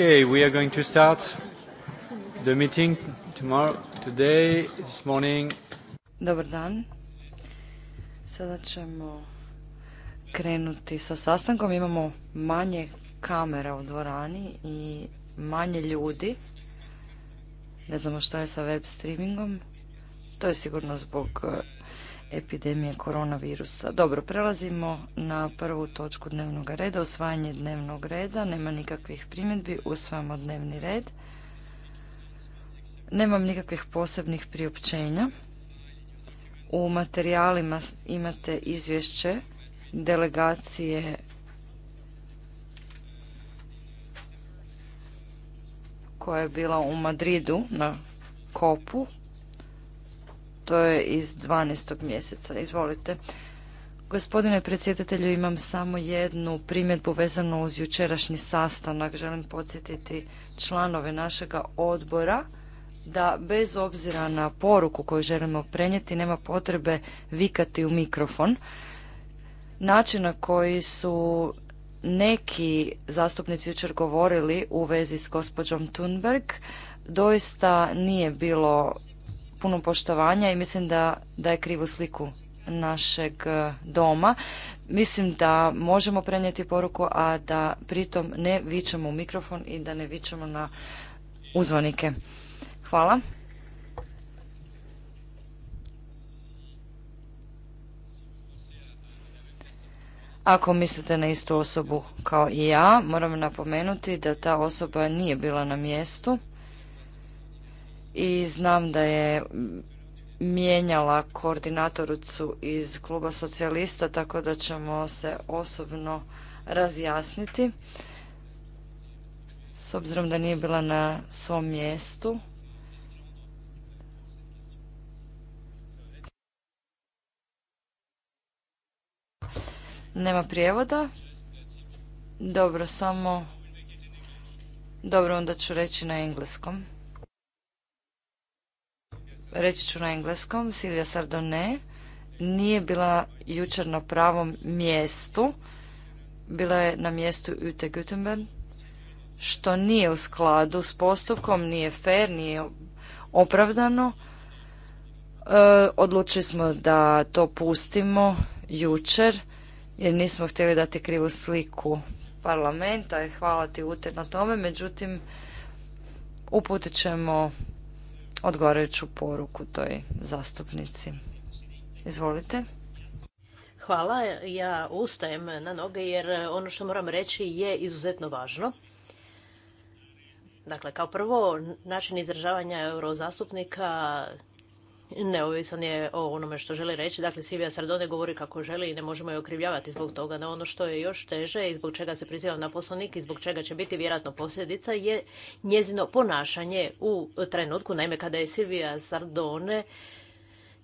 Okay, we are going to start the meeting tomorrow, today, this morning. Dobar dan. Sada ćemo krenuti sa sastankom. Imamo manje kamera u dvorani i manje ljudi. Ne znamo šta je sa web streamingom. To je sigurno zbog epidemije koronavirusa. Dobro, prelazimo na prvu točku dnevnog reda, osvajanje dnevnog reda, nema nikakvih primjedbi, usvajamo dnevni red. Nemam nikakvih posebnih priopćenja. U materijalima imate izvješće delegacije koja je bila u Madridu na Kopu to je iz 12. mjeseca. Izvolite. Gospodine predsjedatelju, imam samo jednu primjedbu vezano uz jučerašnji sastanak. Želim podsjetiti članove našega odbora da bez obzira na poruku koju želimo prenijeti nema potrebe vikati u mikrofon. Način na koji su neki zastupnici jučer govorili u vezi s gospođom Thunberg doista nije bilo puno poštovanja i mislim da daje krivu sliku našeg e, doma. Mislim da možemo prenijeti poruku, a da pritom ne vičemo u mikrofon i da ne vičemo na uzvanike. Hvala. Ako mislite na istu osobu kao i ja, moram napomenuti da ta osoba nije bila na mjestu i znam da je mijenjala koordinatoricu iz kluba socijalista, tako da ćemo se osobno razjasniti. S obzirom da nije bila na svom mjestu. Nema prijevoda. Dobro, samo... Dobro, onda ću reći na engleskom reći ću na engleskom, Silja Sardone nije bila jučer na pravom mjestu, bila je na mjestu Ute Gutenberg, što nije u skladu s postupkom, nije fair, nije opravdano. E, odlučili smo da to pustimo jučer, jer nismo htjeli dati krivu sliku parlamenta i hvala ti Ute na tome, međutim uputit ćemo odgovarajuću poruku toj zastupnici. Izvolite. Hvala, ja ustajem na noge jer ono što moram reći je izuzetno važno. Dakle, kao prvo, način izražavanja eurozastupnika neovisan je o onome što želi reći. Dakle, Silvija Sardone govori kako želi i ne možemo je okrivljavati zbog toga. No ono što je još teže i zbog čega se priziva na poslovnik i zbog čega će biti vjerojatno posljedica je njezino ponašanje u trenutku. Naime, kada je Silvija Sardone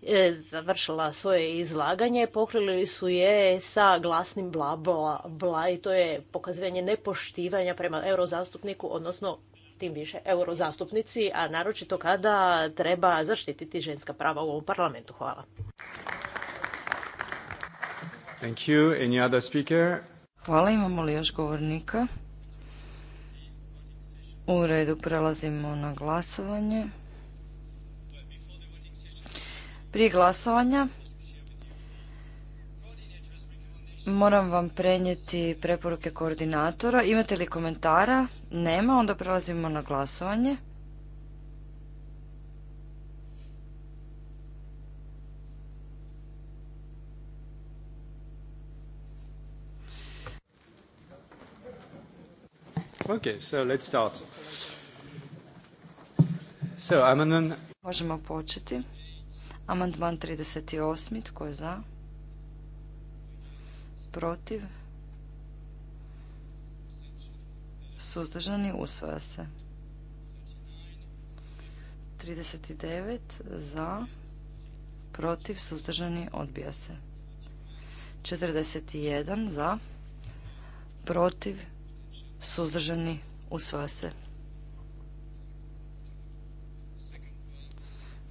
e, završila svoje izlaganje, pokrili su je sa glasnim bla bla bla i to je pokazivanje nepoštivanja prema eurozastupniku, odnosno tim više eurozastupnici, a naročito kada treba zaštititi ženska prava u ovom parlamentu. Hvala. Hvala. Imamo li još govornika? U redu prelazimo na glasovanje. Prije glasovanja Moram vam prenijeti preporuke koordinatora. Imate li komentara? Nema, onda prelazimo na glasovanje. so let's start. So, amandman... Možemo početi. Amandman 38. Tko je za? protiv, suzdržani, usvaja se. 39 za, protiv, suzdržani, odbija se. 41 za, protiv, suzdržani, usvaja se.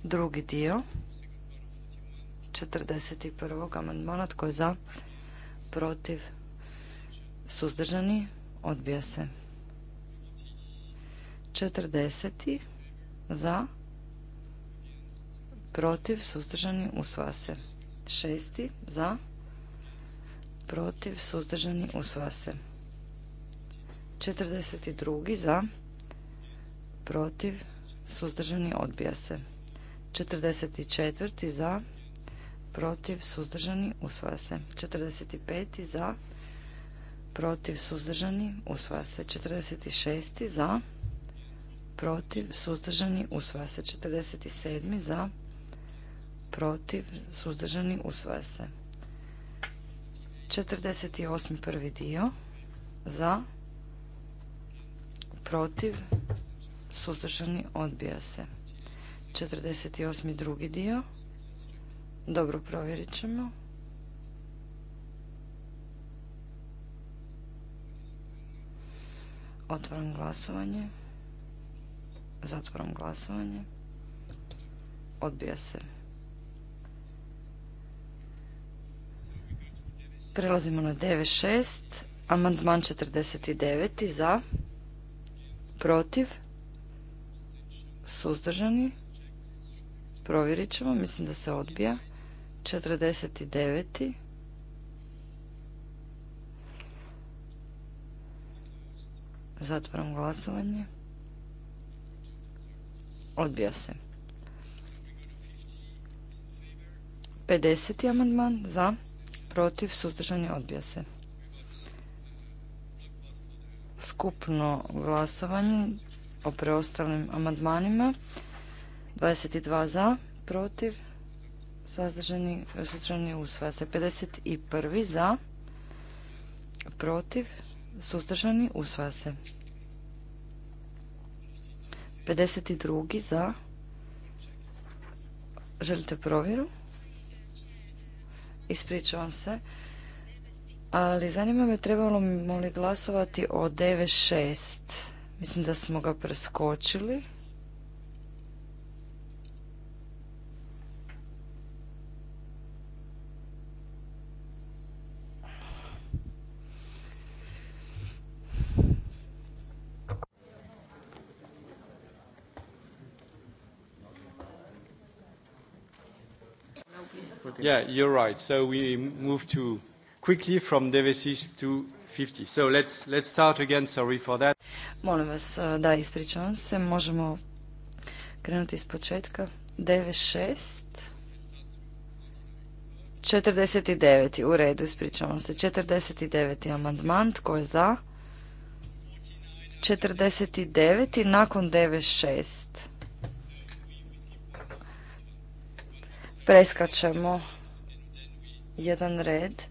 Drugi dio 41. amandmanat Tko je za? protiv, suzdržani, odbija se. 40. za, protiv, suzdržani, usvaja se. 6. za, protiv, suzdržani, usvaja se. 42. za, protiv, suzdržani, odbija se. 44. za, protiv, suzdržani, usvaja se. 45. za, protiv, suzdržani, usvaja se. 46. za, protiv, suzdržani, usvaja se. 47. za, protiv, suzdržani, usvaja se. 48. prvi dio, za, protiv, suzdržani, odbija se. 48. drugi dio, dobro, provjerit ćemo. glasovanje. Zatvaram glasovanje. Odbija se. Prelazimo na 9.6. Amandman 49. Za. Protiv. Suzdržani. Provjerit ćemo. Mislim da se odbija. 49. Zatvaram glasovanje. Odbija se. 50. amandman za, protiv, suzdržani, odbija se. Skupno glasovanje o preostalim amandmanima. 22 za, protiv, suzdržani, suzdržani usvaja se. 51. za, protiv, suzdržani usvaja se. 52. za, želite provjeru? Ispričavam se. Ali zanima me trebalo mi li glasovati o 9.6. Mislim da smo ga preskočili. Yeah, you're right. So we moved to quickly from devices to 50. So let's, let's start again. Sorry for that. Molim vas, uh, da ispričavam se. Možemo krenuti iz početka. 96 49. U redu, ispričavam se. 49. amandman. Tko je za? 49. nakon 96. Preskačemo jedan red.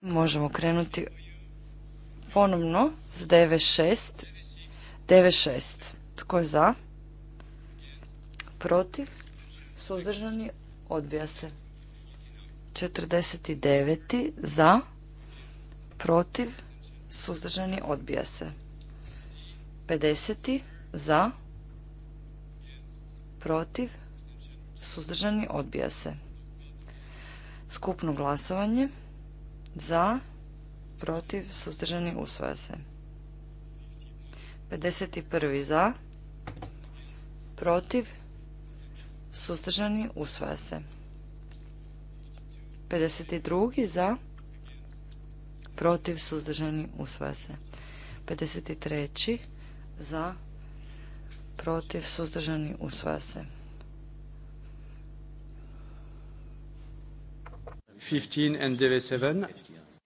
Možemo krenuti ponovno s DV6. DV6. Tko je za? Protiv? Suzdržani? Odbija se. 49. za, protiv, suzdržani, odbija se. 50. za, protiv, suzdržani, odbija se. Skupno glasovanje za, protiv, suzdržani, usvaja se. 51. za, protiv, suzdržani, usvaja se. 52. za, protiv, suzdržani, usvaja se. 53. za, protiv, suzdržani, usvaja se.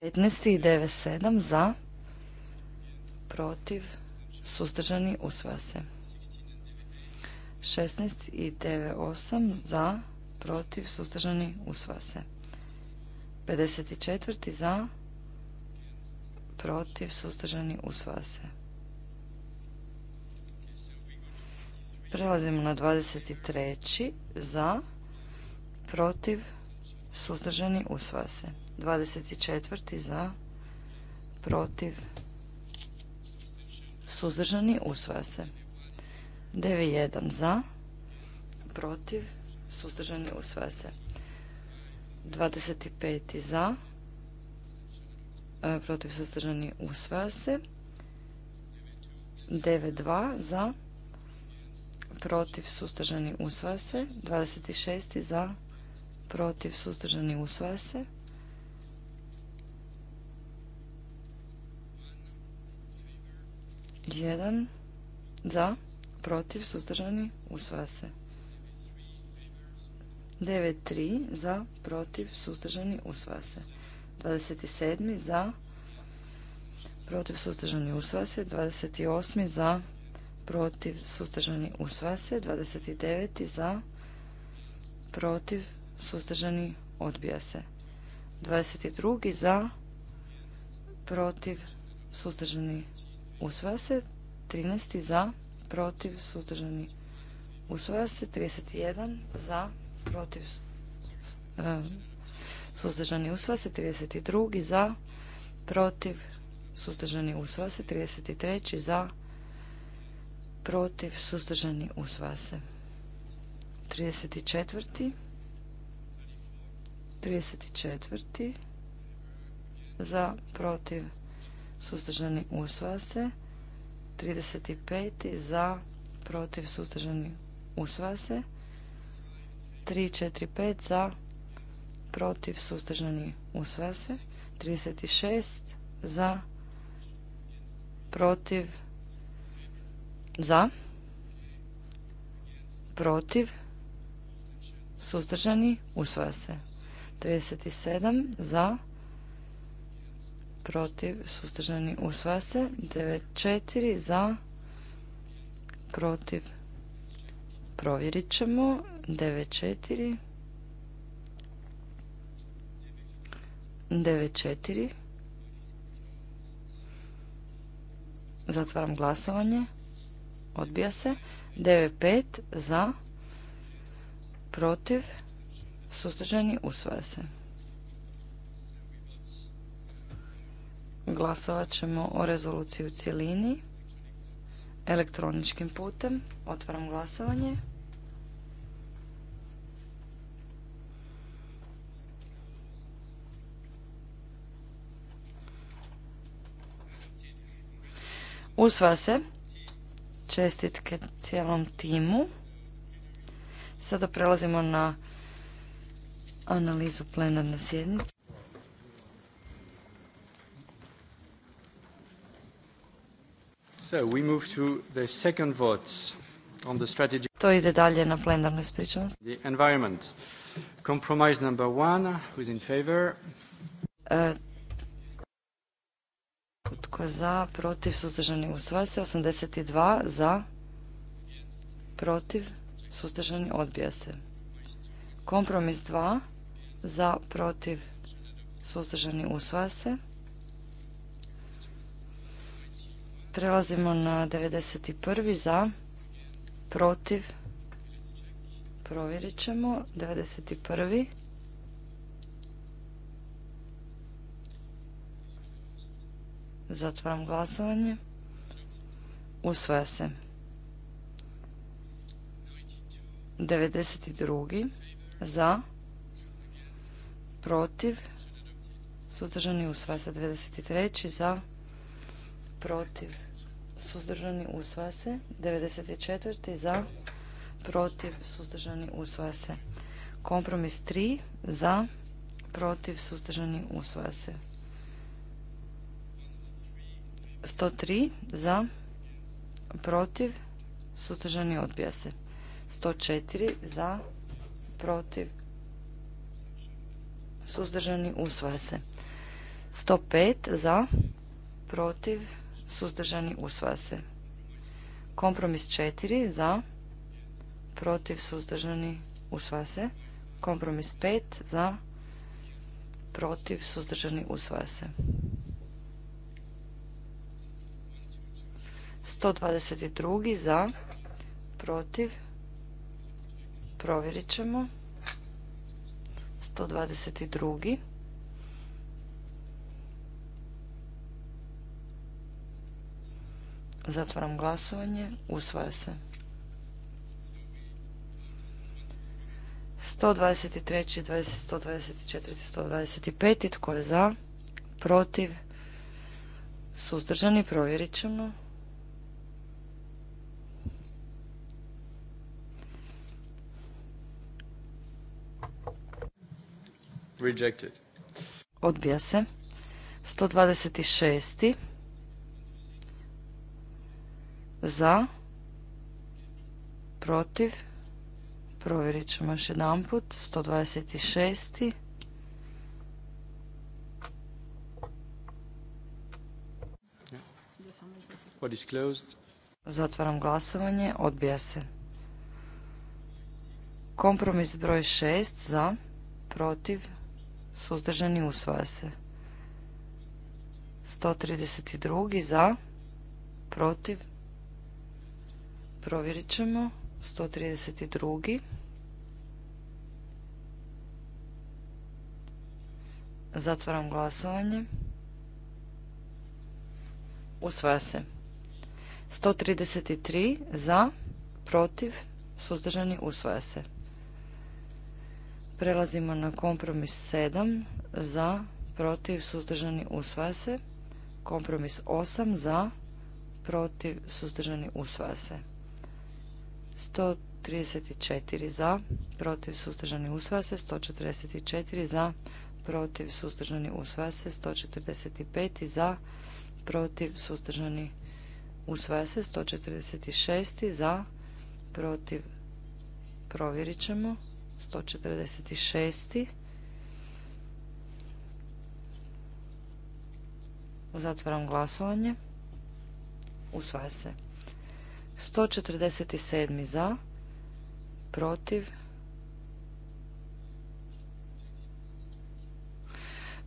15 i 97 za, protiv, suzdržani, usvaja se. 16 i 98 za, protiv, suzdržani, usvaja se. 54. za, protiv, suzdržani, usvaja se. Prelazimo na 23. za, protiv, suzdržani, usvaja se. 24. za, protiv, suzdržani, usvaja se. 9.1 za, protiv, suzdržani, usvaja se. 25. E, za, protiv suzdržani usvaja se. 9.2 za, protiv suzdržani usvaja se. 26. za, protiv suzdržani usvaja se. 1 za, protiv suzdržani usvaja se. 93 za, protiv, suzdržani, usvaja se. 27 za, protiv, suzdržani, usvaja se. 28 za, protiv, suzdržani, usvaja se. 29 za, protiv, suzdržani, odbija se. 22 za, protiv, suzdržani, usvaja se. 13 za, protiv, suzdržani, usvaja se. 31 za, protiv, suzdržani usvase. se, 32. za, protiv, suzdržani usvase. se, 33. za, protiv, suzdržani usvase. se, 34. 34. za, protiv, suzdržani usvase. se, 35. za, protiv, suzdržani usvase. se, 3, 4, 5 za, protiv, suzdržani, usvaja se. 36 za, protiv, za, protiv, suzdržani, usvaja se. 37 za, protiv, suzdržani, usvaja se. 94 za, protiv, provjerit ćemo. 94 94 Zatvaram glasovanje. Odbija se. 95 za protiv suzdržani usvaja se. Glasovat ćemo o rezoluciji u cjelini elektroničkim putem. Otvaram glasovanje. Usvaja se. Čestitke cijelom timu. Sada prelazimo na analizu plenarne sjednice. So we move to the second vote on the strategy. To ide dalje na plenarnu ispričavam. The environment. Compromise number one, who's in favor? E, tko za? Protiv? Suzdržani? Usvaja se. 82. Za? Protiv? Suzdržani? Odbija se. Kompromis 2. Za? Protiv? Suzdržani? Usvaja se. Prelazimo na 91. Za? Protiv? Provjerit ćemo. 91. Zatvaram glasovanje. Usvaja se. 92. Za. Protiv. Suzdržani usvaja se. 93. Za. Protiv. Suzdržani usvaja se. 94. Za. Protiv. Suzdržani usvaja se. Kompromis 3. Za. Protiv. Suzdržani usvoja se. 103 za, protiv, suzdržani odbija se. 104 za, protiv, suzdržani usvaja se. 105 za, protiv, suzdržani usvaja se. Kompromis 4 za, protiv, suzdržani usvaja se. Kompromis 5 za, protiv, suzdržani usvaja se. 122. za, protiv, provjerit ćemo. 122. Zatvaram glasovanje. Usvaja se. 123. 20, 124. 125. Tko je za? Protiv? Suzdržani? Provjerit ćemo. Rejected. Odbija se. 126. Za. Protiv. Provjerit ćemo još jedan put. 126. Zatvaram glasovanje. Odbija se. Kompromis broj 6. Za. Protiv suzdržani, usvaja se. 132. za, protiv, provjerit ćemo. 132. Zatvaram glasovanje. Usvaja se. 133 za, protiv, suzdržani, usvaja se. Prelazimo na kompromis 7 za, protiv, suzdržani, usvaja se. Kompromis 8 za, protiv, suzdržani, usvaja se. 134 za, protiv, suzdržani, usvaja se. 144 za, protiv, suzdržani, usvaja se. 145 za, protiv, suzdržani, usvaja se. 146 za, protiv, provjerit ćemo. 146. Zatvaram glasovanje. Usvaja se. 147. za. Protiv.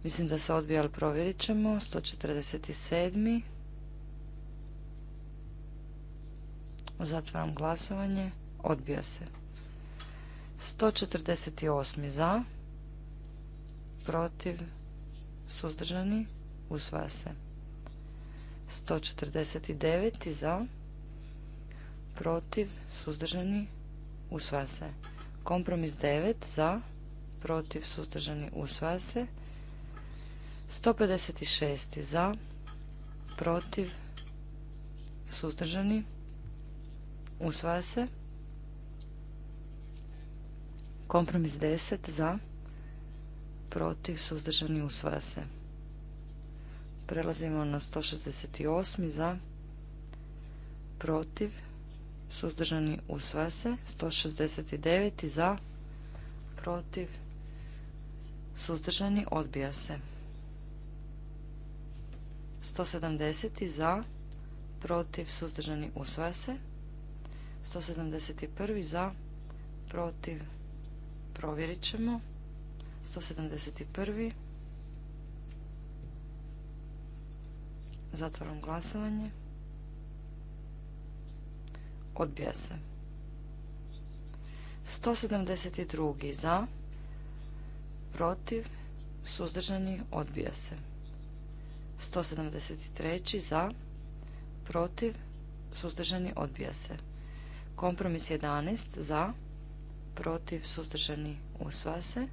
Mislim da se odbija, ali provjerit ćemo. 147. Zatvaram glasovanje. Odbija se. 148. za, protiv, suzdržani, usvaja se. 149. za, protiv, suzdržani, usvaja se. Kompromis 9 za, protiv, suzdržani, usvaja se. 156. za, protiv, suzdržani, usvaja se. Kompromis 10 za, protiv, suzdržani, usvaja se. Prelazimo na 168 za, protiv, suzdržani, usvaja se. 169 za, protiv, suzdržani, odbija se. 170 za, protiv, suzdržani, usvaja se. 171 za, protiv, Provjerit ćemo. 171. Zatvaram glasovanje. Odbija se. 172. za. Protiv. Suzdržani. Odbija se. 173. za. Protiv. Suzdržani. Odbija se. Kompromis 11. za protiv, suzdržani, usvaja se.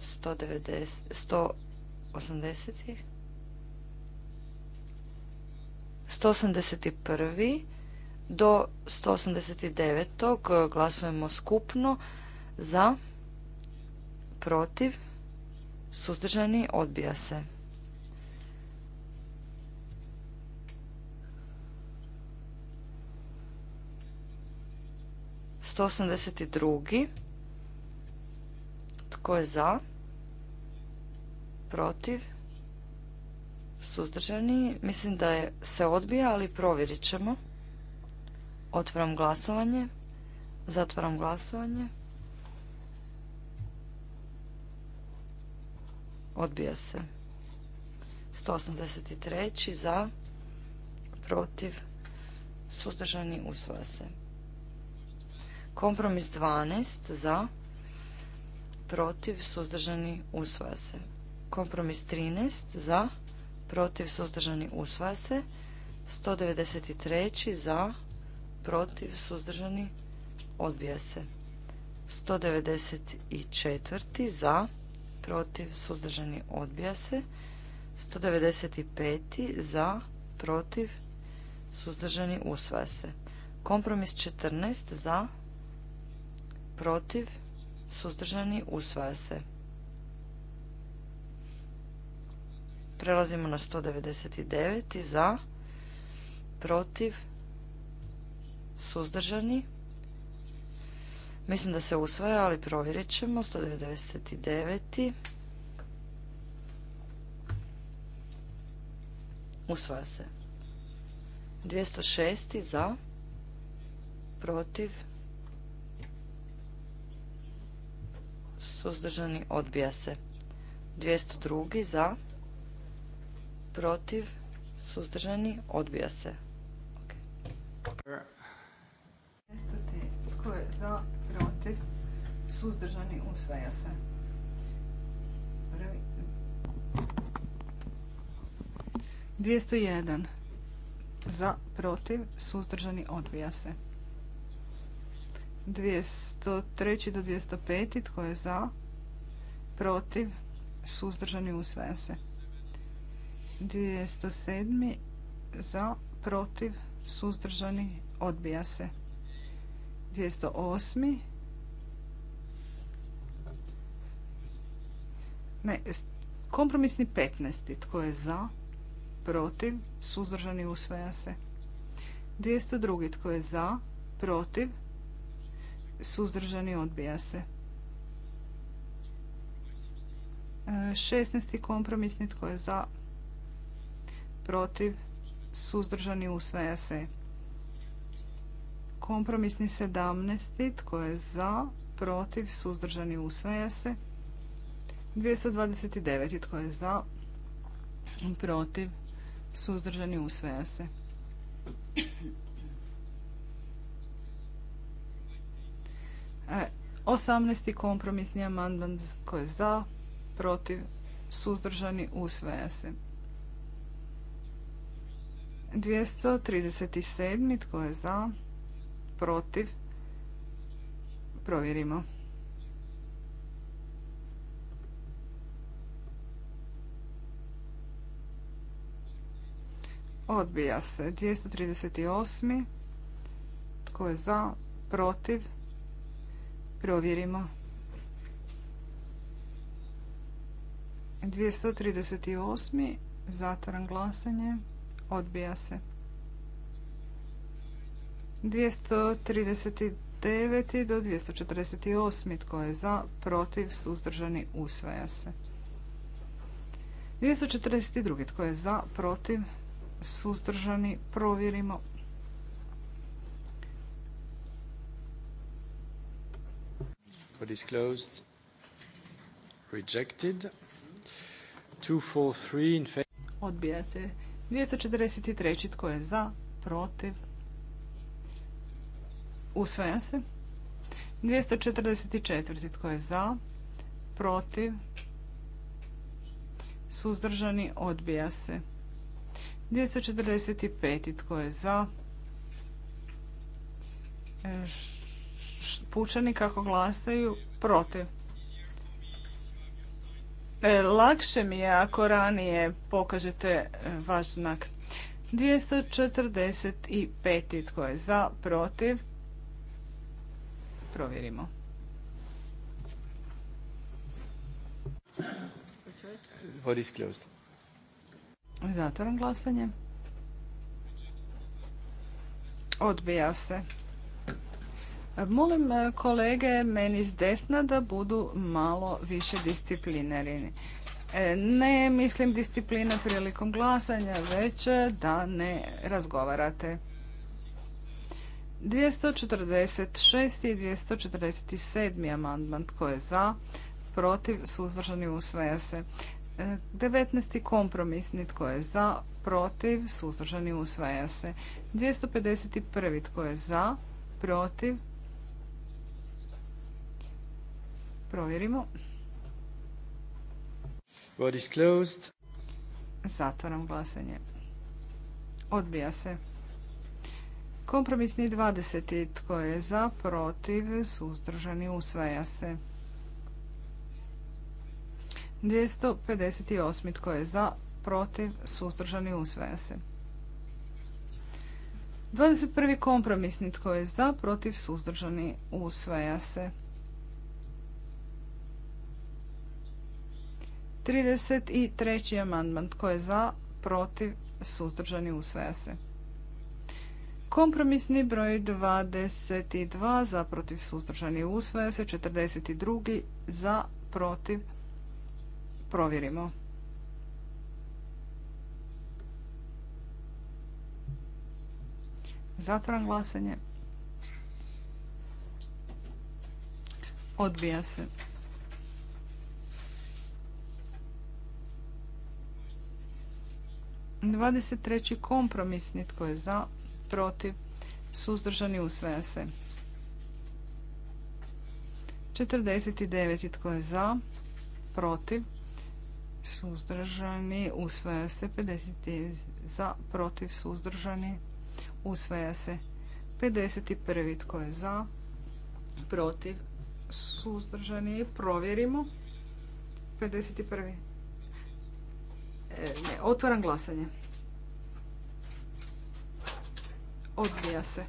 180. 181. do 189. Eh, glasujemo skupno za, protiv, suzdržani, odbija se. 182. Tko je za? Protiv? Suzdržani? Mislim da je, se odbija, ali provjerit ćemo. Otvaram glasovanje. Zatvaram glasovanje. Odbija se. 183. za, protiv, suzdržani, usvaja se. Kompromis 12 za, protiv, suzdržani, usvaja se. Kompromis 13 za, protiv, suzdržani, usvaja se. 193 za, protiv, suzdržani, odbija se. 194 za, protiv, suzdržani, odbija se. 195 za, protiv, suzdržani, usvaja se. Kompromis 14 za, protiv, suzdržani, usvaja se. Prelazimo na 199. za, protiv, suzdržani. Mislim da se usvaja, ali provjerit ćemo. 199. Usvaja se. 206. za, protiv, suzdržani, odbija se. 202. za, protiv, suzdržani, odbija se. Tko je za, protiv, suzdržani, usvaja se. 201. Za, protiv, suzdržani, odbija se. 203. do 205. Tko je za? Protiv? Suzdržani usvaja se. 207. Za? Protiv? Suzdržani odbija se. 208. Ne, kompromisni 15. Tko je za? Protiv? Suzdržani usvaja se. 202. Tko je za? Protiv? suzdržani, odbija se. 16. E, kompromisni tko je za, protiv, suzdržani, usvaja se. Kompromisni 17. tko je za, protiv, suzdržani, usvaja se. 229. tko je za, protiv, suzdržani, usvaja se. 18. E, kompromisni amandman koji je za, protiv, suzdržani, usvaja se. 237. tko je za, protiv, provjerimo. Odbija se. 238. Tko je za, protiv, Provjerimo. 238. Zatvoran glasanje. Odbija se. 239. do 248. Tko je za, protiv, suzdržani, usvaja se. 242. Tko je za, protiv, suzdržani, provjerimo. Rejected. 243 in favor. Odbija se. 243. Tko je za? Protiv? Usvaja se. 244. Tko je za? Protiv? Suzdržani? Odbija se. 245. Tko je za? E, pučani kako glasaju protiv. E, lakše mi je ako ranije pokažete e, vaš znak. 245. Tko je za, protiv? Provjerimo. Zatvaram glasanje. Odbija se. Molim e, kolege meni s desna da budu malo više disciplinarini. E, ne mislim disciplina prilikom glasanja, već da ne razgovarate. 246. i 247. amandman tko je za, protiv, suzdržani usvaja se. 19. E, kompromisni tko je za, protiv, suzdržani usvaja se. 251. tko je za, protiv, Provjerimo. Vote is closed. Zatvaram glasanje. Odbija se. Kompromisni 20. Tko je za, protiv, suzdržani, usvaja se. 258. Tko je za, protiv, suzdržani, usvaja se. 21. kompromisni tko je za, protiv, suzdržani, usvaja se. 33. amandman. Tko je za? Protiv? Suzdržani? Usvaja se. Kompromisni broj 22. Za? Protiv? Suzdržani? Usvaja se. 42. Za? Protiv? Provjerimo. Zatvaram glasanje. Odbija se. 23. kompromisni tko je za, protiv, suzdržani usvaja se. 49. tko je za, protiv, suzdržani usvaja se. 50. za, protiv, suzdržani usvaja se. 51. tko je za, protiv, suzdržani provjerimo. 51. Ne, otvaram glasanje. Odbija se.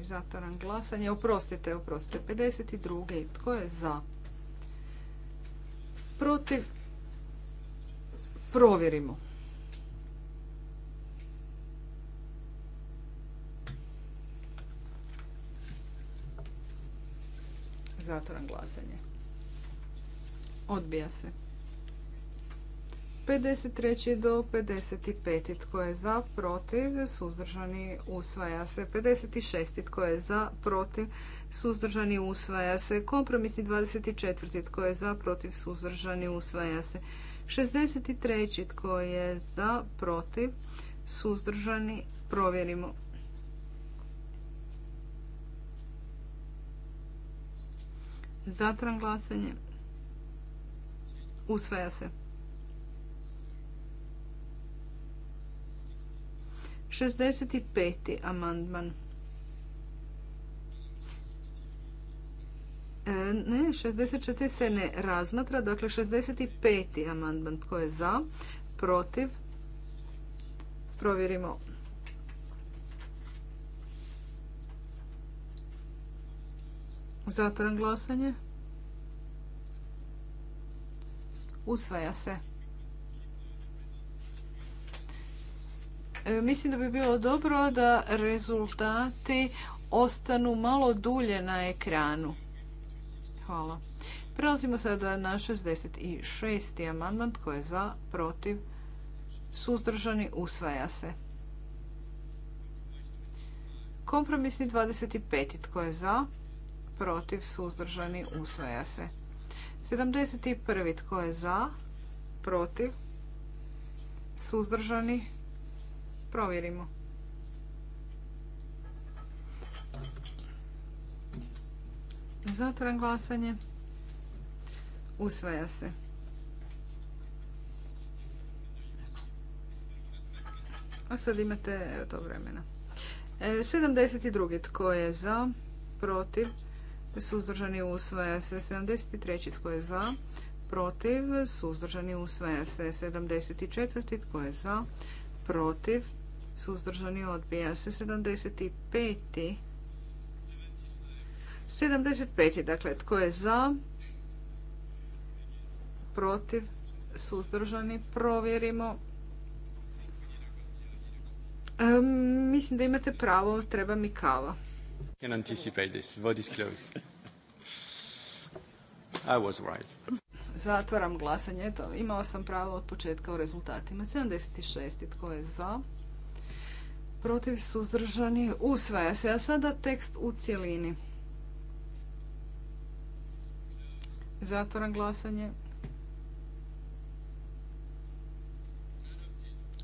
E, zatvaram glasanje. Oprostite, oprostite. 52. Tko je za? Protiv? Provjerimo. Zatvaram glasanje. Odbija se. 53. do 55. Tko je za, protiv, suzdržani, usvaja se. 56. Tko je za, protiv, suzdržani, usvaja se. Kompromisni 24. Tko je za, protiv, suzdržani, usvaja se. 63. Tko je za, protiv, suzdržani, provjerimo. Zatran glasanje. Usvaja se. 65. amandman. E, ne, 64. se ne razmatra. Dakle, 65. amandman. Tko je za? Protiv? Provjerimo. Zatvoram glasanje. Usvaja se. E, mislim da bi bilo dobro da rezultati ostanu malo dulje na ekranu. Hvala. Prelazimo sada na 66. amandman koji je za, protiv, suzdržani, usvaja se. Kompromisni 25. tko je za, protiv, suzdržani, usvaja se. 71. tko je za, protiv, suzdržani, Provjerimo. Zatvoram glasanje. Usvaja se. A sad imate to vremena. 72. E, Tko je za? Protiv? Suzdržani usvaja se. 73. Tko je za? Protiv? Suzdržani usvaja se. 74. Tko je za? Protiv? suzdržani odbija se 75. 75. Dakle, tko je za? Protiv? Suzdržani? Provjerimo. mislim da imate pravo, treba mi kava. I was right. Zatvaram glasanje. Eto, imao sam pravo od početka o rezultatima. 76. Tko je za? protiv, suzdržani, usvaja se. A sada tekst u cjelini. Zatvoram glasanje.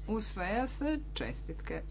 Usvaja se čestitke.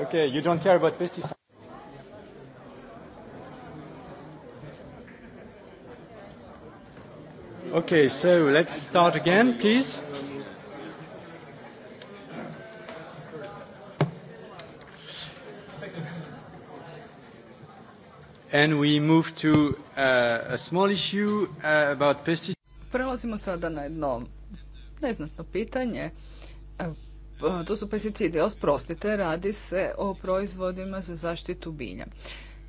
Okay, you don't care about pesticides. Okay, so let's start again, please. And we move to uh, a small issue uh, about pesticides. Prelazimo sada na jedno neznatno pitanje E, to su pesticidi, oprostite, radi se o proizvodima za zaštitu bilja.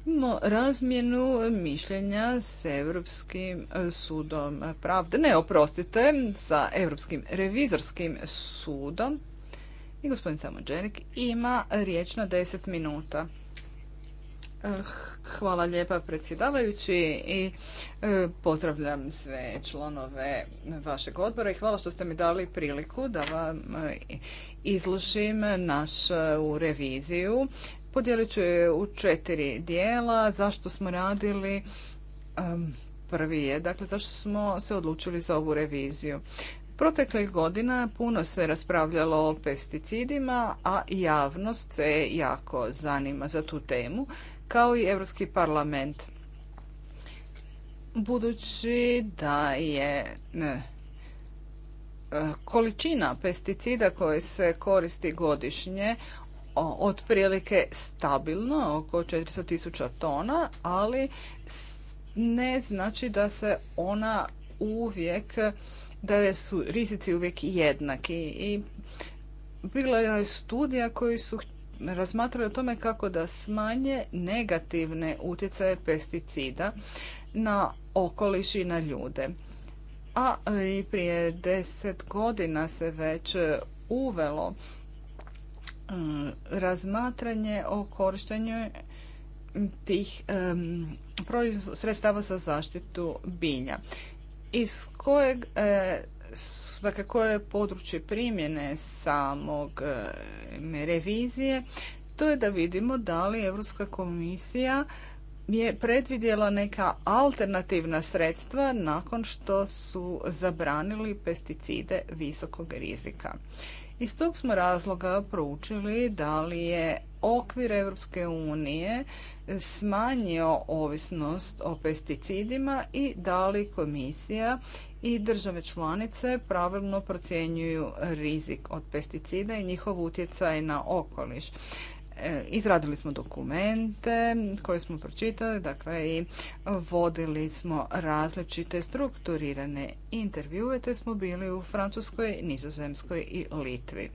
Imamo razmjenu mišljenja s Europskim e, sudom pravde, ne oprostite, sa Europskim revizorskim sudom. I gospodin Samođenik ima riječ na 10 minuta. Eh, hvala lijepa predsjedavajući i eh, pozdravljam sve članove vašeg odbora i hvala što ste mi dali priliku da vam eh, izložim našu reviziju. Podijelit ću je u četiri dijela zašto smo radili ehm, prvi je, dakle zašto smo se odlučili za ovu reviziju. Proteklih godina puno se raspravljalo o pesticidima, a javnost se jako zanima za tu temu, kao i Europski parlament. Budući da je e, količina pesticida koje se koristi godišnje otprilike stabilno, oko 400 tisuća tona, ali ne znači da se ona uvijek, da su rizici uvijek jednaki. I bila je studija koji su razmatrali o tome kako da smanje negativne utjecaje pesticida na okoliš i na ljude. A i prije deset godina se već e, uvelo e, razmatranje o korištenju tih e, sredstava za zaštitu bilja iz kojeg dakle koje je područje primjene samog e, revizije, to je da vidimo da li Europska komisija je predvidjela neka alternativna sredstva nakon što su zabranili pesticide visokog rizika. Iz tog smo razloga proučili da li je okvir Europske unije smanjio ovisnost o pesticidima i da li komisija i države članice pravilno procjenjuju rizik od pesticida i njihov utjecaj na okoliš. E, izradili smo dokumente koje smo pročitali, dakle i vodili smo različite strukturirane intervjue, te smo bili u Francuskoj, Nizozemskoj i Litvi.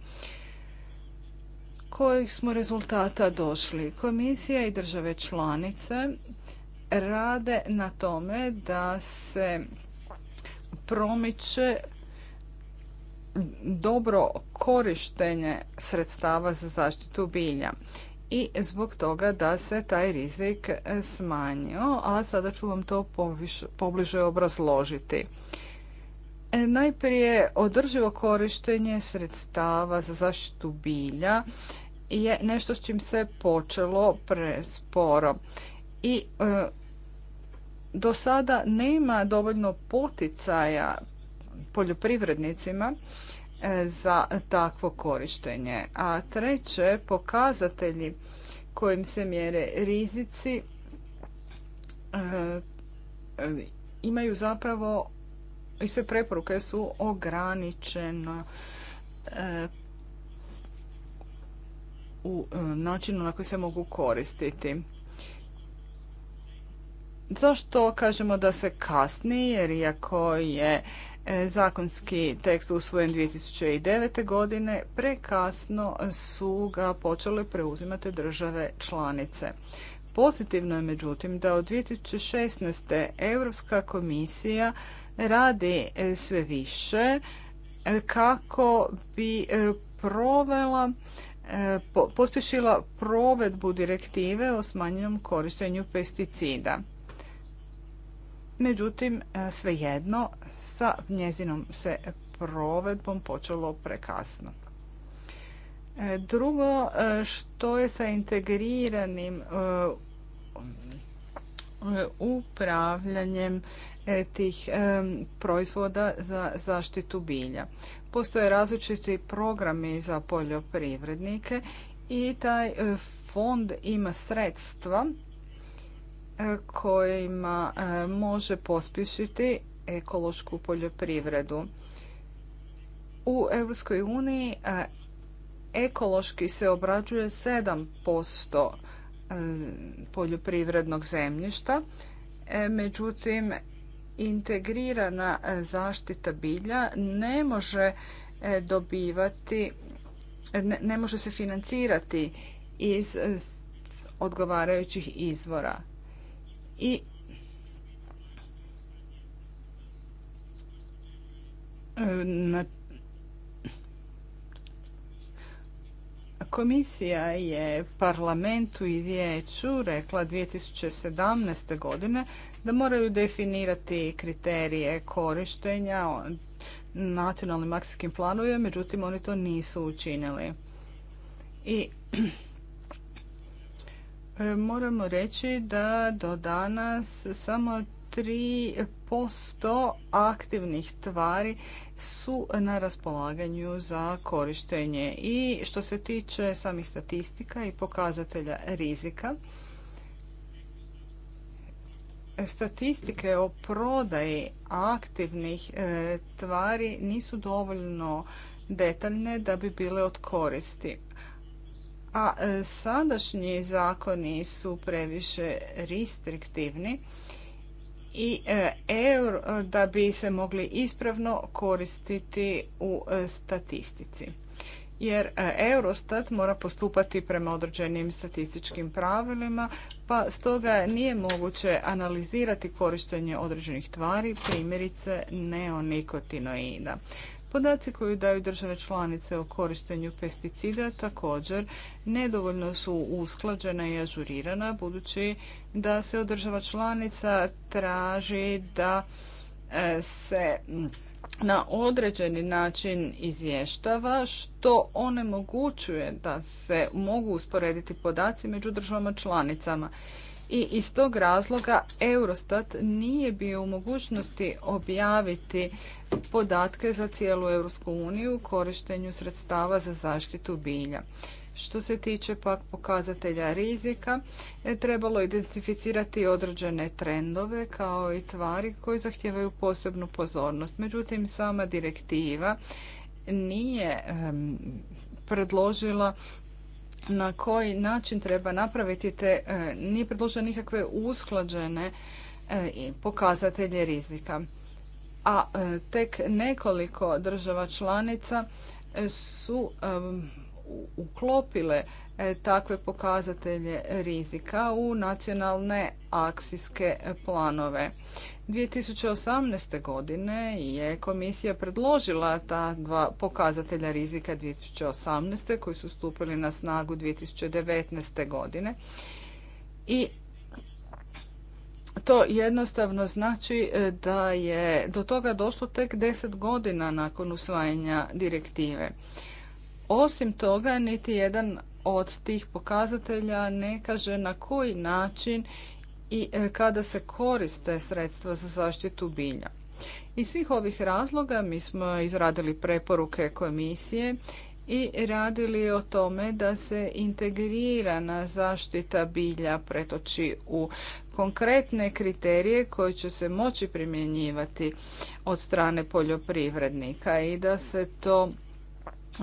Kojih smo rezultata došli? Komisija i države članice rade na tome da se promiče dobro korištenje sredstava za zaštitu bilja i zbog toga da se taj rizik smanjio, a sada ću vam to pobliže obrazložiti. E, najprije održivo korištenje sredstava za zaštitu bilja je nešto s čim se počelo presporo i e, do sada nema dovoljno poticaja poljoprivrednicima e, za takvo korištenje. A treće, pokazatelji kojim se mjere rizici e, imaju zapravo i sve preporuke su ograničene u e, načinu na koji se mogu koristiti. Zašto kažemo da se kasni? Jer iako je e, zakonski tekst usvojen 2009. godine, prekasno su ga počele preuzimati države članice. Pozitivno je međutim da od 2016. Europska komisija radi e, sve više e, kako bi provela pospješila provedbu direktive o smanjenom korištenju pesticida. Međutim, e, svejedno sa njezinom se provedbom počelo prekasno. E, drugo, e, što je sa integriranim upravljanjem tih proizvoda za zaštitu bilja. Postoje različiti programi za poljoprivrednike i taj fond ima sredstva kojima e, može pospješiti ekološku poljoprivredu. U Europskoj uniji e, ekološki se obrađuje 7% e, poljoprivrednog zemljišta, međutim integrirana zaštita bilja ne može dobivati ne može se financirati iz odgovarajućih izvora i Komisija je parlamentu i vijeću rekla 2017. godine da moraju definirati kriterije korištenja nacionalnim akcijskim planovima, međutim oni to nisu učinili. I E, moramo reći da do danas samo 3% aktivnih tvari su na raspolaganju za korištenje. I što se tiče samih statistika i pokazatelja rizika, statistike o prodaji aktivnih e, tvari nisu dovoljno detaljne da bi bile od koristi a e, sadašnji zakoni su previše restriktivni i e, euro da bi se mogli ispravno koristiti u e, statistici. Jer Eurostat mora postupati prema određenim statističkim pravilima, pa stoga nije moguće analizirati korištenje određenih tvari, primjerice neonikotinoida. Podaci koju daju države članice o korištenju pesticida također nedovoljno su usklađena i ažurirana budući da se od država članica traži da e, se na određeni način izvještava što onemogućuje da se mogu usporediti podaci među državama članicama i iz tog razloga Eurostat nije bio u mogućnosti objaviti podatke za cijelu Europsku uniju u korištenju sredstava za zaštitu bilja. Što se tiče pak pokazatelja rizika, e, trebalo identificirati određene trendove kao i tvari koje zahtijevaju posebnu pozornost. Međutim, sama direktiva nije predložila na koji način treba napraviti te, e, nije predložen nikakve usklađene e, pokazatelje rizika. A e, tek nekoliko država članica su uklopile e, takve pokazatelje rizika u nacionalne akcijske planove. 2018. godine je komisija predložila ta dva pokazatelja rizika 2018. koji su stupili na snagu 2019. godine i to jednostavno znači e, da je do toga došlo tek 10 godina nakon usvajanja direktive. Osim toga, niti jedan od tih pokazatelja ne kaže na koji način i e, kada se koriste sredstva za zaštitu bilja. Iz svih ovih razloga mi smo izradili preporuke komisije i radili o tome da se integrirana zaštita bilja pretoči u konkretne kriterije koji će se moći primjenjivati od strane poljoprivrednika i da se to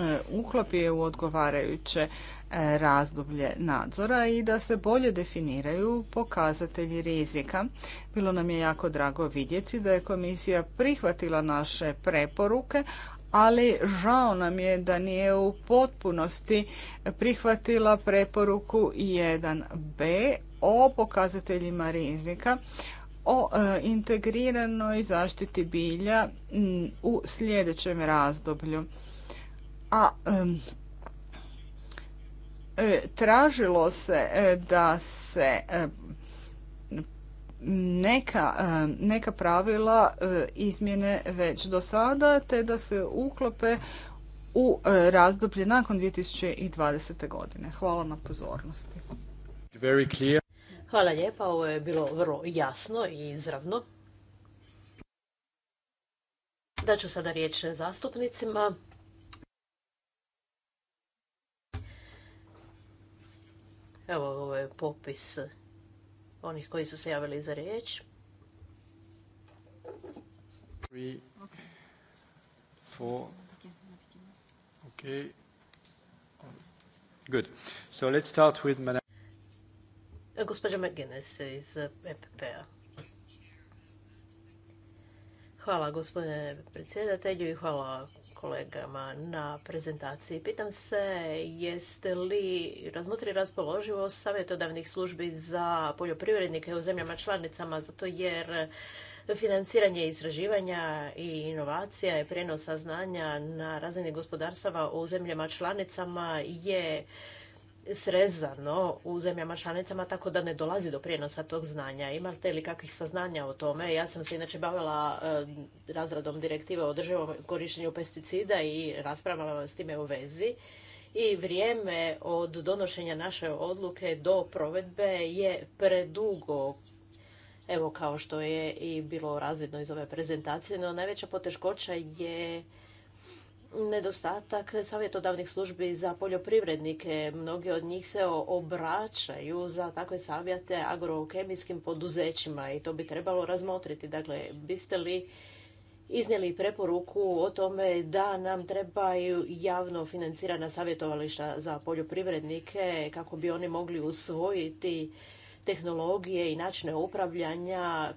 E, uklopi u odgovarajuće e, razdoblje nadzora i da se bolje definiraju pokazatelji rizika. Bilo nam je jako drago vidjeti da je komisija prihvatila naše preporuke, ali žao nam je da nije u potpunosti prihvatila preporuku 1b o pokazateljima rizika o e, integriranoj zaštiti bilja u sljedećem razdoblju a e, tražilo se e, da se e, neka, neka pravila izmjene već do sada te da se uklope u razdoblje nakon 2020. godine. Hvala na pozornosti. Hvala lijepa, ovo je bilo vrlo jasno i izravno. Daću sada riječ zastupnicima. Evo, ovo je popis onih koji su se javili za riječ. Three, Okay. Good. So let's start with Gospođa McGuinness iz EPP-a. Hvala gospodine predsjedatelju i hvala kolegama na prezentaciji. Pitam se jeste li razmotri raspoloživo savjetodavnih službi za poljoprivrednike u zemljama članicama, zato jer financiranje istraživanja i inovacija i prijenosa znanja na razini gospodarstava u zemljama članicama je srezano u zemljama članicama tako da ne dolazi do prijenosa tog znanja. Imate li kakvih saznanja o tome? Ja sam se inače bavila eh, razradom direktive o održivom korištenju pesticida i raspravama s time u vezi. I vrijeme od donošenja naše odluke do provedbe je predugo. Evo kao što je i bilo razvidno iz ove prezentacije, no najveća poteškoća je nedostatak savjetodavnih službi za poljoprivrednike. Mnogi od njih se obraćaju za takve savjete agrokemijskim poduzećima i to bi trebalo razmotriti. Dakle, biste li iznijeli preporuku o tome da nam trebaju javno financirana savjetovališta za poljoprivrednike kako bi oni mogli usvojiti tehnologije i načine upravljanja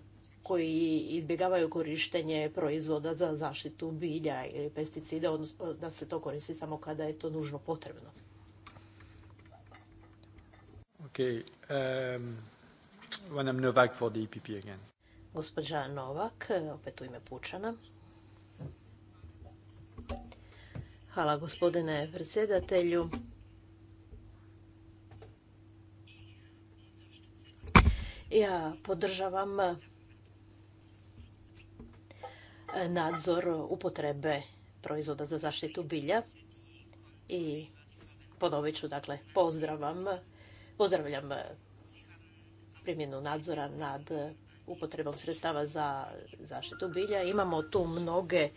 koji izbjegavaju korištenje proizvoda za zaštitu bilja ili pesticida, odnosno da se to koristi samo kada je to nužno potrebno. Ok Um, Novak for the e again. Gospođa Novak, opet u ime Pučana. Hvala gospodine predsjedatelju. Ja podržavam nadzor upotrebe proizvoda za zaštitu bilja i ponovit ću, dakle, pozdravam, pozdravljam primjenu nadzora nad upotrebom sredstava za zaštitu bilja. Imamo tu mnoge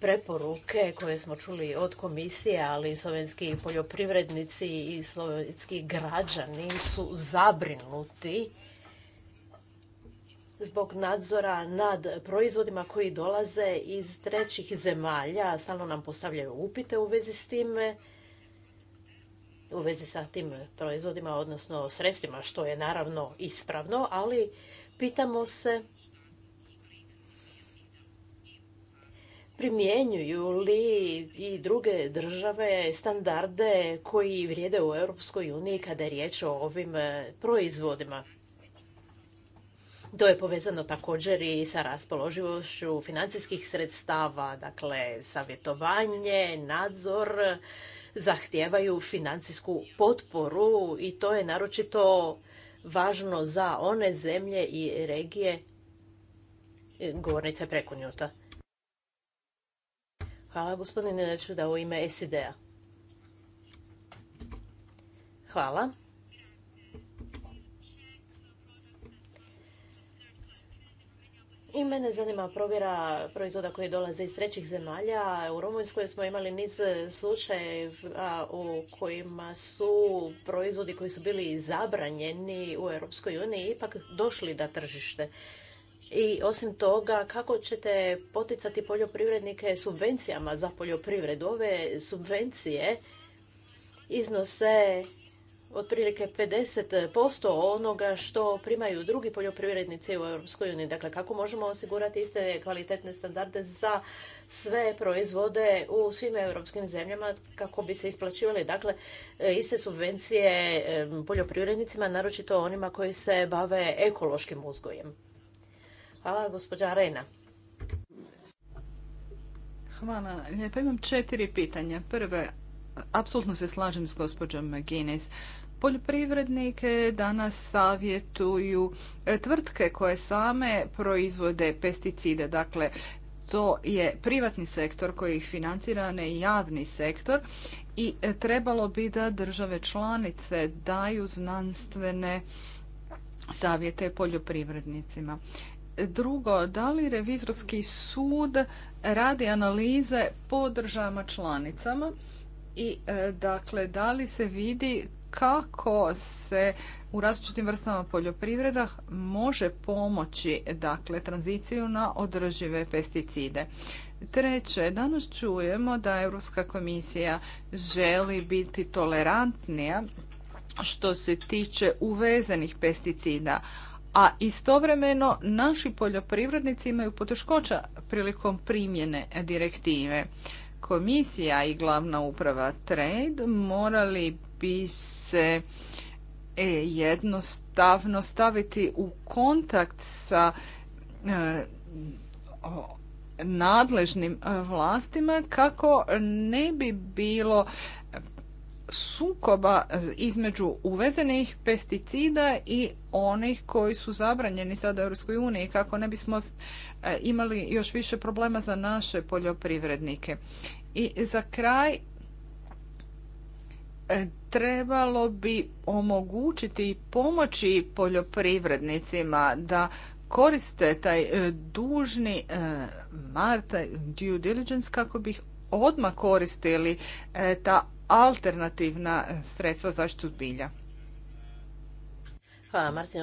preporuke koje smo čuli od komisije, ali slovenski poljoprivrednici i slovenski građani su zabrinuti zbog nadzora nad proizvodima koji dolaze iz trećih zemalja. Stalno nam postavljaju upite u vezi s time, u vezi sa tim proizvodima, odnosno sredstvima, što je naravno ispravno, ali pitamo se primjenjuju li i druge države standarde koji vrijede u Europskoj uniji kada je riječ o ovim proizvodima. To je povezano također i sa raspoloživošću financijskih sredstava, dakle savjetovanje, nadzor zahtijevaju financijsku potporu i to je naročito važno za one zemlje i regije. E, Govornica preko prekonjuta. Hvala gospodine Nečuda u ime SID-a. Hvala. I mene zanima provjera proizvoda koji dolaze iz trećih zemalja. U Rumunjskoj smo imali niz slučajeva u kojima su proizvodi koji su bili zabranjeni u Europskoj uniji ipak došli na tržište. I osim toga, kako ćete poticati poljoprivrednike subvencijama za poljoprivredu? Ove subvencije iznose otprilike 50% onoga što primaju drugi poljoprivrednici u Europskoj uniji. Dakle, kako možemo osigurati iste kvalitetne standarde za sve proizvode u svim europskim zemljama kako bi se isplaćivali dakle iste subvencije poljoprivrednicima, naročito onima koji se bave ekološkim uzgojem. Hvala, gospođa Arena. Hvala lijepa. Imam četiri pitanja. Prve, apsolutno se slažem s gospođom Guinness. Poljoprivrednike danas savjetuju e, tvrtke koje same proizvode pesticide. Dakle, to je privatni sektor koji ih financira, ne javni sektor i e, trebalo bi da države članice daju znanstvene savjete poljoprivrednicima. Drugo, da li revizorski sud radi analize po državama članicama i e, dakle da li se vidi kako se u različitim vrstama poljoprivreda može pomoći dakle tranziciju na održive pesticide. Treće, danas čujemo da Europska komisija želi biti tolerantnija što se tiče uvezenih pesticida, a istovremeno naši poljoprivrednici imaju poteškoća prilikom primjene direktive. Komisija i glavna uprava Trade morali bi se e, jednostavno staviti u kontakt sa e, nadležnim e, vlastima kako ne bi bilo sukoba između uvezenih pesticida i onih koji su zabranjeni sada u Europskoj uniji kako ne bismo imali još više problema za naše poljoprivrednike. I za kraj trebalo bi omogućiti i pomoći poljoprivrednicima da koriste taj e, dužni e, marta due diligence kako bi odmah koristili e, ta alternativna sredstva zaštitu bilja. Hvala Martin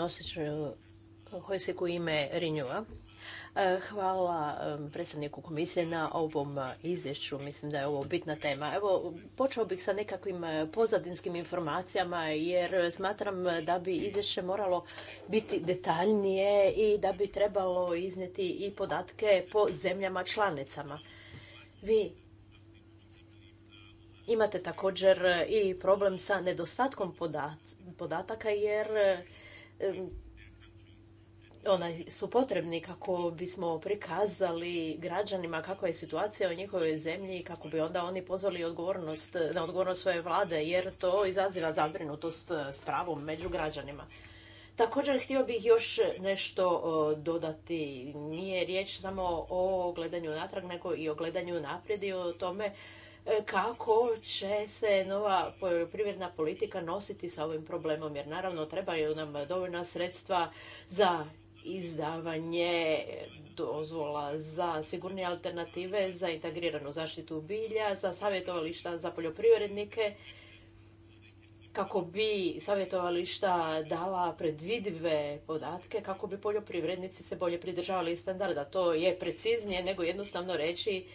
se ku ime Rinjova. E, hvala predsjedniku komisije na ovom e, izvješću. Mislim da je ovo bitna tema. Evo, počeo bih sa nekakvim e, pozadinskim informacijama jer smatram da bi izvješće moralo biti detaljnije i da bi trebalo iznijeti i podatke po zemljama članicama. Vi imate također i problem sa nedostatkom podataka jer Onaj su potrebni kako bismo prikazali građanima kakva je situacija u njihovoj zemlji i kako bi onda oni pozvali odgovornost, na odgovornost svoje vlade jer to izaziva zabrinutost e, s pravom među građanima. Također htio bih još nešto e, dodati. Nije riječ samo o gledanju natrag, nego i o gledanju naprijed i o tome e, kako će se nova poljoprivredna politika nositi sa ovim problemom, jer naravno trebaju nam dovoljna sredstva za izdavanje dozvola za sigurne alternative, za integriranu zaštitu bilja, za savjetovališta za poljoprivrednike, kako bi savjetovališta dala predvidive podatke, kako bi poljoprivrednici se bolje pridržavali standarda. To je preciznije nego jednostavno reći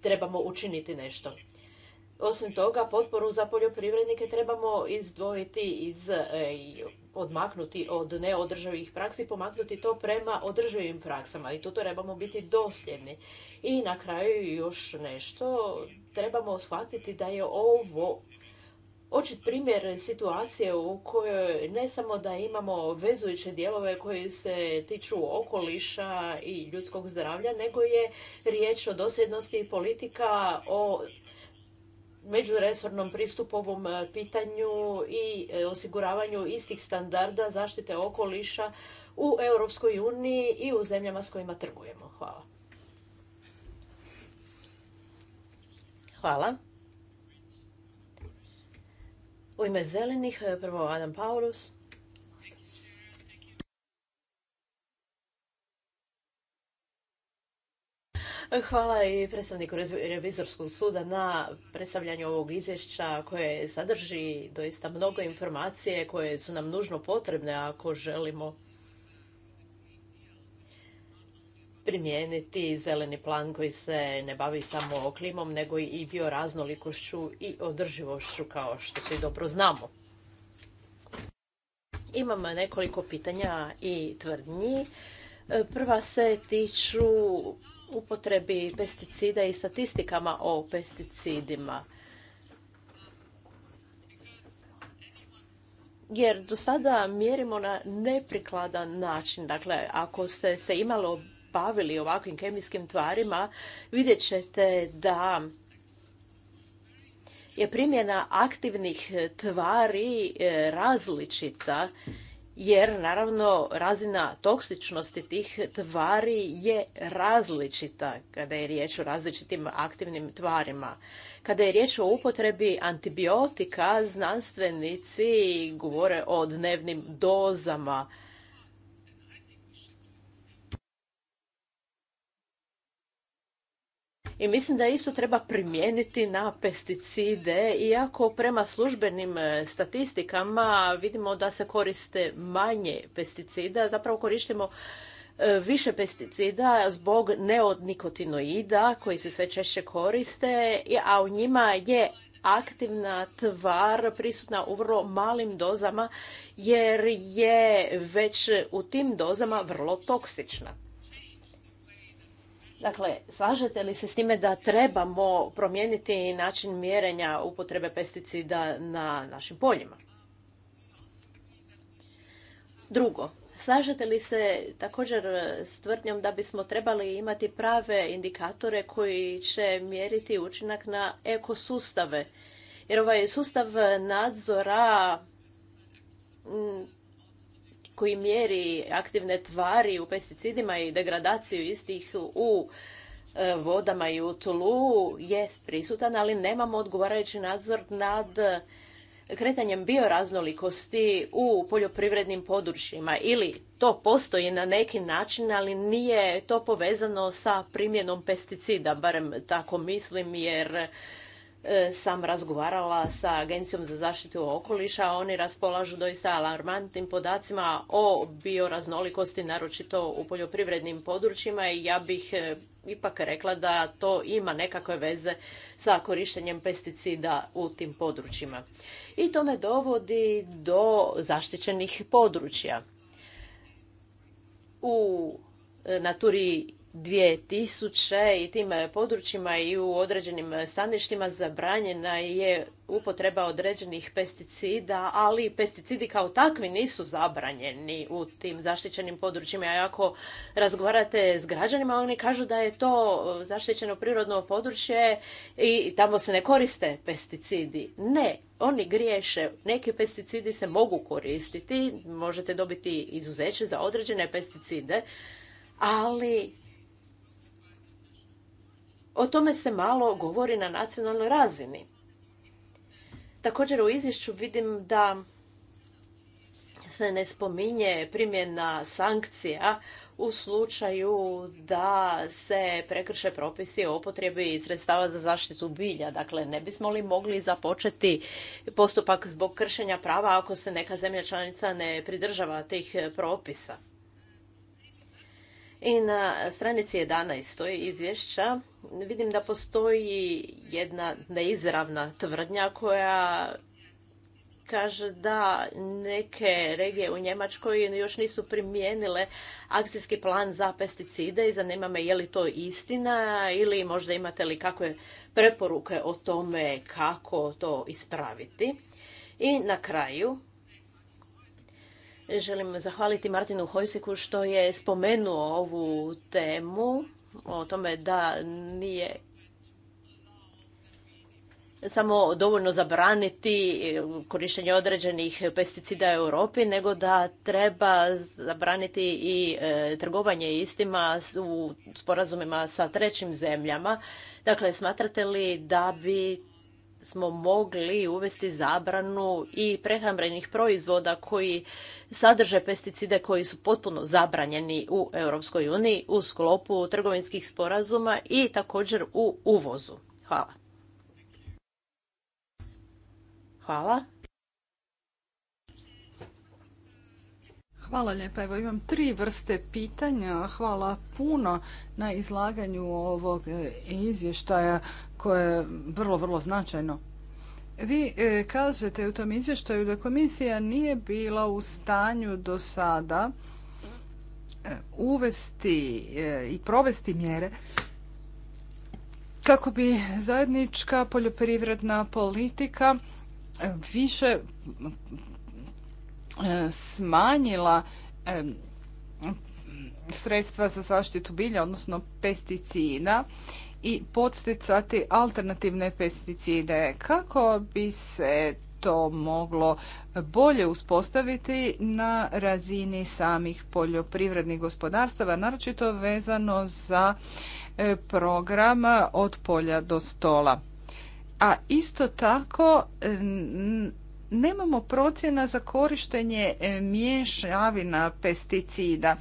trebamo učiniti nešto. Osim toga, potporu za poljoprivrednike trebamo izdvojiti iz e, i odmaknuti od neodrživih praksi, pomaknuti to prema održivim praksama i tu trebamo biti dosljedni. I na kraju još nešto, trebamo shvatiti da je ovo očit primjer situacije u kojoj ne samo da imamo vezujuće dijelove koji se tiču okoliša i ljudskog zdravlja, nego je riječ o dosljednosti politika, o međuresornom pristupovom e, pitanju i e, osiguravanju istih standarda zaštite okoliša u Europskoj uniji i u zemljama s kojima trgujemo. Hvala. U ime zelenih, e, prvo Adam Paulus. Hvala i predstavniku Revizorskog suda na predstavljanju ovog izvješća koje sadrži doista mnogo informacije koje su nam nužno potrebne ako želimo primijeniti zeleni plan koji se ne bavi samo klimom nego i bioraznolikošću i održivošću kao što svi dobro znamo. Imam nekoliko pitanja i tvrdnji. Prva se tiču upotrebi pesticida i statistikama o pesticidima. Jer do sada mjerimo na neprikladan način. Dakle, ako ste se imalo bavili ovakvim kemijskim tvarima, vidjet ćete da je primjena aktivnih tvari e, različita jer naravno razina toksičnosti tih tvari je različita kada je riječ o različitim aktivnim tvarima. Kada je riječ o upotrebi antibiotika, znanstvenici govore o dnevnim dozama I mislim da isto treba primijeniti na pesticide, iako prema službenim e, statistikama vidimo da se koriste manje pesticida, zapravo koristimo e, više pesticida zbog neodnikotinoida koji se sve češće koriste, a u njima je aktivna tvar prisutna u vrlo malim dozama jer je već u tim dozama vrlo toksična. Dakle, slažete li se s time da trebamo promijeniti način mjerenja upotrebe pesticida na našim poljima? Drugo, slažete li se također s tvrdnjom da bismo trebali imati prave indikatore koji će mjeriti učinak na ekosustave? Jer ovaj sustav nadzora koji mjeri aktivne tvari u pesticidima i degradaciju istih u e, vodama i u tlu jest prisutan, ali nemamo odgovarajući nadzor nad kretanjem bioraznolikosti u poljoprivrednim područjima ili to postoji na neki način, ali nije to povezano sa primjenom pesticida, barem tako mislim, jer E, sam razgovarala sa Agencijom za zaštitu okoliša. Oni raspolažu doista alarmantnim podacima o bioraznolikosti, naročito u poljoprivrednim područjima i ja bih e, ipak rekla da to ima nekakve veze sa korištenjem pesticida u tim područjima. I to me dovodi do zaštićenih područja. U e, naturi 2000 i tim eh, područjima i u određenim eh, staništima zabranjena je upotreba određenih pesticida, ali pesticidi kao takvi nisu zabranjeni u tim zaštićenim područjima. ako razgovarate s građanima, oni kažu da je to eh, zaštićeno prirodno područje i tamo se ne koriste pesticidi. Ne, oni griješe. Neki pesticidi se mogu koristiti, možete dobiti izuzeće za određene pesticide, ali o tome se malo govori na nacionalnoj razini. Također u izvješću vidim da se ne spominje primjena sankcija u slučaju da se prekrše propisi o upotrebi sredstava za zaštitu bilja. Dakle, ne bismo li mogli započeti postupak zbog kršenja prava ako se neka zemlja članica ne pridržava tih propisa? I na stranici 11. izvješća vidim da postoji jedna neizravna tvrdnja koja kaže da neke regije u Njemačkoj još nisu primijenile akcijski plan za pesticide i zanima me je li to istina ili možda imate li kakve preporuke o tome kako to ispraviti. I na kraju želim zahvaliti Martinu Hojsiku što je spomenuo ovu temu o tome da nije samo dovoljno zabraniti korištenje određenih pesticida u Europi, nego da treba zabraniti i e, trgovanje istima u sporazumima sa trećim zemljama. Dakle, smatrate li da bi smo mogli uvesti zabranu i prehrambenih proizvoda koji sadrže pesticide koji su potpuno zabranjeni u Europskoj uniji u sklopu trgovinskih sporazuma i također u uvozu. Hvala. Hvala. Hvala lijepa. Evo imam tri vrste pitanja. Hvala puno na izlaganju ovog e, izvještaja koje je vrlo, vrlo značajno. Vi e, kažete u tom izvještaju da komisija nije bila u stanju do sada e, uvesti i provesti mjere kako bi zajednička poljoprivredna politika više E, smanjila e, sredstva za zaštitu bilja, odnosno pesticida i podsticati alternativne pesticide kako bi se to moglo bolje uspostaviti na razini samih poljoprivrednih gospodarstava, naročito vezano za e, program od polja do stola. A isto tako nemamo procjena za korištenje e, mješavina pesticida.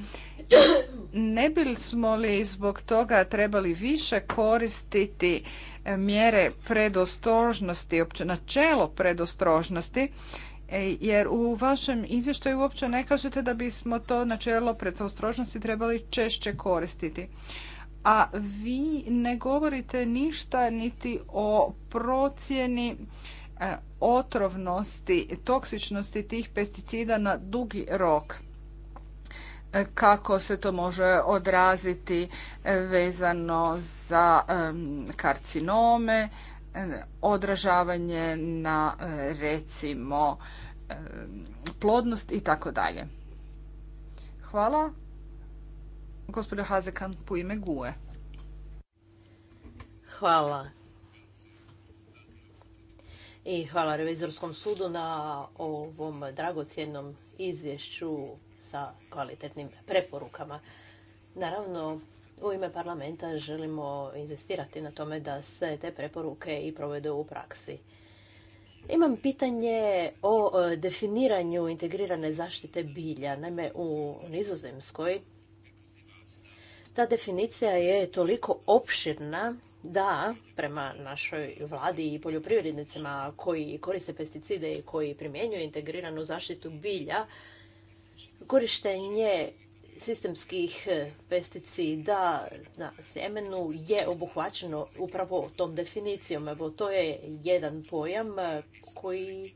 Ne bismo li zbog toga trebali više koristiti e, mjere predostrožnosti, opće načelo predostrožnosti, e, jer u vašem izvještaju uopće ne kažete da bismo to načelo predostrožnosti trebali češće koristiti. A vi ne govorite ništa niti o procjeni E, otrovnosti, toksičnosti tih pesticida na dugi rok e, kako se to može odraziti e, vezano za karcinome, odražavanje na recimo plodnost i tako dalje. Hvala. Gospodin Hazekan, po ime GUE. Hvala i hvala Revizorskom sudu na ovom dragocjenom izvješću sa kvalitetnim preporukama. Naravno, u ime parlamenta želimo inzistirati na tome da se te preporuke i provedu u praksi. Imam pitanje o e, definiranju integrirane zaštite bilja. Naime, u Nizozemskoj ta definicija je toliko opširna da prema našoj vladi i poljoprivrednicima koji koriste pesticide i koji primjenjuju integriranu zaštitu bilja, korištenje sistemskih pesticida na sjemenu je obuhvaćeno upravo tom definicijom. Evo, to je jedan pojam koji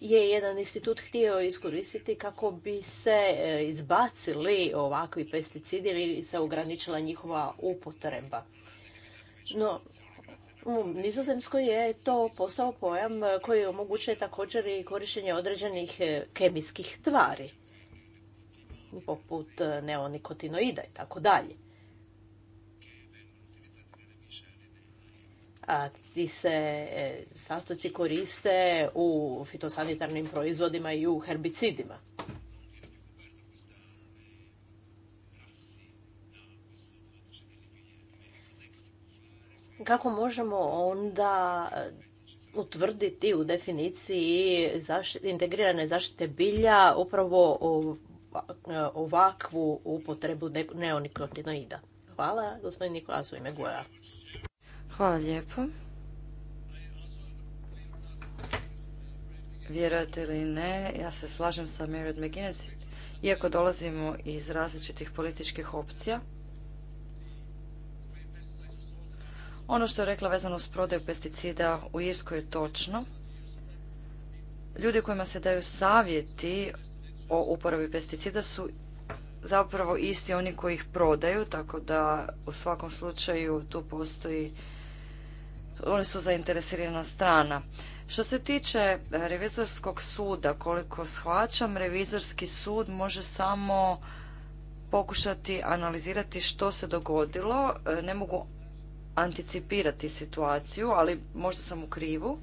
je jedan institut htio iskoristiti kako bi se e, izbacili ovakvi pesticidi ili se ograničila njihova upotreba. No, u Nizozemskoj je to postao pojam koji omogućuje također i korištenje određenih e, kemijskih tvari, poput e, neonikotinoida i tako dalje. A ti se e, sastojci koriste u fitosanitarnim proizvodima i u herbicidima. kako možemo onda e, utvrditi u definiciji integrirane zaštite bilja upravo e, ovakvu upotrebu neonikotinoida? Hvala, gospodin Nikolas u ime Goja. Hvala lijepo. Vjerujete li ne, ja se slažem sa Mary McGuinness, iako dolazimo iz različitih političkih opcija, Ono što je rekla vezano s prodaju pesticida u Irskoj je točno. Ljudi kojima se daju savjeti o uporabi pesticida su zapravo isti oni koji ih prodaju, tako da u svakom slučaju tu postoji, oni su zainteresirana strana. Što se tiče revizorskog suda, koliko shvaćam, revizorski sud može samo pokušati analizirati što se dogodilo, ne mogu anticipirati situaciju, ali možda sam u krivu.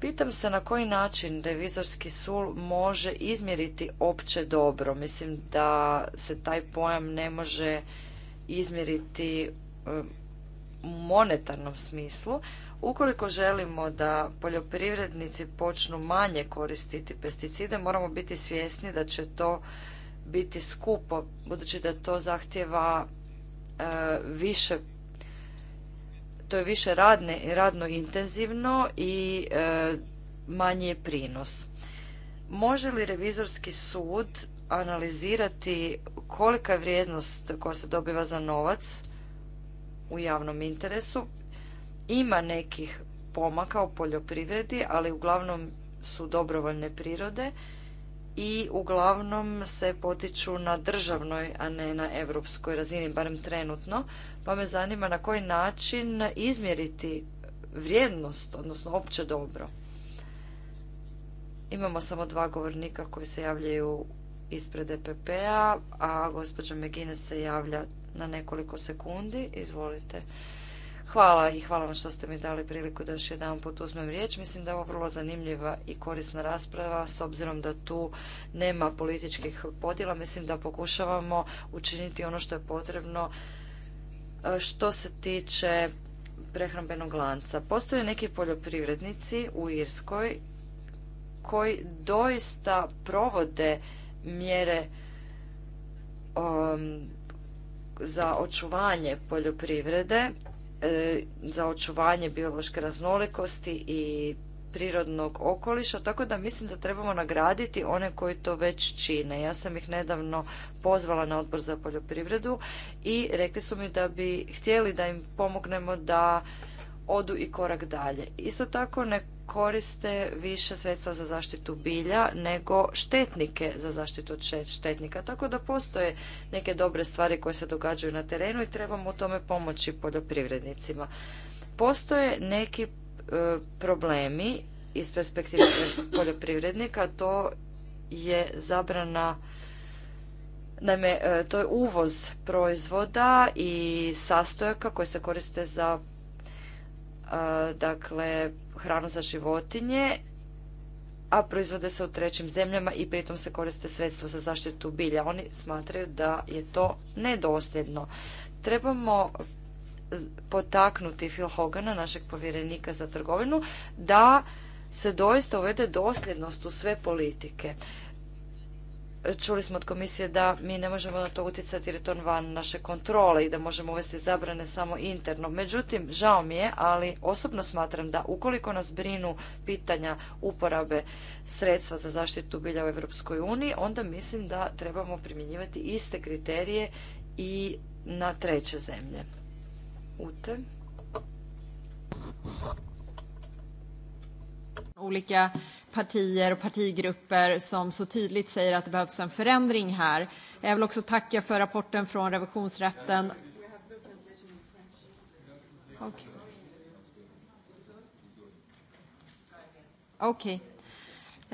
Pitam se na koji način revizorski sul može izmjeriti opće dobro. Mislim da se taj pojam ne može izmjeriti u monetarnom smislu. Ukoliko želimo da poljoprivrednici počnu manje koristiti pesticide, moramo biti svjesni da će to biti skupo, budući da to zahtjeva e, više to je više radne, radno intenzivno i e, manji je prinos. Može li revizorski sud analizirati kolika je vrijednost koja se dobiva za novac u javnom interesu? Ima nekih pomaka u poljoprivredi, ali uglavnom su dobrovoljne prirode i uglavnom se potiču na državnoj, a ne na europskoj razini, barem trenutno. Pa me zanima na koji način izmjeriti vrijednost, odnosno opće dobro. Imamo samo dva govornika koji se javljaju ispred EPP-a, a gospođa Megine se javlja na nekoliko sekundi. Izvolite. Hvala i hvala vam što ste mi dali priliku da još jedan put uzmem riječ. Mislim da je ovo vrlo zanimljiva i korisna rasprava s obzirom da tu nema političkih podjela. Mislim da pokušavamo učiniti ono što je potrebno e, što se tiče prehrambenog lanca. Postoje neki poljoprivrednici u Irskoj koji doista provode mjere um, za očuvanje poljoprivrede E, za očuvanje biološke raznolikosti i prirodnog okoliša, tako da mislim da trebamo nagraditi one koji to već čine. Ja sam ih nedavno pozvala na odbor za poljoprivredu i rekli su mi da bi htjeli da im pomognemo da odu i korak dalje. Isto tako ne koriste više sredstva za zaštitu bilja nego štetnike za zaštitu od štetnika. Tako da postoje neke dobre stvari koje se događaju na terenu i trebamo u tome pomoći poljoprivrednicima. Postoje neki e, problemi iz perspektive poljoprivrednika, to je zabrana Naime, e, to je uvoz proizvoda i sastojaka koje se koriste za e, dakle hranu za životinje, a proizvode se u trećim zemljama i pritom se koriste sredstva za zaštitu bilja. Oni smatraju da je to nedosljedno. Trebamo potaknuti Phil Hogana, našeg povjerenika za trgovinu, da se doista uvede dosljednost u sve politike. Čuli smo od komisije da mi ne možemo na to utjecati jer je to van naše kontrole i da možemo uvesti zabrane samo interno. Međutim, žao mi je, ali osobno smatram da ukoliko nas brinu pitanja uporabe sredstva za zaštitu bilja u Europskoj uniji, onda mislim da trebamo primjenjivati iste kriterije i na treće zemlje partier och partigrupper som så tydligt säger att det behövs en förändring här. Jag vill också tacka för rapporten från revisionsrätten. Okay. Okej. Okay.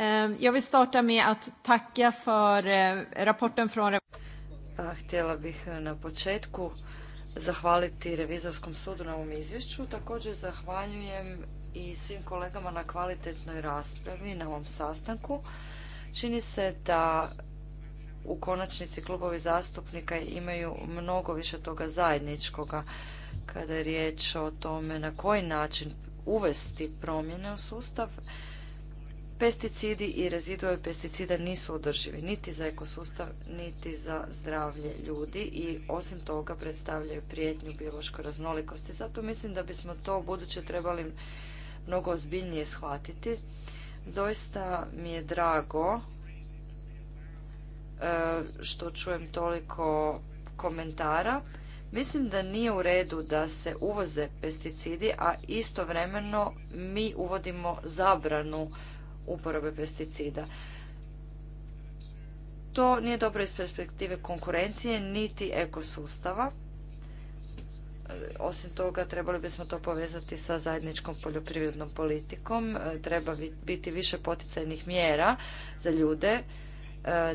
Ehm, jag vill starta med att tacka för eh, rapporten från... Pa, htjela bih eh, na početku zahvaliti Revizorskom sudu na ovom izvješću. Također zahvaljujem i svim kolegama na kvalitetnoj raspravi na ovom sastanku. Čini se da u konačnici klubovi zastupnika imaju mnogo više toga zajedničkoga kada je riječ o tome na koji način uvesti promjene u sustav. Pesticidi i rezidove pesticida nisu održivi niti za ekosustav, niti za zdravlje ljudi i osim toga predstavljaju prijetnju biološkoj raznolikosti. Zato mislim da bismo to buduće trebali mnogo ozbiljnije shvatiti. Doista mi je drago e, što čujem toliko komentara. Mislim da nije u redu da se uvoze pesticidi, a istovremeno mi uvodimo zabranu uporabe pesticida. To nije dobro iz perspektive konkurencije niti ekosustava. Osim toga, trebali bismo to povezati sa zajedničkom poljoprivrednom politikom. E, treba biti više poticajnih mjera za ljude e,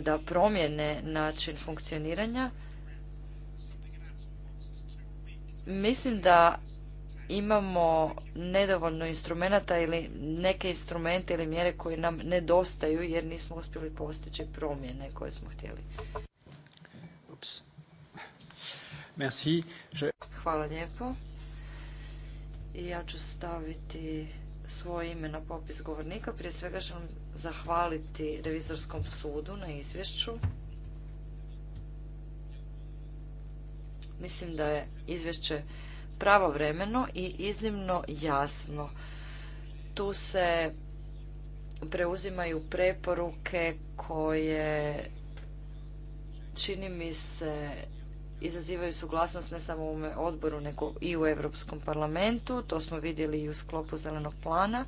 da promijene način funkcioniranja. Mislim da imamo nedovoljno instrumenata ili neke instrumente ili mjere koje nam nedostaju jer nismo uspjeli postići promjene koje smo htjeli. Hvala lijepo. I ja ću staviti svoje ime na popis govornika. Prije svega želim zahvaliti revizorskom sudu na izvješću. Mislim da je izvješće pravovremeno i iznimno jasno. Tu se preuzimaju preporuke koje čini mi se izazivaju suglasnost ne samo u odboru nego i u Europskom parlamentu. To smo vidjeli i u sklopu zelenog plana.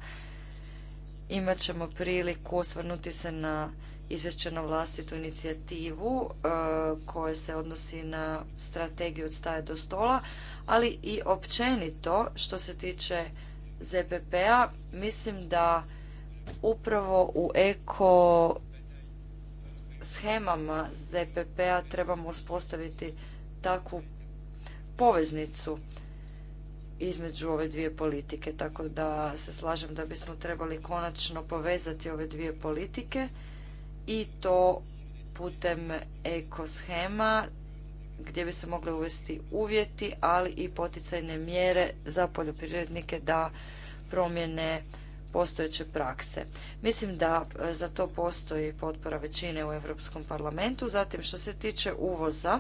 Imat ćemo priliku osvrnuti se na izvješće na vlastitu inicijativu koja e, koje se odnosi na strategiju od staje do stola, ali i općenito što se tiče ZPP-a, mislim da upravo u eko schemama ZPP-a trebamo uspostaviti takvu poveznicu između ove dvije politike. Tako da se slažem da bismo trebali konačno povezati ove dvije politike i to putem ekoshema gdje bi se mogli uvesti uvjeti, ali i poticajne mjere za poljoprivrednike da promjene postojeće prakse. Mislim da e, za to postoji potpora većine u Europskom parlamentu. Zatim što se tiče uvoza,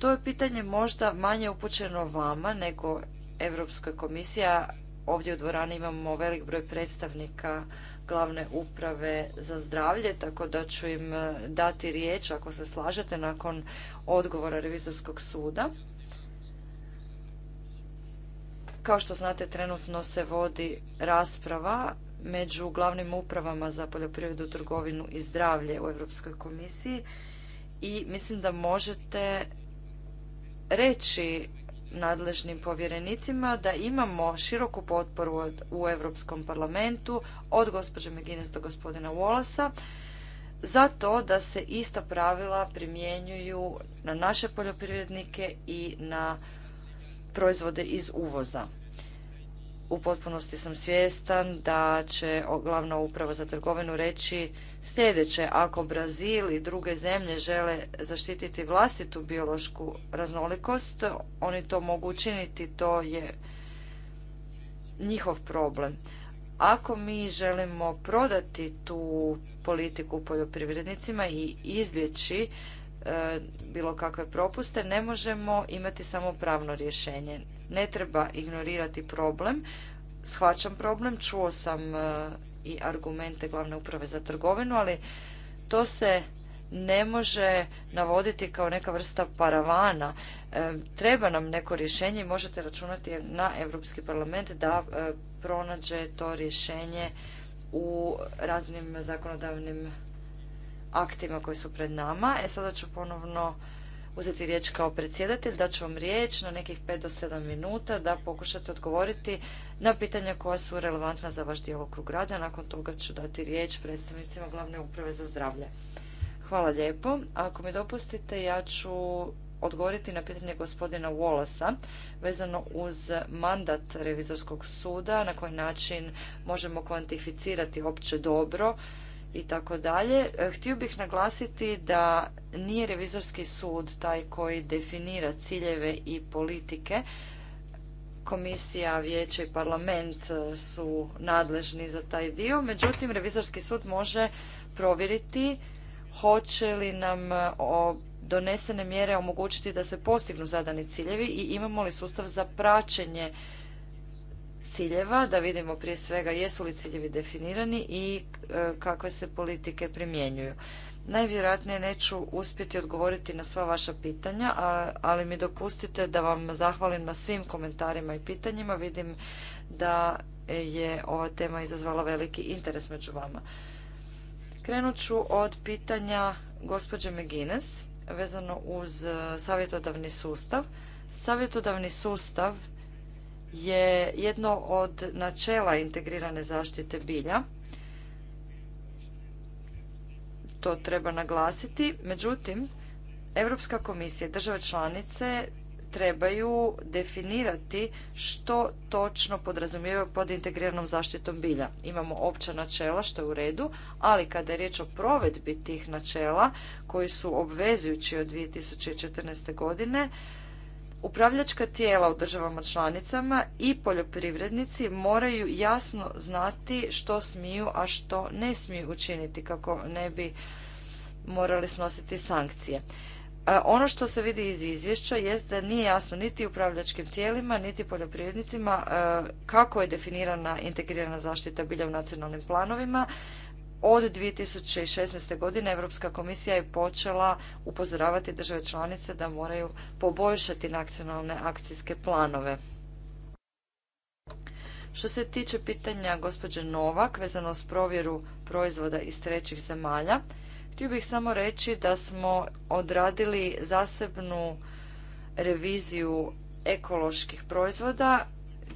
to je pitanje možda manje upućeno vama nego Europskoj komisiji, ovdje u dvorani imamo velik broj predstavnika glavne uprave za zdravlje, tako da ću im e, dati riječ ako se slažete nakon odgovora revizorskog suda. Kao što znate, trenutno se vodi rasprava među glavnim upravama za poljoprivredu, trgovinu i zdravlje u Europskoj komisiji i mislim da možete reći nadležnim povjerenicima da imamo široku potporu u Europskom parlamentu od gospođe McGuinness do gospodina Wallasa za to da se ista pravila primjenjuju na naše poljoprivrednike i na proizvode iz uvoza u potpunosti sam svjestan da će glavna uprava za trgovinu reći sljedeće. Ako Brazil i druge zemlje žele zaštititi vlastitu biološku raznolikost, oni to mogu učiniti, to je njihov problem. Ako mi želimo prodati tu politiku poljoprivrednicima i izbjeći e, bilo kakve propuste, ne možemo imati samo pravno rješenje ne treba ignorirati problem. Shvaćam problem, čuo sam e, i argumente glavne uprave za trgovinu, ali to se ne može navoditi kao neka vrsta paravana. E, treba nam neko rješenje i možete računati na Europski parlament da e, pronađe to rješenje u raznim zakonodavnim aktima koji su pred nama. E sada ću ponovno uzeti riječ kao predsjedatelj, da ću vam riječ na nekih 5 do 7 minuta da pokušate odgovoriti na pitanja koja su relevantna za vaš djelokrug rada. Nakon toga ću dati riječ predstavnicima glavne uprave za zdravlje. Hvala lijepo. Ako mi dopustite, ja ću odgovoriti na pitanje gospodina Wallasa vezano uz mandat revizorskog suda, na koji način možemo kvantificirati opće dobro i tako dalje. E, htio bih naglasiti da nije revizorski sud taj koji definira ciljeve i politike. Komisija, vijeće i parlament e, su nadležni za taj dio, međutim revizorski sud može provjeriti hoće li nam e, donesene mjere omogućiti da se postignu zadani ciljevi i imamo li sustav za praćenje ciljeva, da vidimo prije svega jesu li ciljevi definirani i e, kakve se politike primjenjuju. Najvjerojatnije neću uspjeti odgovoriti na sva vaša pitanja, ali mi dopustite da vam zahvalim na svim komentarima i pitanjima. Vidim da je ova tema izazvala veliki interes među vama. Krenut ću od pitanja gospođe Megines vezano uz e, savjetodavni sustav. Savjetodavni sustav je jedno od načela integrirane zaštite bilja. To treba naglasiti. Međutim, Europska komisija i države članice trebaju definirati što točno podrazumijevaju pod integriranom zaštitom bilja. Imamo opća načela što je u redu, ali kada je riječ o provedbi tih načela koji su obvezujući od 2014. godine, Upravljačka tijela u državama članicama i poljoprivrednici moraju jasno znati što smiju, a što ne smiju učiniti kako ne bi morali snositi sankcije. E, ono što se vidi iz izvješća jest da nije jasno niti upravljačkim tijelima, niti poljoprivrednicima e, kako je definirana integrirana zaštita bilja u nacionalnim planovima, od 2016. godine Europska komisija je počela upozoravati države članice da moraju poboljšati nacionalne akcijske planove. Što se tiče pitanja gospođe Novak vezano s provjeru proizvoda iz trećih zemalja, htio bih samo reći da smo odradili zasebnu reviziju ekoloških proizvoda.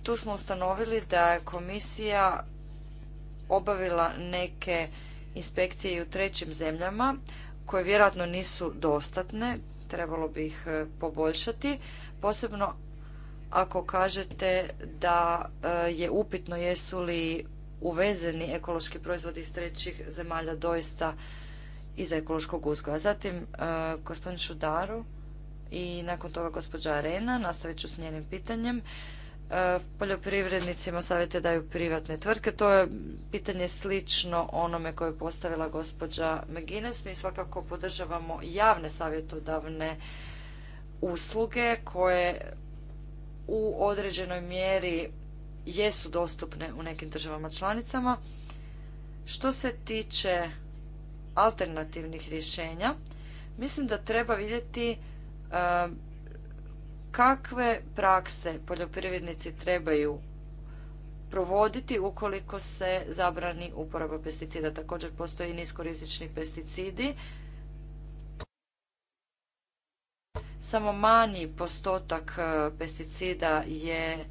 Tu smo ustanovili da je komisija obavila neke inspekcije i u trećim zemljama koje vjerojatno nisu dostatne, trebalo bi ih e, poboljšati, posebno ako kažete da e, je upitno jesu li uvezeni ekološki proizvodi iz trećih zemalja doista iz ekološkog uzgoja. Zatim e, gospodin Šudaru i nakon toga gospođa Arena, nastavit ću s njenim pitanjem. E, poljoprivrednicima savjete daju privatne tvrtke. To je pitanje slično onome koje je postavila gospođa McGuinness. Mi svakako podržavamo javne savjetodavne usluge koje u određenoj mjeri jesu dostupne u nekim državama članicama. Što se tiče alternativnih rješenja, mislim da treba vidjeti e, kakve prakse poljoprivrednici trebaju provoditi ukoliko se zabrani uporaba pesticida. Također postoji niskorizični pesticidi. Samo manji postotak e, pesticida je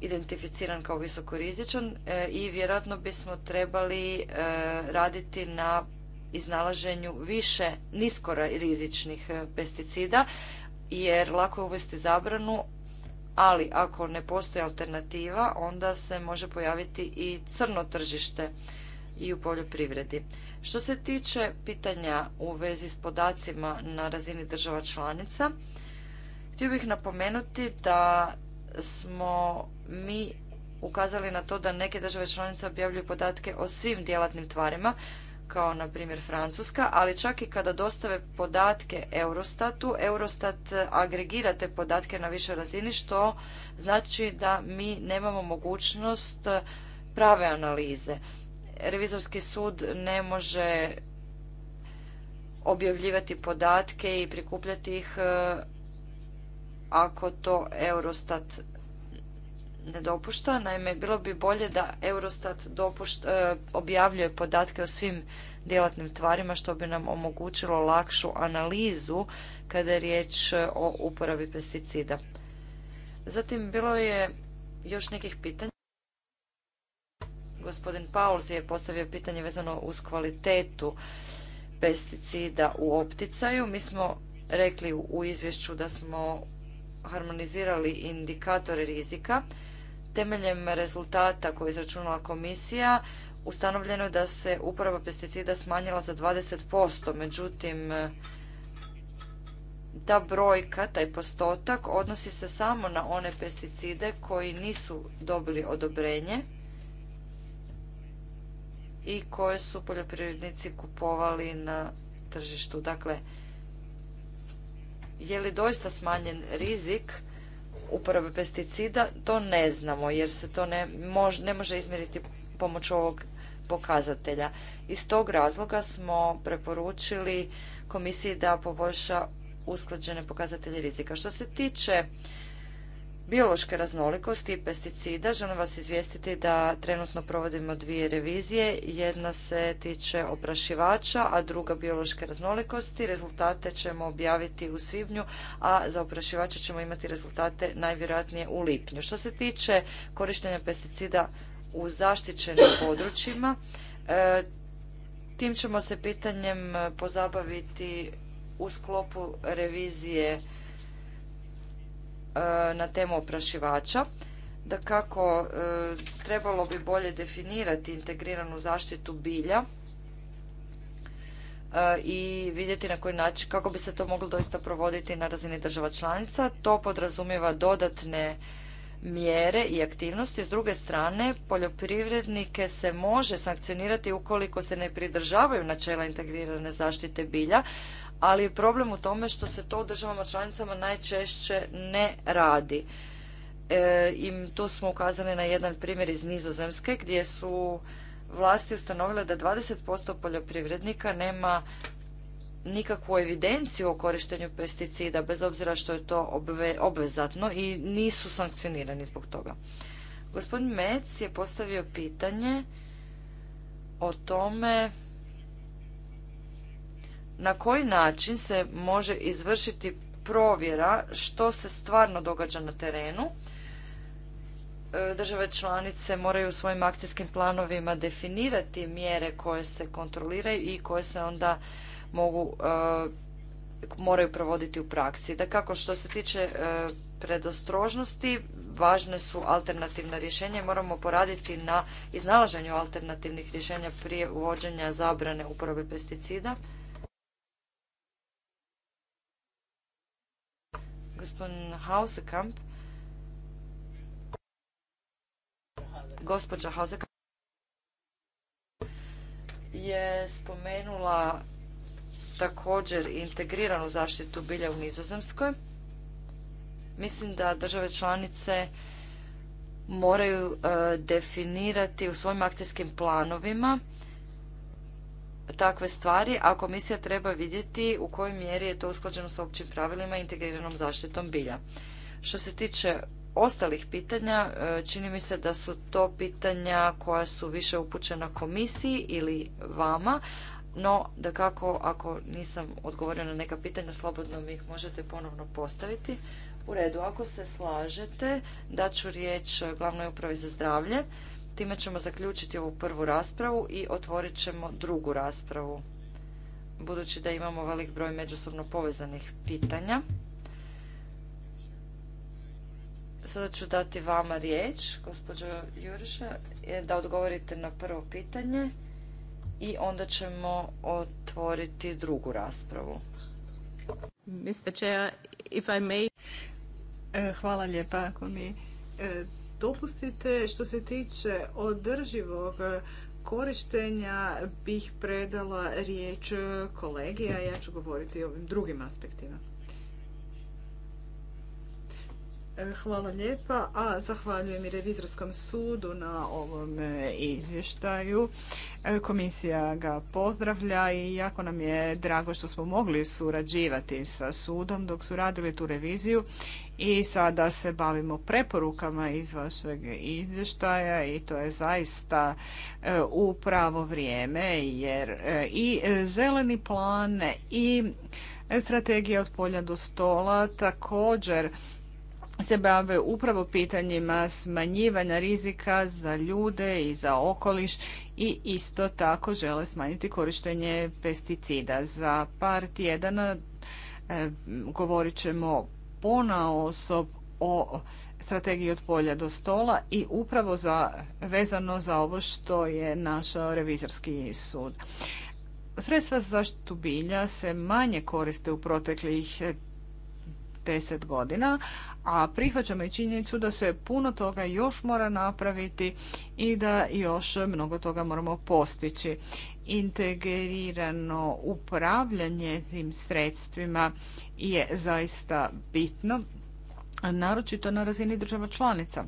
identificiran kao visokorizičan e, i vjerojatno bismo trebali e, raditi na iznalaženju više niskorizičnih pesticida jer lako je uvesti zabranu, ali ako ne postoji alternativa, onda se može pojaviti i crno tržište i u poljoprivredi. Što se tiče pitanja u vezi s podacima na razini država članica, htio bih napomenuti da smo mi ukazali na to da neke države članice objavljuju podatke o svim djelatnim tvarima, kao na primjer Francuska, ali čak i kada dostave podatke Eurostatu, Eurostat e, agregira te podatke na više razini, što znači da mi nemamo mogućnost e, prave analize. Revizorski sud ne može objavljivati podatke i prikupljati ih e, ako to Eurostat ne dopušta. Naime, bilo bi bolje da Eurostat dopušta, e, objavljuje podatke o svim djelatnim tvarima što bi nam omogućilo lakšu analizu kada je riječ e, o uporabi pesticida. Zatim bilo je još nekih pitanja. Gospodin Pauls je postavio pitanje vezano uz kvalitetu pesticida u opticaju. Mi smo rekli u izvješću da smo harmonizirali indikatore rizika Temeljem rezultata koje je izračunala komisija, ustanovljeno je da se uporaba pesticida smanjila za 20%, međutim, ta brojka, taj postotak odnosi se samo na one pesticide koji nisu dobili odobrenje i koje su poljoprivrednici kupovali na tržištu. Dakle, je li doista smanjen rizik uporabe pesticida, to ne znamo jer se to ne, ne može izmjeriti pomoću ovog pokazatelja. Iz tog razloga smo preporučili komisiji da poboljša usklađene pokazatelje rizika. Što se tiče biološke raznolikosti i pesticida želim vas izvijestiti da trenutno provodimo dvije revizije. Jedna se tiče oprašivača, a druga biološke raznolikosti. Rezultate ćemo objaviti u svibnju, a za oprašivače ćemo imati rezultate najvjerojatnije u lipnju. Što se tiče korištenja pesticida u zaštićenim područjima, e, tim ćemo se pitanjem pozabaviti u sklopu revizije E, na temu oprašivača. Da kako e, trebalo bi bolje definirati integriranu zaštitu bilja e, i vidjeti na koji način, kako bi se to moglo doista provoditi na razini država članica. To podrazumijeva dodatne mjere i aktivnosti. S druge strane, poljoprivrednike se može sankcionirati ukoliko se ne pridržavaju načela integrirane zaštite bilja, ali je problem u tome što se to u državama članicama najčešće ne radi. E, tu smo ukazali na jedan primjer iz Nizozemske gdje su vlasti ustanovile da 20% poljoprivrednika nema nikakvu evidenciju o korištenju pesticida, bez obzira što je to obvezatno i nisu sankcionirani zbog toga. Gospodin Mec je postavio pitanje o tome na koji način se može izvršiti provjera što se stvarno događa na terenu. E, države članice moraju u svojim akcijskim planovima definirati mjere koje se kontroliraju i koje se onda mogu e, moraju provoditi u praksi. Da kako što se tiče e, predostrožnosti, važne su alternativna rješenja i moramo poraditi na iznalaženju alternativnih rješenja prije uvođenja zabrane uporabe pesticida. Gospodin Hausekamp. Gospođa Hausekamp je spomenula također integriranu zaštitu bilja u Nizozemskoj. Mislim da države članice moraju e, definirati u svojim akcijskim planovima takve stvari, a komisija treba vidjeti u kojoj mjeri je to usklađeno s općim pravilima i integriranom zaštitom bilja. Što se tiče ostalih pitanja, e, čini mi se da su to pitanja koja su više upućena komisiji ili vama, no da kako ako nisam odgovorio na neka pitanja, slobodno mi ih možete ponovno postaviti. U redu, ako se slažete, daću riječ glavnoj upravi za zdravlje Time ćemo zaključiti ovu prvu raspravu i otvorit ćemo drugu raspravu. Budući da imamo velik broj međusobno povezanih pitanja. Sada ću dati vama riječ, gospođo Juriša, e, da odgovorite na prvo pitanje i onda ćemo otvoriti drugu raspravu. I e, Hvala lijepa ako mi e, dopustite što se tiče održivog korištenja bih predala riječ kolegi, a ja ću govoriti o ovim drugim aspektima. Hvala lijepa, a zahvaljujem i revizorskom sudu na ovom e, izvještaju. E, komisija ga pozdravlja i jako nam je drago što smo mogli surađivati sa sudom dok su radili tu reviziju i sada se bavimo preporukama iz vašeg izvještaja i to je zaista e, u pravo vrijeme jer i zeleni plan i strategija od polja do stola također se bave upravo pitanjima smanjivanja rizika za ljude i za okoliš i isto tako žele smanjiti korištenje pesticida. Za par tjedana e, govorit ćemo pona osob o strategiji od polja do stola i upravo za, vezano za ovo što je naš revizorski sud. Sredstva za zaštitu bilja se manje koriste u proteklih deset godina, a prihvaćamo i činjenicu da se puno toga još mora napraviti i da još mnogo toga moramo postići. Integrirano upravljanje tim sredstvima je zaista bitno, naročito na razini država članica.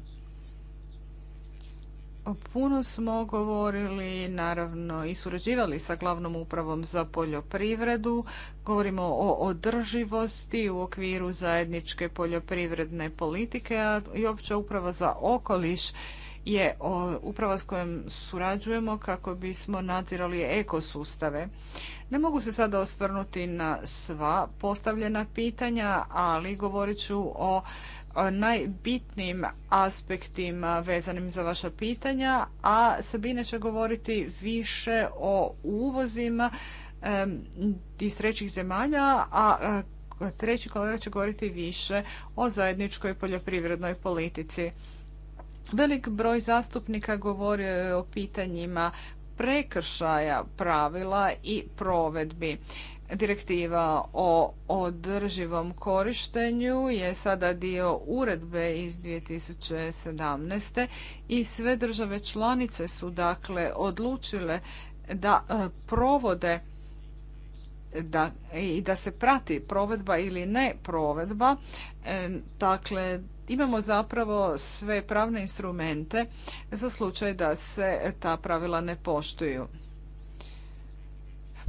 Puno smo govorili, naravno, i surađivali sa glavnom upravom za poljoprivredu. Govorimo o održivosti u okviru zajedničke poljoprivredne politike, a i opća uprava za okoliš je uprava s kojom surađujemo kako bismo natirali ekosustave. Ne mogu se sada osvrnuti na sva postavljena pitanja, ali govorit ću o najbitnijim aspektima vezanim za vaša pitanja, a Sabine će govoriti više o uvozima iz trećih zemalja, a treći kolega će govoriti više o zajedničkoj poljoprivrednoj politici. Velik broj zastupnika govori o pitanjima prekršaja pravila i provedbi. Direktiva o održivom korištenju je sada dio uredbe iz 2017. i sve države članice su dakle odlučile da e, provode da, i da se prati provedba ili ne provedba. E, dakle, imamo zapravo sve pravne instrumente za slučaj da se ta pravila ne poštuju.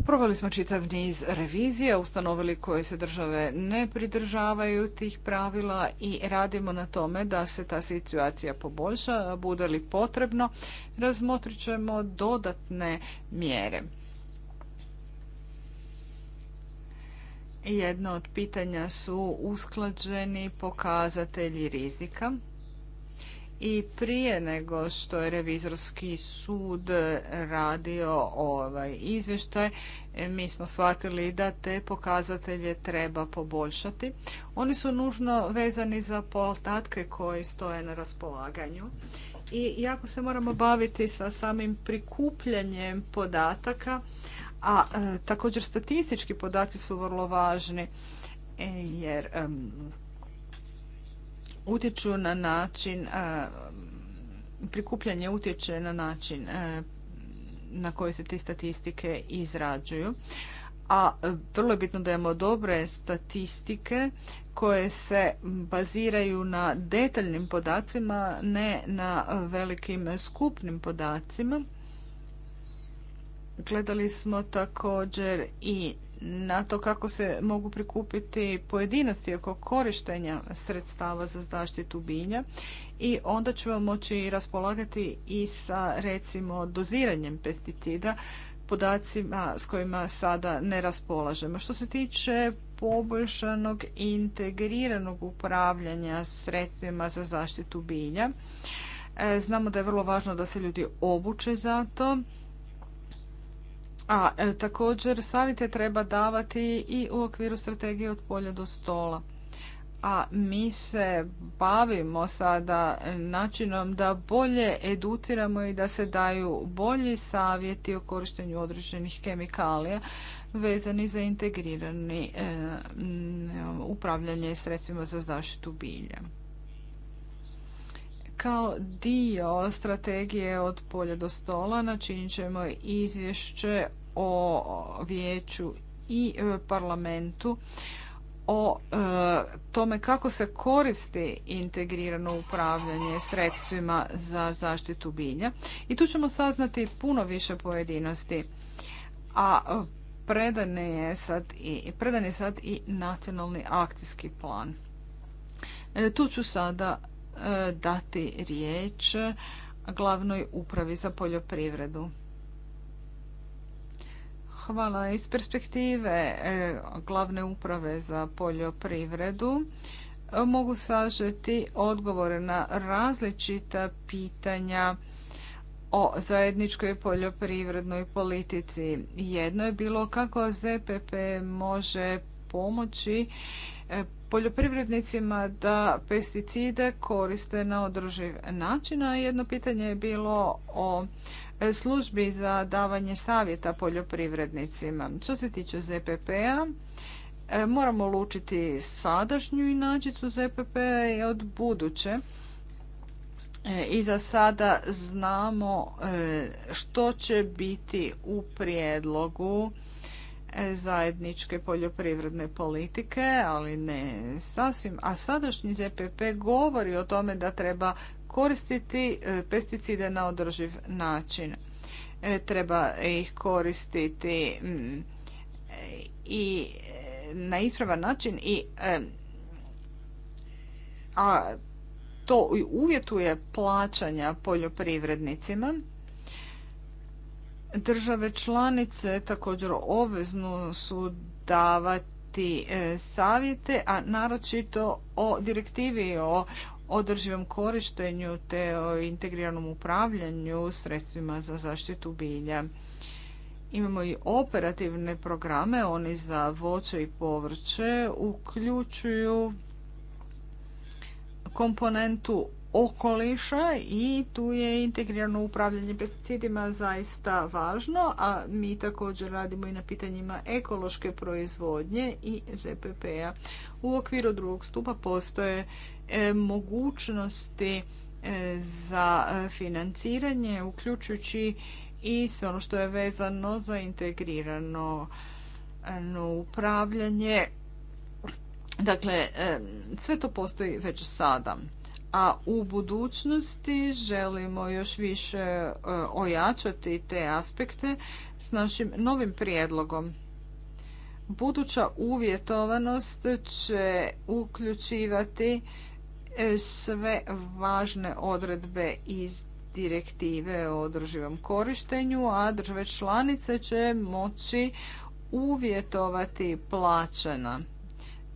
Proveli smo čitav niz revizija, ustanovili koje se države ne pridržavaju tih pravila i radimo na tome da se ta situacija poboljša. Bude li potrebno, razmotrit ćemo dodatne mjere. Jedno od pitanja su usklađeni pokazatelji rizika i prije nego što je revizorski sud radio ovaj izvještaj, mi smo shvatili da te pokazatelje treba poboljšati. Oni su nužno vezani za podatke koji stoje na raspolaganju i jako se moramo baviti sa samim prikupljanjem podataka, a e, također statistički podaci su vrlo važni e, jer utječu na način, prikupljanje utječe na način na koji se te statistike izrađuju. A vrlo je bitno da imamo dobre statistike koje se baziraju na detaljnim podacima, ne na velikim skupnim podacima. Gledali smo također i na to kako se mogu prikupiti pojedinosti oko korištenja sredstava za zaštitu bilja i onda ćemo moći raspolagati i sa recimo doziranjem pesticida podacima s kojima sada ne raspolažemo. Što se tiče poboljšanog i integriranog upravljanja sredstvima za zaštitu bilja, e, znamo da je vrlo važno da se ljudi obuče za to a e, također savjete treba davati i u okviru strategije od polja do stola. A mi se bavimo sada načinom da bolje educiramo i da se daju bolji savjeti o korištenju određenih kemikalija vezani za integrirani e, upravljanje sredstvima za zaštitu bilja. Kao dio strategije od polja do stola načinit ćemo izvješće o vijeću i e, parlamentu o e, tome kako se koristi integrirano upravljanje sredstvima za zaštitu bilja. I tu ćemo saznati puno više pojedinosti. A predan je sad i, predan sad i nacionalni akcijski plan. E, tu ću sada dati riječ glavnoj upravi za poljoprivredu. Hvala. Iz perspektive e, glavne uprave za poljoprivredu e, mogu sažeti odgovore na različita pitanja o zajedničkoj poljoprivrednoj politici. Jedno je bilo kako ZPP može pomoći e, poljoprivrednicima da pesticide koriste na održiv način, a jedno pitanje je bilo o službi za davanje savjeta poljoprivrednicima. Što se tiče ZPP-a, e, moramo lučiti sadašnju inačicu ZPP-a i od buduće. E, I za sada znamo e, što će biti u prijedlogu zajedničke poljoprivredne politike, ali ne sasvim. A sadašnji ZPP govori o tome da treba koristiti e, pesticide na održiv način. E, treba ih koristiti mm, e, i na ispravan način i a to uvjetuje plaćanja poljoprivrednicima. Države članice također obvezno su davati savjete, a naročito o direktivi o održivom korištenju te o integriranom upravljanju sredstvima za zaštitu bilja. Imamo i operativne programe, oni za voće i povrće uključuju komponentu okoliša i tu je integrirano upravljanje pesticidima zaista važno, a mi također radimo i na pitanjima ekološke proizvodnje i ZPP-a. U okviru drugog stupa postoje E, mogućnosti e, za e, financiranje, uključujući i sve ono što je vezano za integrirano upravljanje. Dakle, sve to postoji već sada. A u budućnosti želimo još više ojačati te aspekte s našim novim prijedlogom. Buduća uvjetovanost će uključivati sve važne odredbe iz direktive o održivom korištenju, a države članice će moći uvjetovati plaćena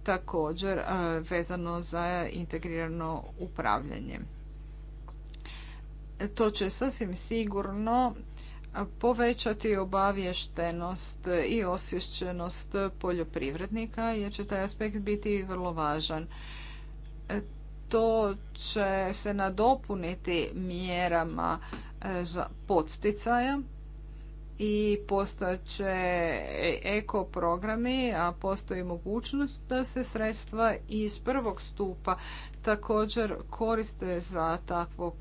također e, vezano za integrirano upravljanje. E, to će sasvim sigurno povećati obavještenost i osvješćenost poljoprivrednika jer će taj aspekt biti vrlo važan. E, to će se nadopuniti mjerama e, podsticaja i postojeće eko programi, a postoji mogućnost da se sredstva iz prvog stupa također koriste za takvo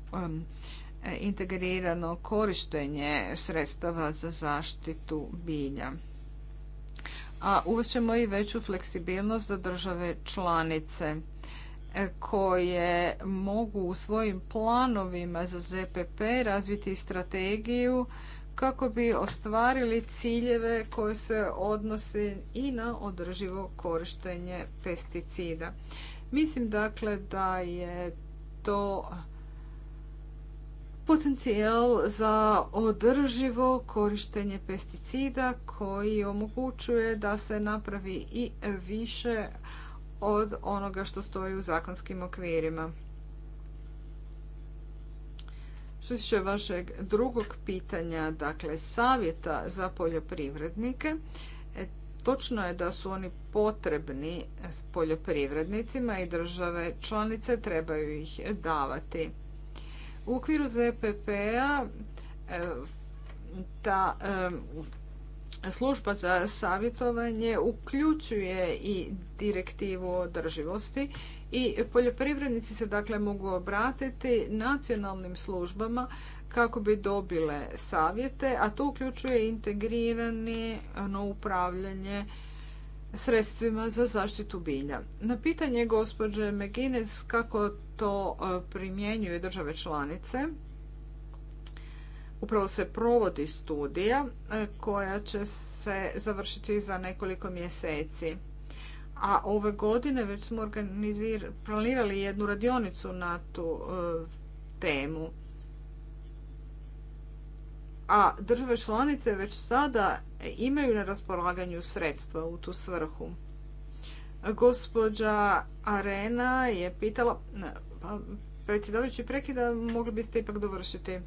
integrirano korištenje sredstava za zaštitu bilja. A i veću fleksibilnost za države članice koje mogu u svojim planovima za ZPP razviti strategiju kako bi ostvarili ciljeve koje se odnose i na održivo korištenje pesticida. Mislim dakle da je to potencijal za održivo korištenje pesticida koji omogućuje da se napravi i više od onoga što stoji u zakonskim okvirima. Što se vašeg drugog pitanja, dakle savjeta za poljoprivrednike, e, točno je da su oni potrebni poljoprivrednicima i države članice trebaju ih davati. U okviru ZPP-a e, ta služba za savjetovanje uključuje i direktivu održivosti i poljoprivrednici se dakle mogu obratiti nacionalnim službama kako bi dobile savjete, a to uključuje integrirani ono, upravljanje sredstvima za zaštitu bilja. Na pitanje gospođe Megines kako to e, primjenjuje države članice, upravo se provodi studija e, koja će se završiti za nekoliko mjeseci. A ove godine već smo planirali jednu radionicu na tu e, temu. A države članice već sada imaju na raspolaganju sredstva u tu svrhu. Gospođa Arena je pitala, pa, predsjedavajući prekida, mogli biste ipak dovršiti.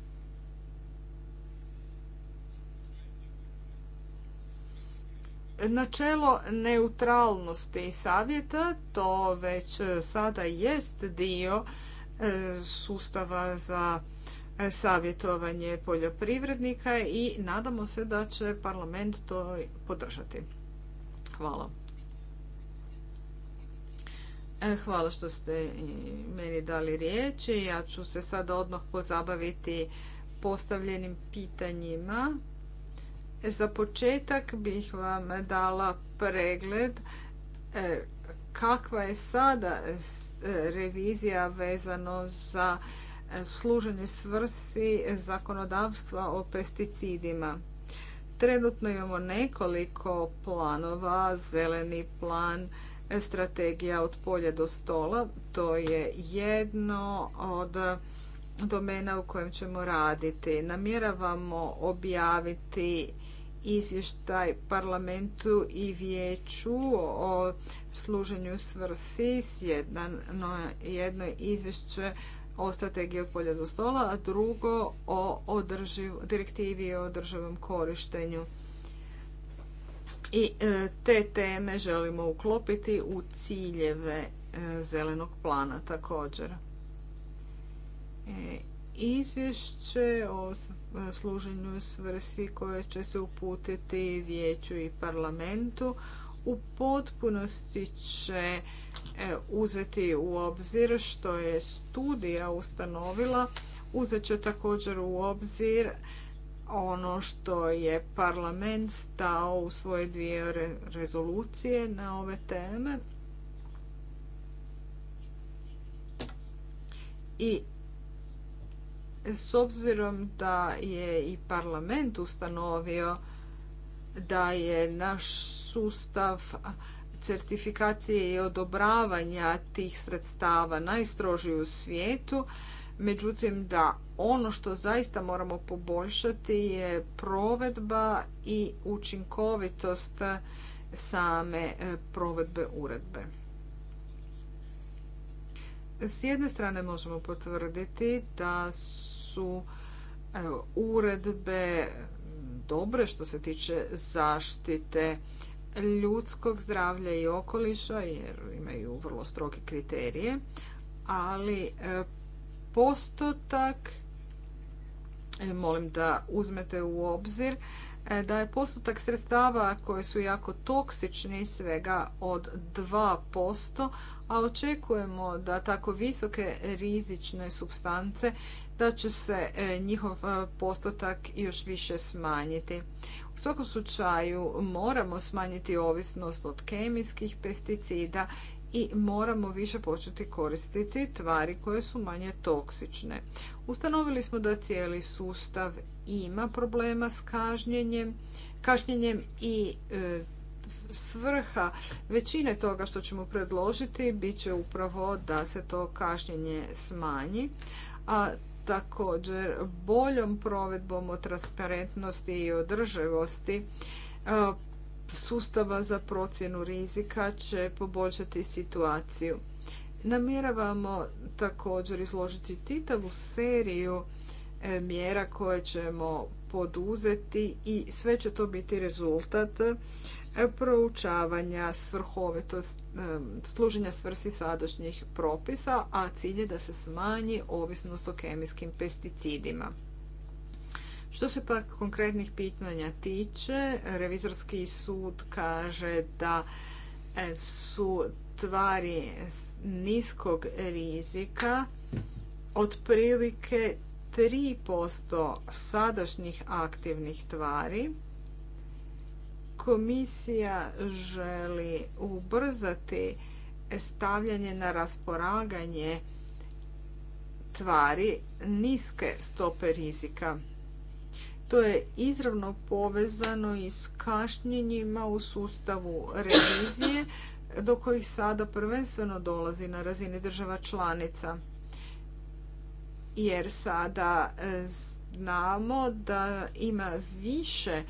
Načelo neutralnosti savjeta to već sada jest dio e, sustava za e, savjetovanje poljoprivrednika i nadamo se da će parlament to podržati. Hvala. E, hvala što ste meni dali riječ. Ja ću se sada odmah pozabaviti postavljenim pitanjima. Za početak bih vam dala pregled e, kakva je sada e, e, revizija vezano za služenje svrsi zakonodavstva o pesticidima. Trenutno imamo nekoliko planova, zeleni plan, strategija od polja do stola. To je jedno od domena u kojem ćemo raditi. Namjeravamo objaviti izvještaj parlamentu i vijeću o služenju svrsi s jedno izvješće o strategiji od polja do stola, a drugo o održiv, direktivi o održivom korištenju. I e, te teme želimo uklopiti u ciljeve e, zelenog plana također. E, izvješće o e, služenju svrsi koje će se uputiti vijeću i parlamentu u potpunosti će e, uzeti u obzir što je studija ustanovila, uzet će također u obzir ono što je parlament stao u svoje dvije rezolucije na ove teme i s obzirom da je i parlament ustanovio da je naš sustav certifikacije i odobravanja tih sredstava najstrožiji u svijetu, međutim da ono što zaista moramo poboljšati je provedba i učinkovitost same e, provedbe uredbe. S jedne strane možemo potvrditi da su uredbe dobre što se tiče zaštite ljudskog zdravlja i okoliša jer imaju vrlo stroge kriterije, ali e, postotak e, molim da uzmete u obzir E, da je postotak sredstava koje su jako toksični svega od 2%, a očekujemo da tako visoke rizične substance da će se e, njihov e, postotak još više smanjiti. U svakom slučaju moramo smanjiti ovisnost od kemijskih pesticida i moramo više početi koristiti tvari koje su manje toksične. Ustanovili smo da cijeli sustav ima problema s kažnjenjem, kažnjenjem i e, svrha većine toga što ćemo predložiti bit će upravo da se to kašnjenje smanji, a također boljom provedbom o transparentnosti i održivosti e, sustava za procjenu rizika će poboljšati situaciju. Namjeravamo također izložiti titavu seriju E, mjera koje ćemo poduzeti i sve će to biti rezultat e, proučavanja svrhovitost, e, služenja svrsi sadašnjih propisa, a cilj je da se smanji ovisnost o kemijskim pesticidima. Što se pak konkretnih pitanja tiče, revizorski sud kaže da su tvari niskog rizika otprilike 3% sadašnjih aktivnih tvari. Komisija želi ubrzati stavljanje na rasporaganje tvari niske stope rizika. To je izravno povezano i s kašnjenjima u sustavu revizije do kojih sada prvenstveno dolazi na razini država članica jer sada e, znamo da ima više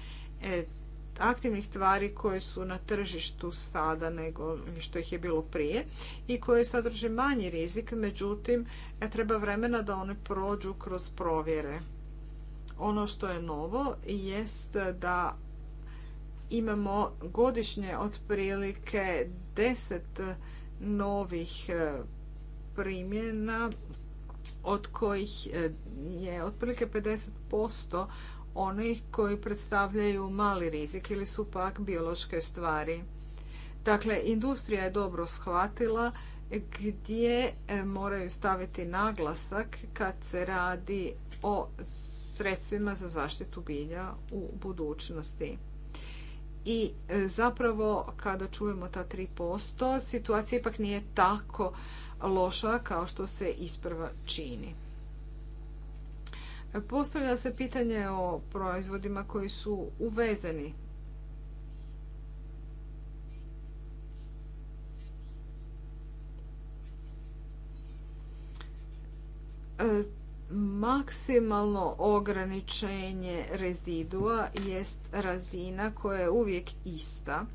e, aktivnih tvari koje su na tržištu sada nego što ih je bilo prije i koje sadrže manji rizik, međutim e, treba vremena da one prođu kroz provjere. Ono što je novo jest da imamo godišnje otprilike 10 novih primjena od kojih e, je otprilike 50% onih koji predstavljaju mali rizik ili su pak biološke stvari. Dakle, industrija je dobro shvatila gdje e, moraju staviti naglasak kad se radi o sredstvima za zaštitu bilja u budućnosti. I e, zapravo kada čujemo ta 3%, situacija ipak nije tako loša kao što se isprva čini. Postavlja se pitanje o proizvodima koji su uvezeni. E, maksimalno ograničenje rezidua jest razina koja je uvijek ista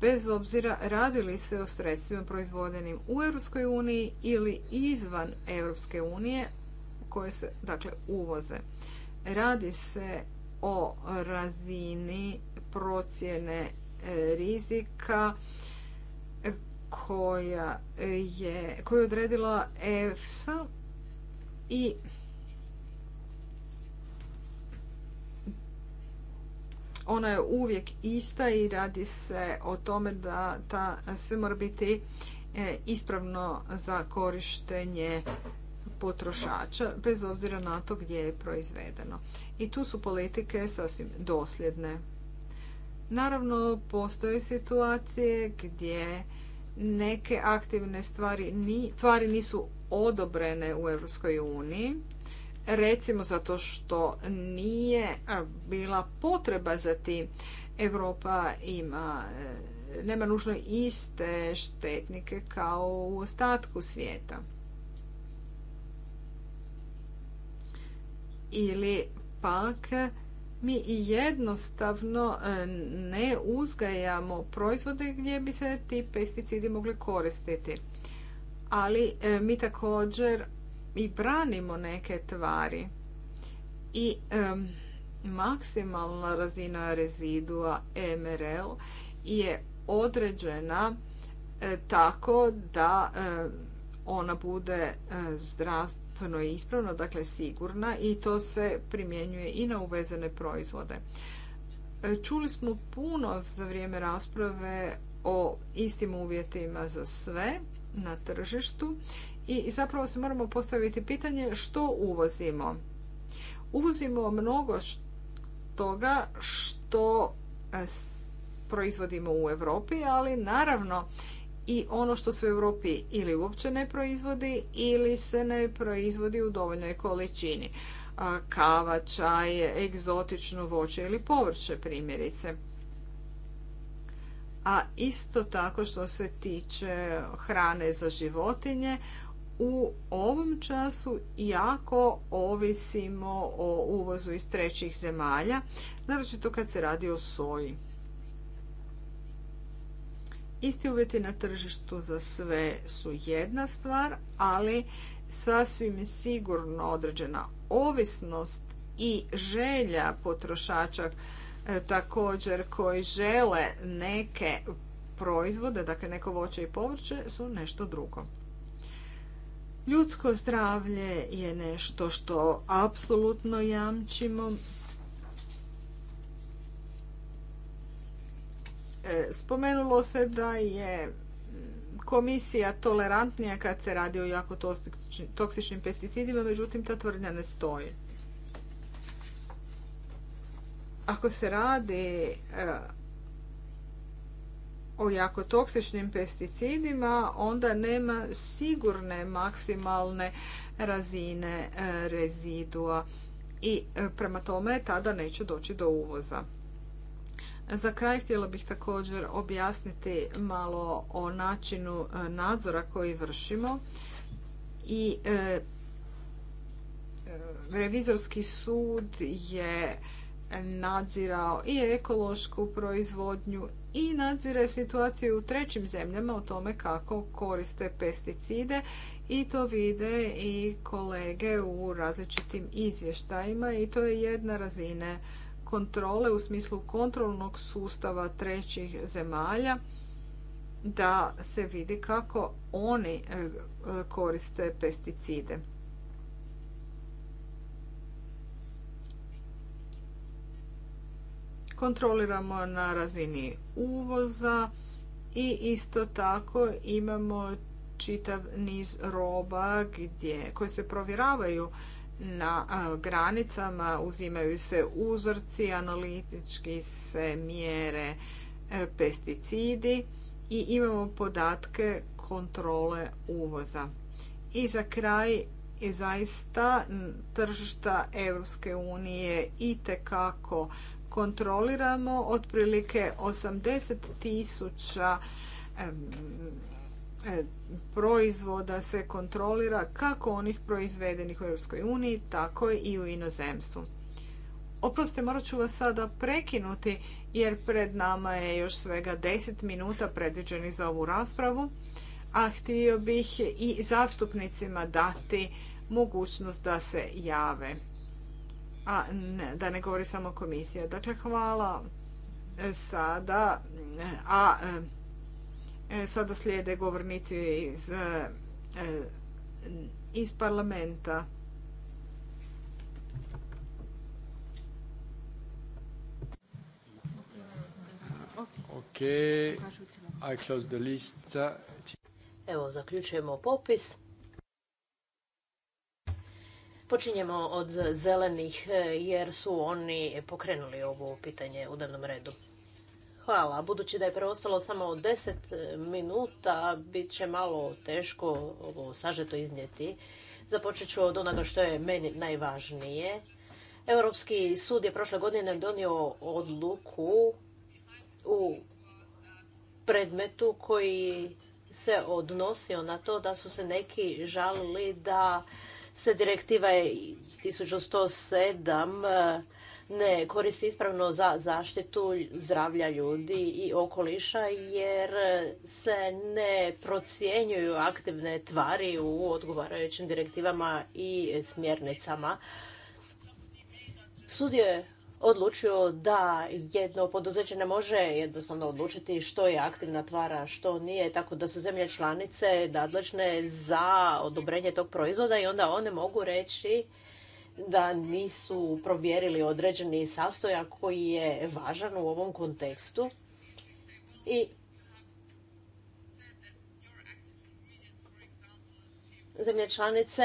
bez obzira li se o sredstvima proizvodenim u Europskoj uniji ili izvan Europske unije koje se dakle uvoze. Radi se o razini procjene e, rizika e, koja je, koju je odredila EFSA i ona je uvijek ista i radi se o tome da ta sve mora biti e, ispravno za korištenje potrošača bez obzira na to gdje je proizvedeno. I tu su politike sasvim dosljedne. Naravno, postoje situacije gdje neke aktivne stvari, tvari nisu odobrene u Europskoj uniji recimo zato što nije bila potreba za tim. Europa ima e, nema nužno iste štetnike kao u ostatku svijeta. Ili pak mi jednostavno e, ne uzgajamo proizvode gdje bi se ti pesticidi mogli koristiti. Ali e, mi također i branimo neke tvari i maksimalna razina rezidua MRL je određena e, tako da e, ona bude e, zdravstveno ispravna, dakle sigurna i to se primjenjuje i na uvezene proizvode. Čuli smo puno za vrijeme rasprave o istim uvjetima za sve na tržištu i zapravo se moramo postaviti pitanje što uvozimo. Uvozimo mnogo toga što e, proizvodimo u Europi, ali naravno i ono što se u Europi ili uopće ne proizvodi ili se ne proizvodi u dovoljnoj količini. E, kava, čaj, egzotično voće ili povrće primjerice. A isto tako što se tiče hrane za životinje, u ovom času jako ovisimo o uvozu iz trećih zemalja, naročito kad se radi o soji. Isti uvjeti na tržištu za sve su jedna stvar, ali sasvim sigurno određena ovisnost i želja potrošača e, također koji žele neke proizvode, dakle neko voće i povrće su nešto drugo. Ljudsko zdravlje je nešto što apsolutno jamčimo. E, spomenulo se da je komisija tolerantnija kad se radi o jako toksičnim pesticidima, međutim ta tvrdnja ne stoji. Ako se radi e, o jako toksičnim pesticidima, onda nema sigurne maksimalne razine e, rezidua i e, prema tome tada neće doći do uvoza. Za kraj htjela bih također objasniti malo o načinu e, nadzora koji vršimo i revizorski sud je nadzirao i ekološku proizvodnju i nadzire situaciju u trećim zemljama o tome kako koriste pesticide i to vide i kolege u različitim izvještajima i to je jedna razine kontrole u smislu kontrolnog sustava trećih zemalja da se vidi kako oni e, koriste pesticide. kontroliramo na razini uvoza i isto tako imamo čitav niz roba gdje, koje se provjeravaju na granicama, uzimaju se uzorci, analitički se mjere e, pesticidi i imamo podatke kontrole uvoza. I za kraj je zaista tržišta Europske unije i tekako kontroliramo otprilike 80 tisuća e, proizvoda se kontrolira kako onih proizvedenih u EU, tako i u inozemstvu. Oprostite, morat ću vas sada prekinuti jer pred nama je još svega 10 minuta predviđenih za ovu raspravu, a htio bih i zastupnicima dati mogućnost da se jave a ne, da ne govori samo komisija. Dakle, hvala e, sada, a e, e, sada slijede govornici iz, iz parlamenta. Ok, I close the list. Evo, zaključujemo popis. Počinjemo od zelenih e, jer su oni pokrenuli ovo pitanje u dnevnom redu. Hvala. Budući da je preostalo samo 10 e, minuta, bit će malo teško ovo sažeto iznijeti. Započet ću od onoga što je meni najvažnije. Europski sud je prošle godine donio odluku u predmetu koji se odnosio na to da su se neki žalili da se direktiva 1107 eh, ne koristi ispravno za zaštitu zdravlja ljudi i okoliša jer se ne procjenjuju aktivne tvari u odgovarajućim direktivama i smjernicama. Sud je odlučio da jedno poduzeće ne može jednostavno odlučiti što je aktivna tvara, što nije, tako da su zemlje članice nadležne za odobrenje tog proizvoda i onda one mogu reći da nisu provjerili određeni sastojak koji je važan u ovom kontekstu i Zemlje članice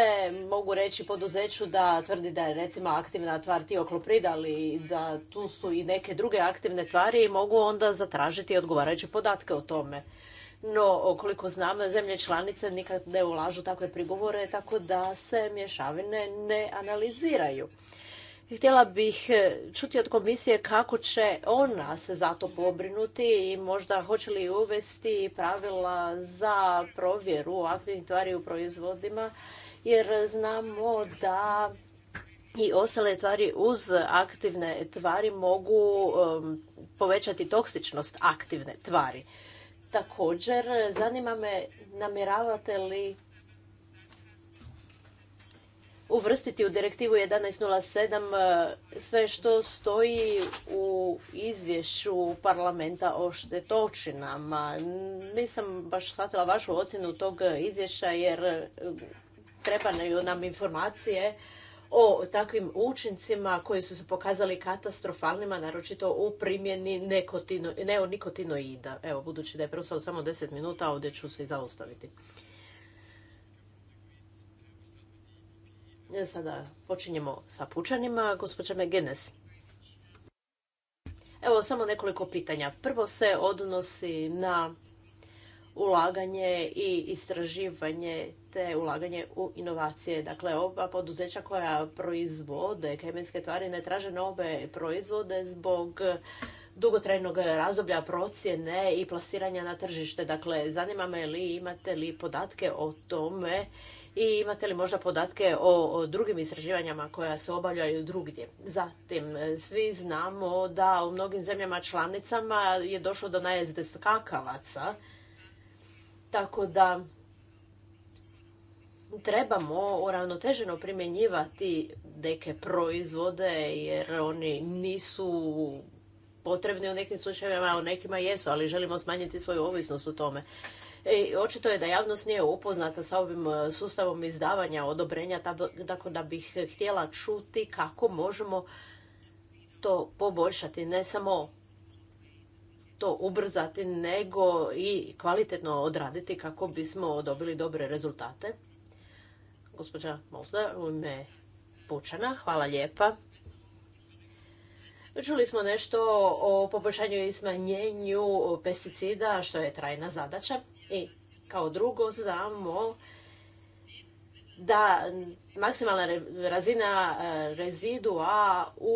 mogu reći poduzeću da tvrdi da je recimo aktivna tvar tiokloprid, ali da tu su i neke druge aktivne tvari i mogu onda zatražiti odgovarajuće podatke o tome. No, koliko znam, zemlje članice nikad ne ulažu takve prigovore, tako da se mješavine ne analiziraju. Htjela bih e, čuti od komisije kako će ona se za to pobrinuti i možda hoće li uvesti pravila za provjeru aktivnih tvari u proizvodima jer znamo da i ostale tvari uz aktivne tvari mogu povećati toksičnost aktivne tvari. Također, zanima me namjeravate li uvrstiti u direktivu 1107 e, sve što stoji u izvješću parlamenta o štetočinama. Nisam baš shvatila vašu ocjenu tog izvješća jer e, trebaju nam informacije o takvim učincima koji su se pokazali katastrofalnima, naročito u primjeni neonikotinoida. Evo, budući da je preostalo samo 10 minuta, ovdje ću se i zaustaviti. E, sada počinjemo sa pučanima. Gospođa Megenes. Evo samo nekoliko pitanja. Prvo se odnosi na ulaganje i istraživanje te ulaganje u inovacije. Dakle, ova poduzeća koja proizvode kemijske tvari ne traže nove proizvode zbog dugotrajnog razdoblja procjene i plasiranja na tržište. Dakle, zanima me li imate li podatke o tome i imate li možda podatke o, drugim istraživanjama koja se obavljaju drugdje? Zatim, e, svi znamo da u mnogim zemljama članicama je došlo do najezde skakavaca, tako da trebamo uravnoteženo primjenjivati neke proizvode jer oni nisu potrebni u nekim slučajevima, a u nekima jesu, ali želimo smanjiti svoju ovisnost o tome. E, očito je da javnost nije upoznata sa ovim e, sustavom izdavanja odobrenja, tako da bih htjela čuti kako možemo to poboljšati, ne samo to ubrzati, nego i kvalitetno odraditi kako bismo dobili dobre rezultate. Gospođa Molda, u ime Pučana, hvala lijepa. Čuli smo nešto o poboljšanju i smanjenju pesticida, što je trajna zadaća. I e, kao drugo znamo da maksimalna razina e, rezidua u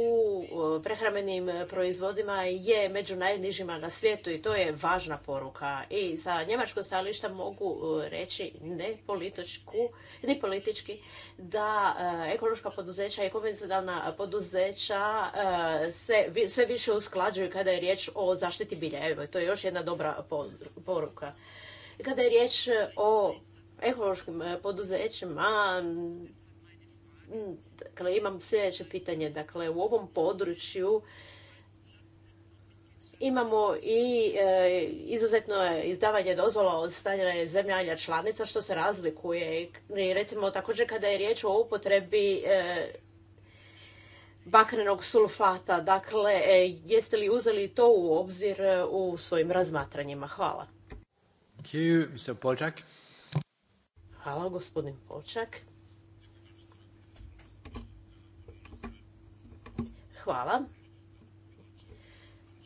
e, prehrambenim proizvodima je među najnižima na svijetu i to je važna poruka. I sa njemačkog stajališta mogu reći ne, političku, ne politički da ekološka poduzeća i konvencionalna poduzeća se sve više usklađuju kada je riječ o zaštiti bilja. Evo, to je još jedna dobra poruka. Kada je riječ e, o ekološkim e, poduzećima, dakle, imam sljedeće pitanje. Dakle, u ovom području imamo i e, izuzetno izdavanje dozvola od stanja zemalja članica što se razlikuje. I recimo također kada je riječ o upotrebi e, bakrenog sulfata, dakle jeste li uzeli to u obzir u svojim razmatranjima? Hvala. Hvala, gospodin Polčak. Hvala.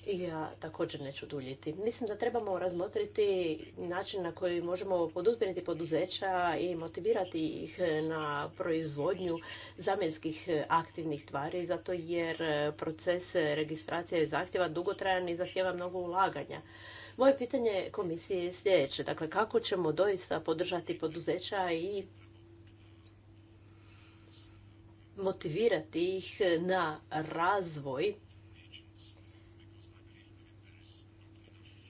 Ja također neću duljiti. Mislim da trebamo razmotriti način na koji možemo podupiriti poduzeća i motivirati ih na proizvodnju zamjenskih aktivnih tvari, zato jer proces registracije zahtjeva dugotrajan i zahtjeva mnogo ulaganja. Moje pitanje komisije je sljedeće. Dakle, kako ćemo doista podržati poduzeća i motivirati ih na razvoj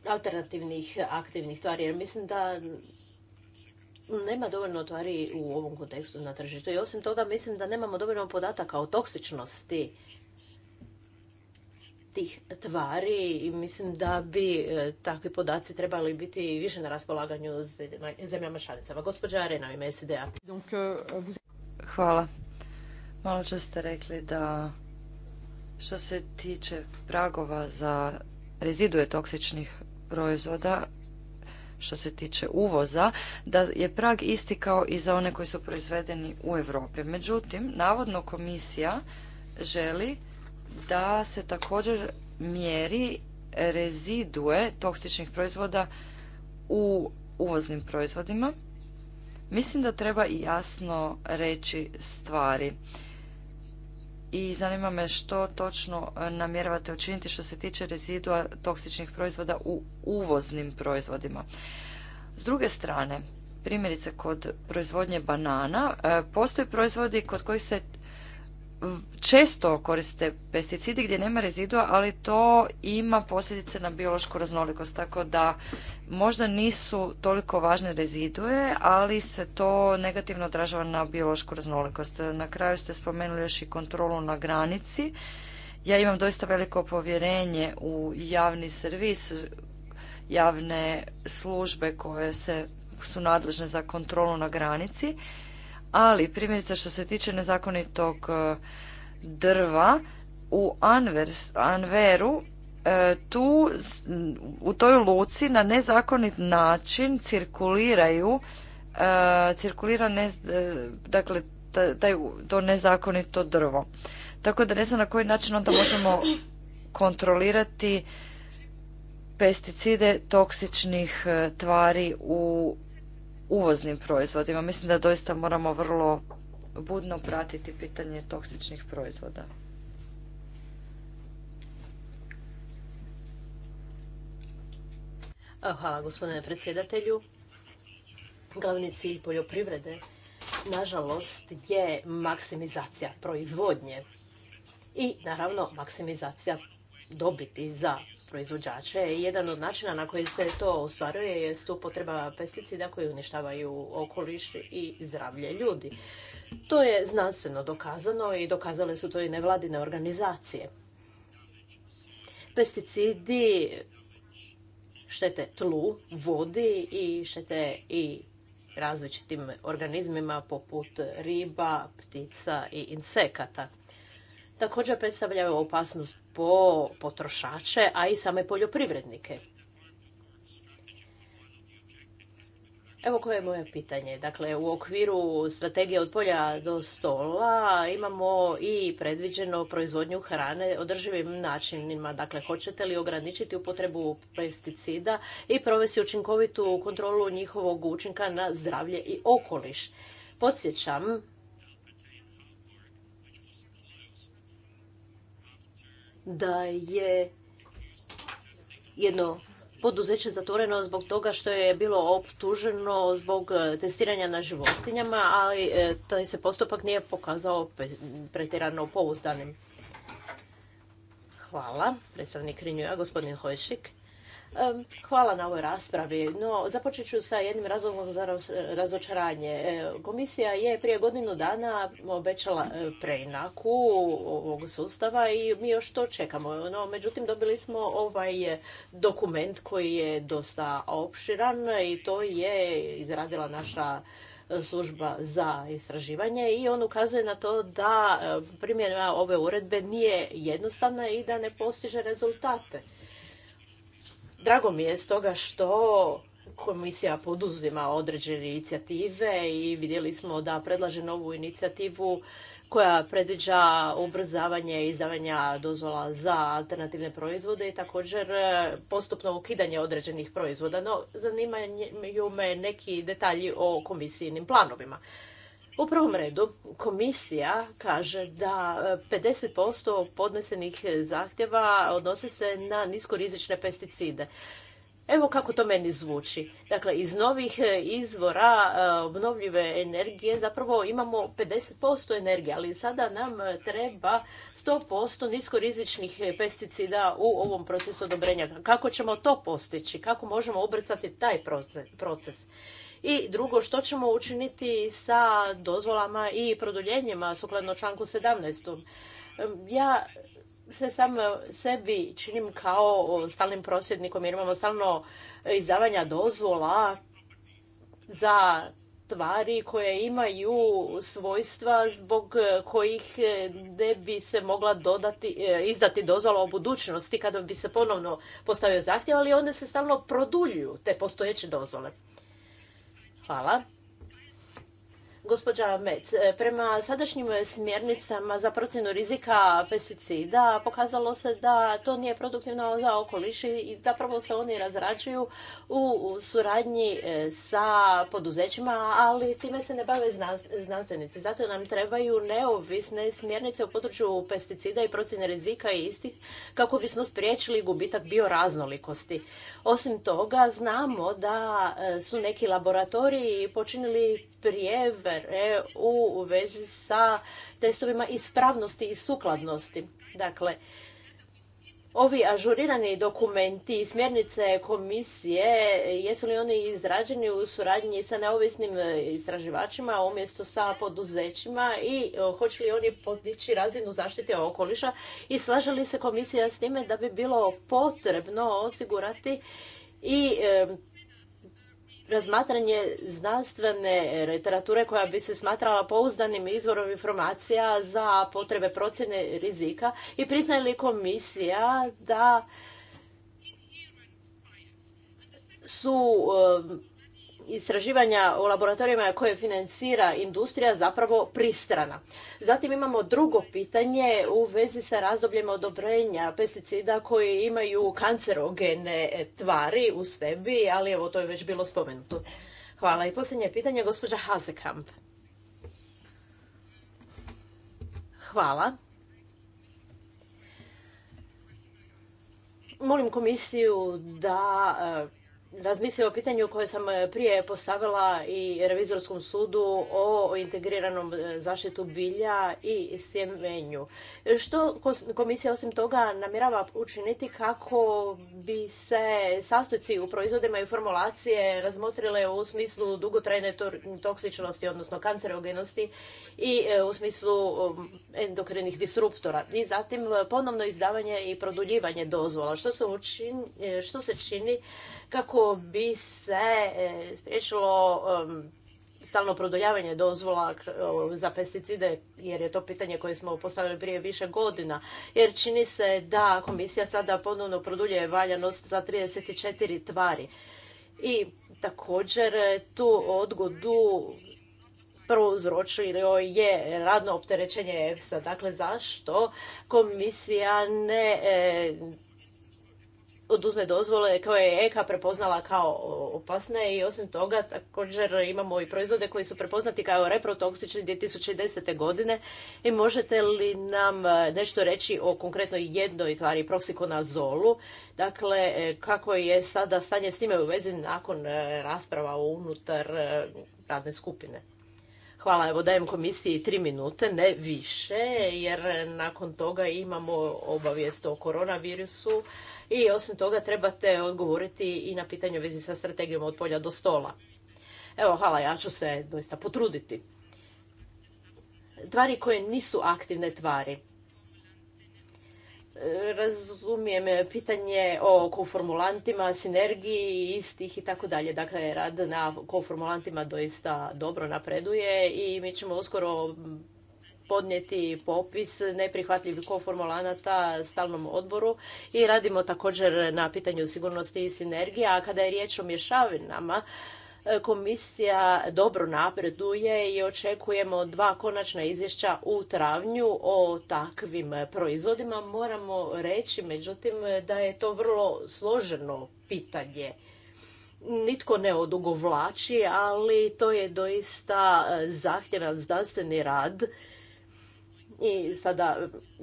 alternativnih aktivnih tvari, jer mislim da nema dovoljno tvari u ovom kontekstu na tržištu. I osim toga, mislim da nemamo dovoljno podataka o toksičnosti tih tvari i mislim da bi e, takvi podaci trebali biti više na raspolaganju zemljama članicama. Gospođa Arena ime SDA. Euh, Hvala. Malo čas ste rekli da što se tiče pragova za rezidue toksičnih proizvoda, što se tiče uvoza, da je prag isti kao i za one koji su proizvedeni u Europi. Međutim, navodno komisija želi da se također mjeri rezidue toksičnih proizvoda u uvoznim proizvodima. Mislim da treba i jasno reći stvari. I zanima me što točno namjeravate učiniti što se tiče rezidua toksičnih proizvoda u uvoznim proizvodima. S druge strane, primjerice kod proizvodnje banana, e, postoje proizvodi kod kojih se često koriste pesticidi gdje nema rezidua, ali to ima posljedice na biološku raznolikost. Tako da možda nisu toliko važne rezidue, ali se to negativno odražava na biološku raznolikost. Na kraju ste spomenuli još i kontrolu na granici. Ja imam doista veliko povjerenje u javni servis, javne službe koje se, su nadležne za kontrolu na granici ali primjerice što se tiče nezakonitog e, drva u Anveru e, tu u toj luci na nezakonit način cirkuliraju e, cirkulira ne, dakle taj, to nezakonito drvo. Tako da ne znam na koji način onda možemo kontrolirati pesticide toksičnih tvari u uvoznim proizvodima. Mislim da doista moramo vrlo budno pratiti pitanje toksičnih proizvoda. Hvala gospodine predsjedatelju. Glavni cilj poljoprivrede, nažalost, je maksimizacija proizvodnje i naravno maksimizacija dobiti za proizvođače. Jedan od načina na koji se to ostvaruje je upotreba pesticida koji uništavaju okoliš i zdravlje ljudi. To je znanstveno dokazano i dokazale su to i nevladine organizacije. Pesticidi štete tlu, vodi i štete i različitim organizmima poput riba, ptica i insekata također predstavljaju opasnost po potrošače, a i same poljoprivrednike. Evo koje je moje pitanje. Dakle, u okviru strategije od polja do stola imamo i predviđeno proizvodnju hrane održivim načinima. Dakle, hoćete li ograničiti upotrebu pesticida i provesti učinkovitu kontrolu njihovog učinka na zdravlje i okoliš? Podsjećam da je jedno poduzeće zatvoreno zbog toga što je bilo optuženo zbog e, testiranja na životinjama, ali e, taj se postupak nije pokazao pretjerano pouzdanim. Hvala, predstavnik Rinjuja, gospodin Hojšik. Hvala na ovoj raspravi. No, započet ću sa jednim razlogom za razočaranje. E, komisija je prije godinu dana obećala e, preinaku ovog sustava i mi još to čekamo. No, međutim, dobili smo ovaj dokument koji je dosta opširan i to je izradila naša služba za istraživanje i on ukazuje na to da e, primjena ove uredbe nije jednostavna i da ne postiže rezultate. Drago mi je stoga što komisija poduzima određene inicijative i vidjeli smo da predlaže novu inicijativu koja predviđa ubrzavanje izdavanja dozvola za alternativne proizvode i također e, postupno ukidanje određenih proizvoda. No, zanimaju me neki detalji o komisijnim planovima. U prvom redu komisija kaže da 50% e, podnesenih zahtjeva odnose se na niskorizične pesticide. Evo kako to meni zvuči. Dakle, iz novih e, izvora e, obnovljive energije zapravo imamo 50% energije, ali sada nam treba 100% niskorizičnih pesticida u ovom procesu odobrenja. Kako ćemo to postići? Kako možemo obrcati taj proces? I drugo, što ćemo učiniti sa dozvolama i produljenjima sukladno članku 17. Ja se sam e, sebi činim kao stalnim prosvjednikom jer imamo stalno izdavanja dozvola za tvari koje imaju svojstva zbog kojih e, ne bi se mogla dodati, e, izdati dozvola o budućnosti kada bi se ponovno postavio zahtjev, ali onda se stalno produljuju te postojeće dozvole. Hvala. Gospođa Mec, e, prema sadašnjim smjernicama za procjenu rizika pesticida pokazalo se da to nije produktivno za okoliš i zapravo se oni razrađuju u suradnji e, sa poduzećima, ali time se ne bave znanstvenici. Zato nam trebaju neovisne smjernice u području pesticida i procjene rizika i istih kako bismo spriječili gubitak bioraznolikosti. Osim toga, znamo da e, su neki laboratoriji počinili prijevere u vezi sa testovima ispravnosti i sukladnosti. Dakle, ovi ažurirani dokumenti i smjernice komisije, jesu li oni izrađeni u suradnji sa neovisnim istraživačima umjesto sa poduzećima i e, hoće li oni podići razinu zaštite okoliša i slaže li se komisija s time da bi bilo potrebno osigurati i e, razmatranje znanstvene literature koja bi se smatrala pouzdanim izvorom informacija za potrebe procjene rizika i priznaje li komisija da su istraživanja u laboratorijama koje financira industrija zapravo pristrana. Zatim imamo drugo pitanje u vezi sa razdobljem odobrenja pesticida koji imaju kancerogene tvari u sebi, ali evo to je već bilo spomenuto. Hvala. I posljednje pitanje, gospođa Hazekamp. Hvala. Molim komisiju da razmislio o pitanju koje sam e, prije postavila i revizorskom sudu o integriranom e, zaštitu bilja i sjemenju. Što komisija osim toga namjerava učiniti kako bi se sastojci u proizvodima i formulacije razmotrile u smislu dugotrajne toksičnosti, odnosno kancerogenosti i e, u smislu um, endokrinih disruptora. I zatim ponovno izdavanje i produljivanje dozvola. Što se, što se čini kako bi se e, spriječilo stalno produljavanje dozvola e, za pesticide, jer je to pitanje koje smo postavili prije više godina. Jer čini se da komisija sada ponovno produlje valjanost za 34 tvari. I također e, tu odgodu ili je radno opterećenje EFSA. Dakle, zašto komisija ne oduzme dozvole koje je EKA prepoznala kao opasne i osim toga također imamo i proizvode koji su prepoznati kao reprotoksični 2010. godine i možete li nam e, nešto reći o konkretnoj jednoj tvari proksikonazolu, dakle e, kako je sada stanje s njime u vezi nakon e, rasprava unutar radne skupine? Hvala, evo dajem komisiji tri minute, ne više, jer nakon toga imamo obavijest o koronavirusu, i osim toga trebate odgovoriti i na pitanje u vezi sa strategijom od polja do stola. Evo, hvala, ja ću se doista potruditi. Tvari koje nisu aktivne tvari. E, razumijem pitanje o koformulantima, sinergiji istih i tako dalje. Dakle, rad na koformulantima doista dobro napreduje i mi ćemo uskoro podnijeti popis neprihvatljivih koformulanata stalnom odboru i radimo također na pitanju sigurnosti i sinergije, A kada je riječ o mješavinama, komisija dobro napreduje i očekujemo dva konačna izvješća u travnju o takvim proizvodima. Moramo reći, međutim, da je to vrlo složeno pitanje. Nitko ne odugovlači, ali to je doista zahtjevan znanstveni rad i sada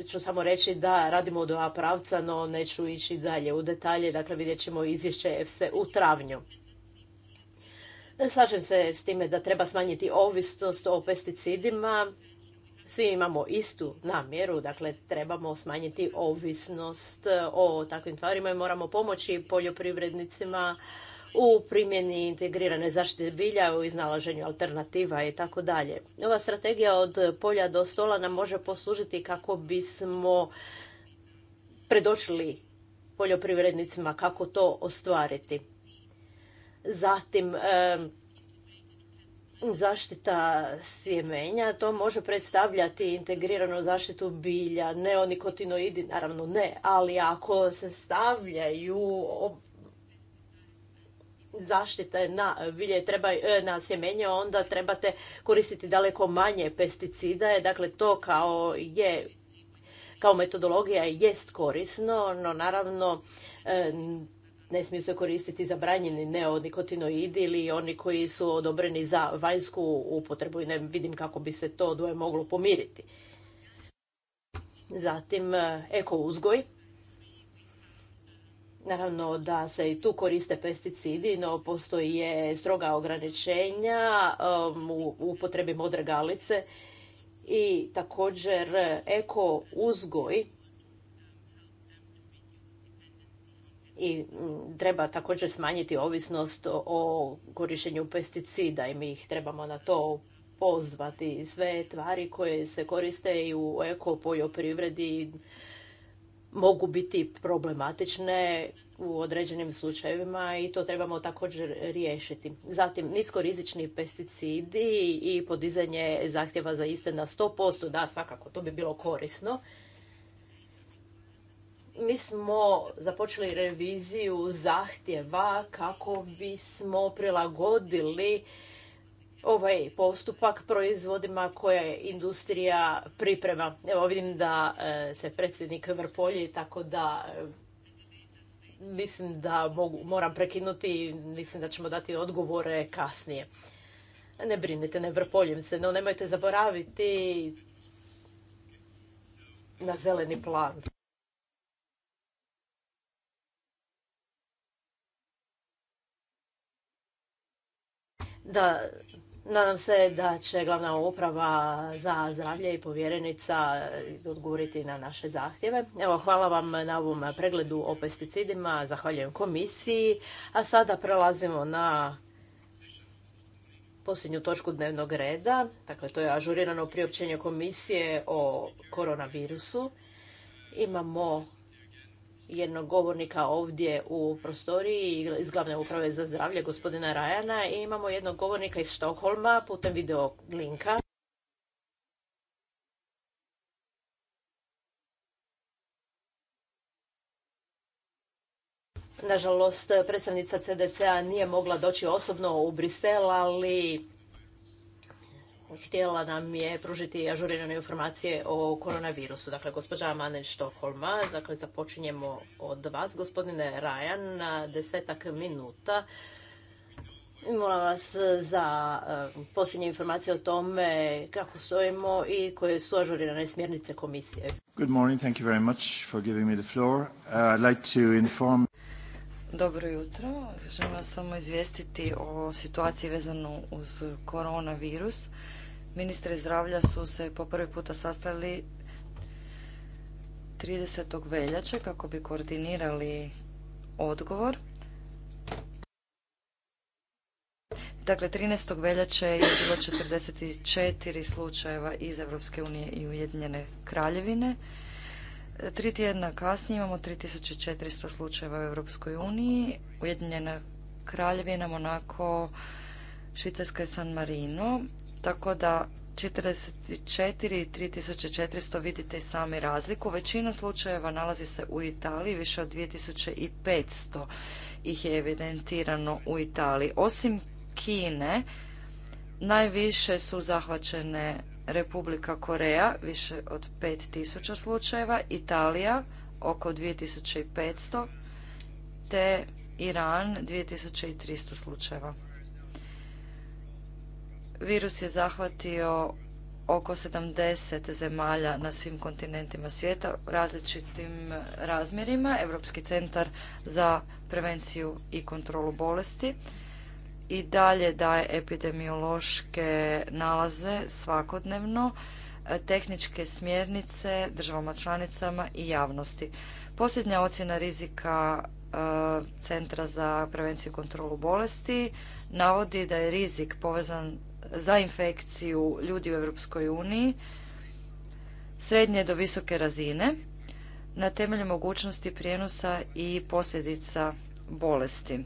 ću samo reći da radimo od ova pravca, no neću ići dalje u detalje. Dakle, vidjet ćemo izvješće EFSE u travnju. Slažem se s time da treba smanjiti ovisnost o pesticidima. Svi imamo istu namjeru, dakle trebamo smanjiti ovisnost o takvim tvarima i moramo pomoći poljoprivrednicima u primjeni integrirane zaštite bilja, u iznalaženju alternativa i tako dalje. Ova strategija od polja do stola nam može poslužiti kako bismo predočili poljoprivrednicima kako to ostvariti. Zatim, zaštita sjemenja, to može predstavljati integriranu zaštitu bilja, neonikotinoidi, naravno ne, ali ako se stavljaju zaštite na bilje treba, e, na sjemenje, onda trebate koristiti daleko manje pesticida. Dakle, to kao je kao metodologija jest korisno, no naravno e, ne smiju se koristiti zabranjeni neonikotinoidi ili oni koji su odobreni za vanjsku upotrebu i ne vidim kako bi se to dvoje moglo pomiriti. Zatim e, eko uzgoj. Naravno da se i tu koriste pesticidi, no postoje stroga ograničenja um, u upotrebi modre galice i također eko uzgoj i mm, treba također smanjiti ovisnost o korištenju pesticida i mi ih trebamo na to pozvati. Sve tvari koje se koriste i u eko poljoprivredi mogu biti problematične u određenim slučajevima i to trebamo također riješiti. Zatim, niskorizični pesticidi i podizanje zahtjeva za iste na 100%, da, svakako, to bi bilo korisno. Mi smo započeli reviziju zahtjeva kako bismo prilagodili ovaj postupak proizvodima koje industrija priprema. Evo vidim da e, se predsjednik vrpolji, tako da e, mislim da moram prekinuti i mislim da ćemo dati odgovore kasnije. Ne brinite, ne vrpoljim se, no nemojte zaboraviti na zeleni plan. Da, Nadam se da će glavna uprava za zdravlje i povjerenica odgovoriti na naše zahtjeve. Evo, hvala vam na ovom pregledu o pesticidima, zahvaljujem komisiji, a sada prelazimo na posljednju točku dnevnog reda. Dakle, to je ažurirano priopćenje komisije o koronavirusu. Imamo jednog govornika ovdje u prostoriji iz glavne uprave za zdravlje, gospodina Rajana, i imamo jednog govornika iz Štokholma putem video linka. Nažalost, predstavnica CDC-a nije mogla doći osobno u Brisel, ali htjela nam je pružiti ažurirane informacije o koronavirusu. Dakle, gospođa Manen Štokholma, dakle, započinjemo od vas, gospodine Rajan, na desetak minuta. Molim vas za e, posljednje informacije o tome kako stojimo i koje su ažurirane smjernice komisije. Dobro jutro. Želim vas samo izvijestiti o situaciji vezanu uz koronavirus ministri zdravlja su se po prvi puta sastali 30. veljače kako bi koordinirali odgovor. Dakle, 13. veljače je bilo 44 slučajeva iz Europske unije i Ujedinjene kraljevine. Tri tjedna kasnije imamo 3400 slučajeva u Europskoj uniji. Ujedinjena kraljevina, Monako, Švicarska i San Marino. Tako da 44 i 3400 vidite i sami razliku. Većina slučajeva nalazi se u Italiji, više od 2500 ih je evidentirano u Italiji. Osim Kine, najviše su zahvaćene Republika Koreja, više od 5000 slučajeva, Italija oko 2500, te Iran 2300 slučajeva. Virus je zahvatio oko 70 zemalja na svim kontinentima svijeta u različitim razmjerima. Europski centar za prevenciju i kontrolu bolesti i dalje daje epidemiološke nalaze svakodnevno, e, tehničke smjernice državama članicama i javnosti. Posljednja ocjena rizika e, Centra za prevenciju i kontrolu bolesti navodi da je rizik povezan za infekciju ljudi u Europskoj uniji srednje do visoke razine na temelju mogućnosti prijenosa i posljedica bolesti.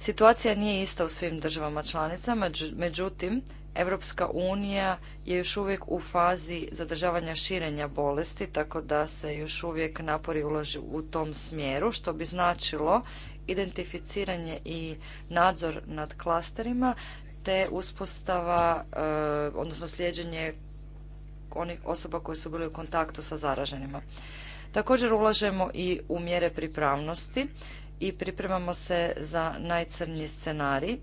Situacija nije ista u svim državama članicama, međutim, Europska unija je još uvijek u fazi zadržavanja širenja bolesti, tako da se još uvijek napori uloži u tom smjeru, što bi značilo identificiranje i nadzor nad klasterima te uspostava, eh, odnosno slijeđenje onih osoba koje su bile u kontaktu sa zaraženima. Također ulažemo i u mjere pripravnosti i pripremamo se za najcrnji scenarij.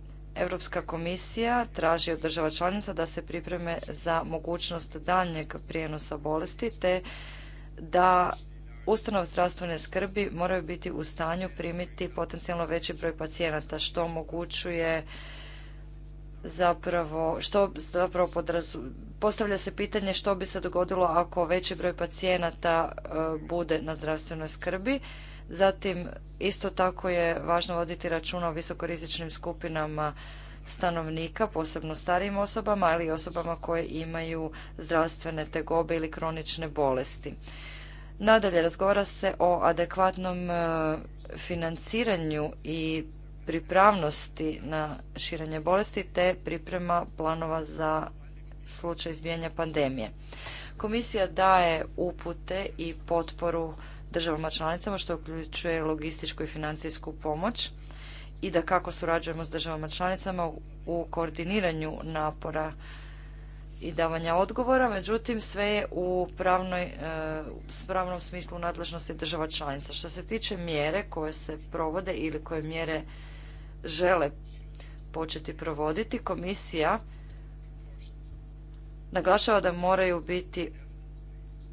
Europska komisija traži od država članica da se pripreme za mogućnost daljnjeg prijenosa bolesti te da ustanov zdravstvene skrbi moraju biti u stanju primiti potencijalno veći broj pacijenata što omogućuje zapravo, što zapravo postavlja se pitanje što bi se dogodilo ako veći broj pacijenata e, bude na zdravstvenoj skrbi. Zatim, isto tako je važno voditi računa o visokorizičnim skupinama stanovnika, posebno starijim osobama, ali i osobama koje imaju zdravstvene tegobe ili kronične bolesti. Nadalje, razgovara se o adekvatnom e, financiranju i pripravnosti na širenje bolesti te priprema planova za slučaj izbijanja pandemije. Komisija daje upute i potporu državama članicama što uključuje logističku i financijsku pomoć i da kako surađujemo s državama članicama u koordiniranju napora i davanja odgovora, međutim sve je u pravnoj, e, s pravnom smislu nadležnosti država članica. Što se tiče mjere koje se provode ili koje mjere žele početi provoditi, komisija naglašava da moraju biti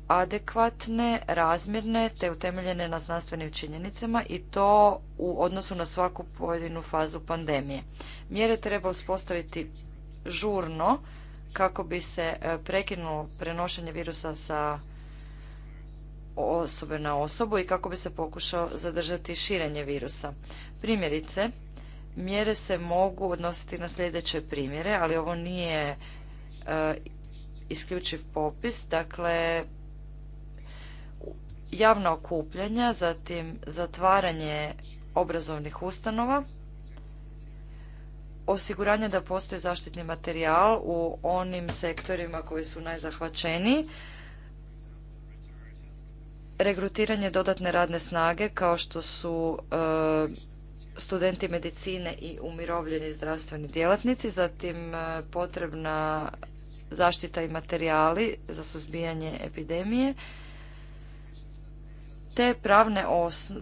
adekvatne, razmjerne te utemeljene na znanstvenim činjenicama i to u odnosu na svaku pojedinu fazu pandemije. Mjere treba uspostaviti žurno kako bi se e, prekinulo prenošenje virusa sa osobe na osobu i kako bi se pokušao zadržati širenje virusa. Primjerice, Mjere se mogu odnositi na sljedeće primjere, ali ovo nije e, isključiv popis. Dakle, javna okupljanja, zatim zatvaranje obrazovnih ustanova, osiguranje da postoji zaštitni materijal u onim sektorima koji su najzahvaćeniji, regrutiranje dodatne radne snage kao što su e, studenti medicine i umirovljeni zdravstveni djelatnici, zatim e, potrebna zaštita i materijali za suzbijanje epidemije, te pravne,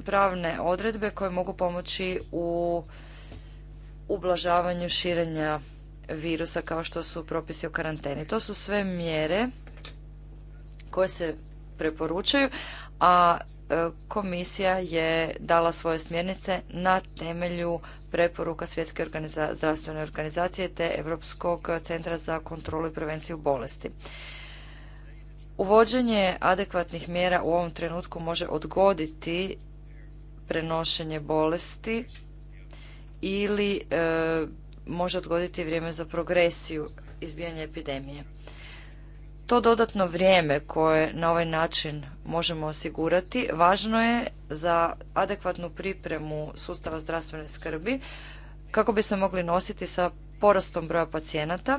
pravne odredbe koje mogu pomoći u ublažavanju širenja virusa kao što su propisi o karanteni. To su sve mjere koje se preporučaju, a E, komisija je dala svoje smjernice na temelju preporuka Svjetske organiza zdravstvene organizacije te Europskog centra za kontrolu i prevenciju bolesti. Uvođenje adekvatnih mjera u ovom trenutku može odgoditi prenošenje bolesti ili e, može odgoditi vrijeme za progresiju izbijanja epidemije. To dodatno vrijeme koje na ovaj način možemo osigurati važno je za adekvatnu pripremu sustava zdravstvene skrbi kako bi se mogli nositi sa porastom broja pacijenata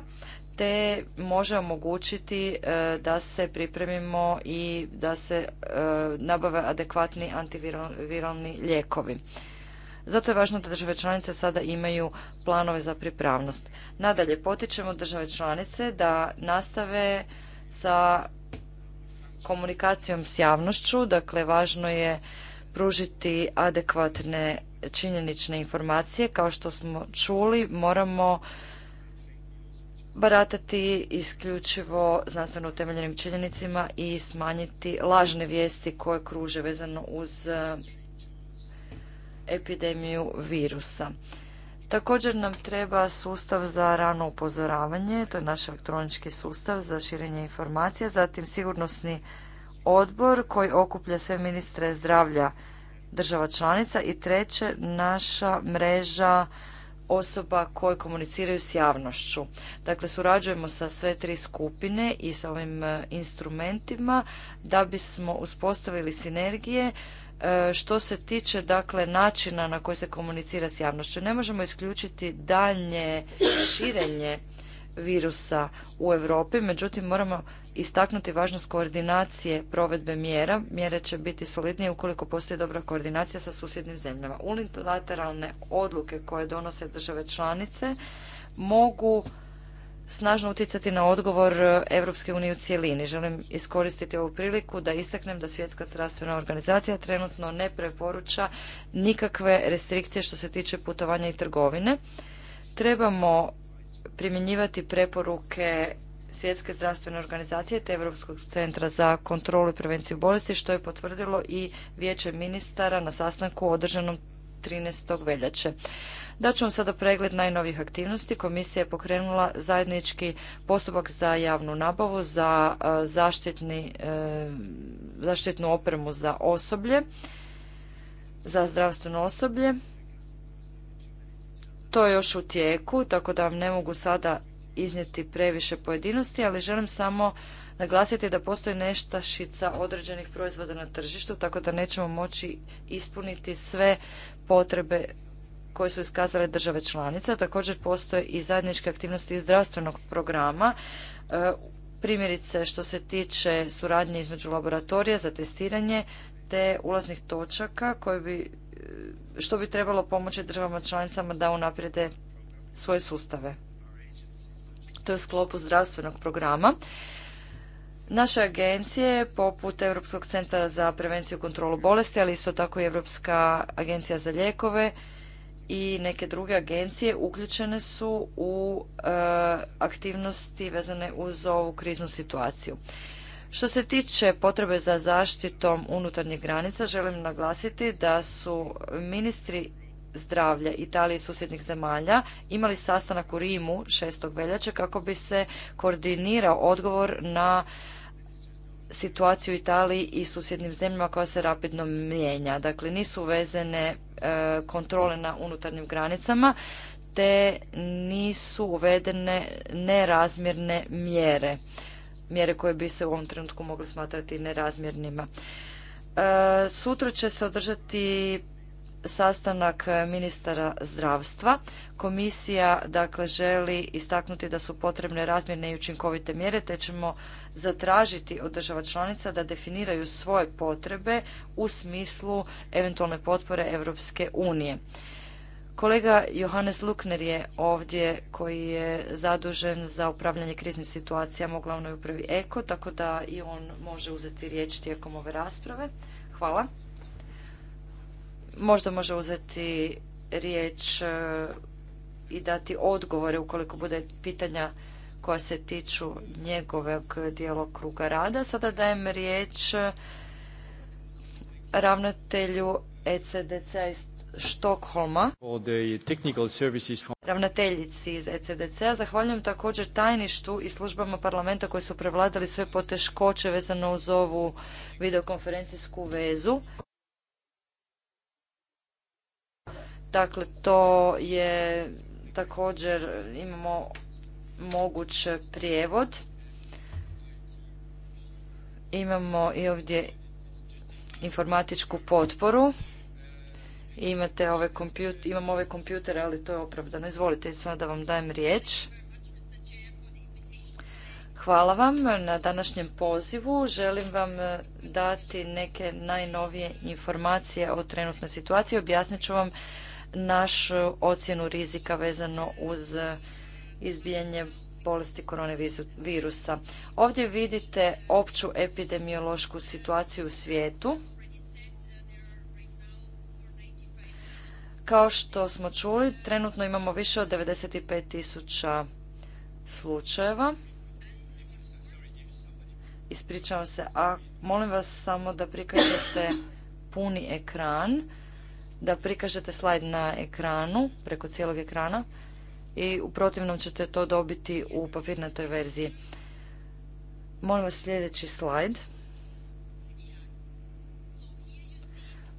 te može omogućiti e, da se pripremimo i da se e, nabave adekvatni antiviralni lijekovi. Zato je važno da države članice sada imaju planove za pripravnost. Nadalje, potičemo države članice da nastave sa komunikacijom s javnošću, dakle važno je pružiti adekvatne činjenične informacije. Kao što smo čuli, moramo baratati isključivo znanstveno utemeljenim činjenicima i smanjiti lažne vijesti koje kruže vezano uz eh, epidemiju virusa. Također nam treba sustav za rano upozoravanje, to je naš elektronički sustav za širenje informacija, zatim sigurnosni odbor koji okuplja sve ministre zdravlja država članica i treće naša mreža osoba koje komuniciraju s javnošću. Dakle, surađujemo sa sve tri skupine i sa ovim e, instrumentima da bismo uspostavili sinergije E, što se tiče dakle načina na koji se komunicira s javnošću, ne možemo isključiti daljnje širenje virusa u Europi, međutim moramo istaknuti važnost koordinacije provedbe mjera. Mjere će biti solidnije ukoliko postoji dobra koordinacija sa susjednim zemljama. Unilateralne odluke koje donose države članice mogu snažno utjecati na odgovor Europske unije u cjelini. Želim iskoristiti ovu priliku da istaknem da Svjetska zdravstvena organizacija trenutno ne preporuča nikakve restrikcije što se tiče putovanja i trgovine. Trebamo primjenjivati preporuke Svjetske zdravstvene organizacije te Europskog centra za kontrolu i prevenciju bolesti što je potvrdilo i vijeće ministara na sastanku održanom 13. veljače ću vam sada pregled najnovih aktivnosti. Komisija je pokrenula zajednički postupak za javnu nabavu za e, zaštitni, e, zaštitnu opremu za osoblje, za zdravstveno osoblje. To je još u tijeku, tako da vam ne mogu sada iznijeti previše pojedinosti, ali želim samo naglasiti da postoji šica određenih proizvoda na tržištu, tako da nećemo moći ispuniti sve potrebe koje su iskazale države članice. Također postoje i zajedničke aktivnosti zdravstvenog programa e, primjerice što se tiče suradnje između laboratorija za testiranje te ulaznih točaka koje bi, e, što bi trebalo pomoći državama članicama da unaprijede svoje sustave. To je u sklopu zdravstvenog programa. Naše agencije, poput Europskog centra za prevenciju i kontrolu bolesti, ali isto tako i Europska agencija za lijekove, i neke druge agencije uključene su u e, aktivnosti vezane uz ovu kriznu situaciju. Što se tiče potrebe za zaštitom unutarnjih granica, želim naglasiti da su ministri zdravlja Italije i susjednih zemalja imali sastanak u Rimu 6. veljače kako bi se koordinirao odgovor na situaciju u Italiji i susjednim zemljama koja se rapidno mijenja. Dakle, nisu vezene E, kontrole na unutarnjim granicama, te nisu uvedene nerazmjerne mjere, mjere koje bi se u ovom trenutku mogle smatrati nerazmjernima. E, sutra će se održati sastanak e, ministara zdravstva. Komisija dakle želi istaknuti da su potrebne razmjerne i učinkovite mjere te ćemo zatražiti od država članica da definiraju svoje potrebe u smislu eventualne potpore Europske unije. Kolega Johannes Lukner je ovdje koji je zadužen za upravljanje kriznim situacijama u glavnoj upravi EKO, tako da i on može uzeti riječ tijekom ove rasprave. Hvala možda može uzeti riječ e, i dati odgovore ukoliko bude pitanja koja se tiču njegovog kruga rada. Sada dajem riječ e, ravnatelju ECDC iz Štokholma, ravnateljici iz ecdc Zahvaljujem također tajništu i službama parlamenta koji su prevladali sve poteškoće vezano uz ovu videokonferencijsku vezu. Dakle, to je također imamo moguć prijevod. Imamo i ovdje informatičku potporu. Imate ove kompjuter imam ove kompjutere, ali to je opravdano. Izvolite sada da vam dajem riječ. Hvala vam na današnjem pozivu. Želim vam e, dati neke najnovije informacije o trenutnoj situaciji. Objasnit ću vam našu ocjenu rizika vezano uz izbijanje bolesti koronavirusa. Ovdje vidite opću epidemiološku situaciju u svijetu. Kao što smo čuli, trenutno imamo više od 95 tisuća slučajeva. Ispričavam se, a molim vas samo da prikažete puni ekran da prikažete slajd na ekranu, preko cijelog ekrana i u protivnom ćete to dobiti u papirnatoj verziji. Molim vas sljedeći slajd.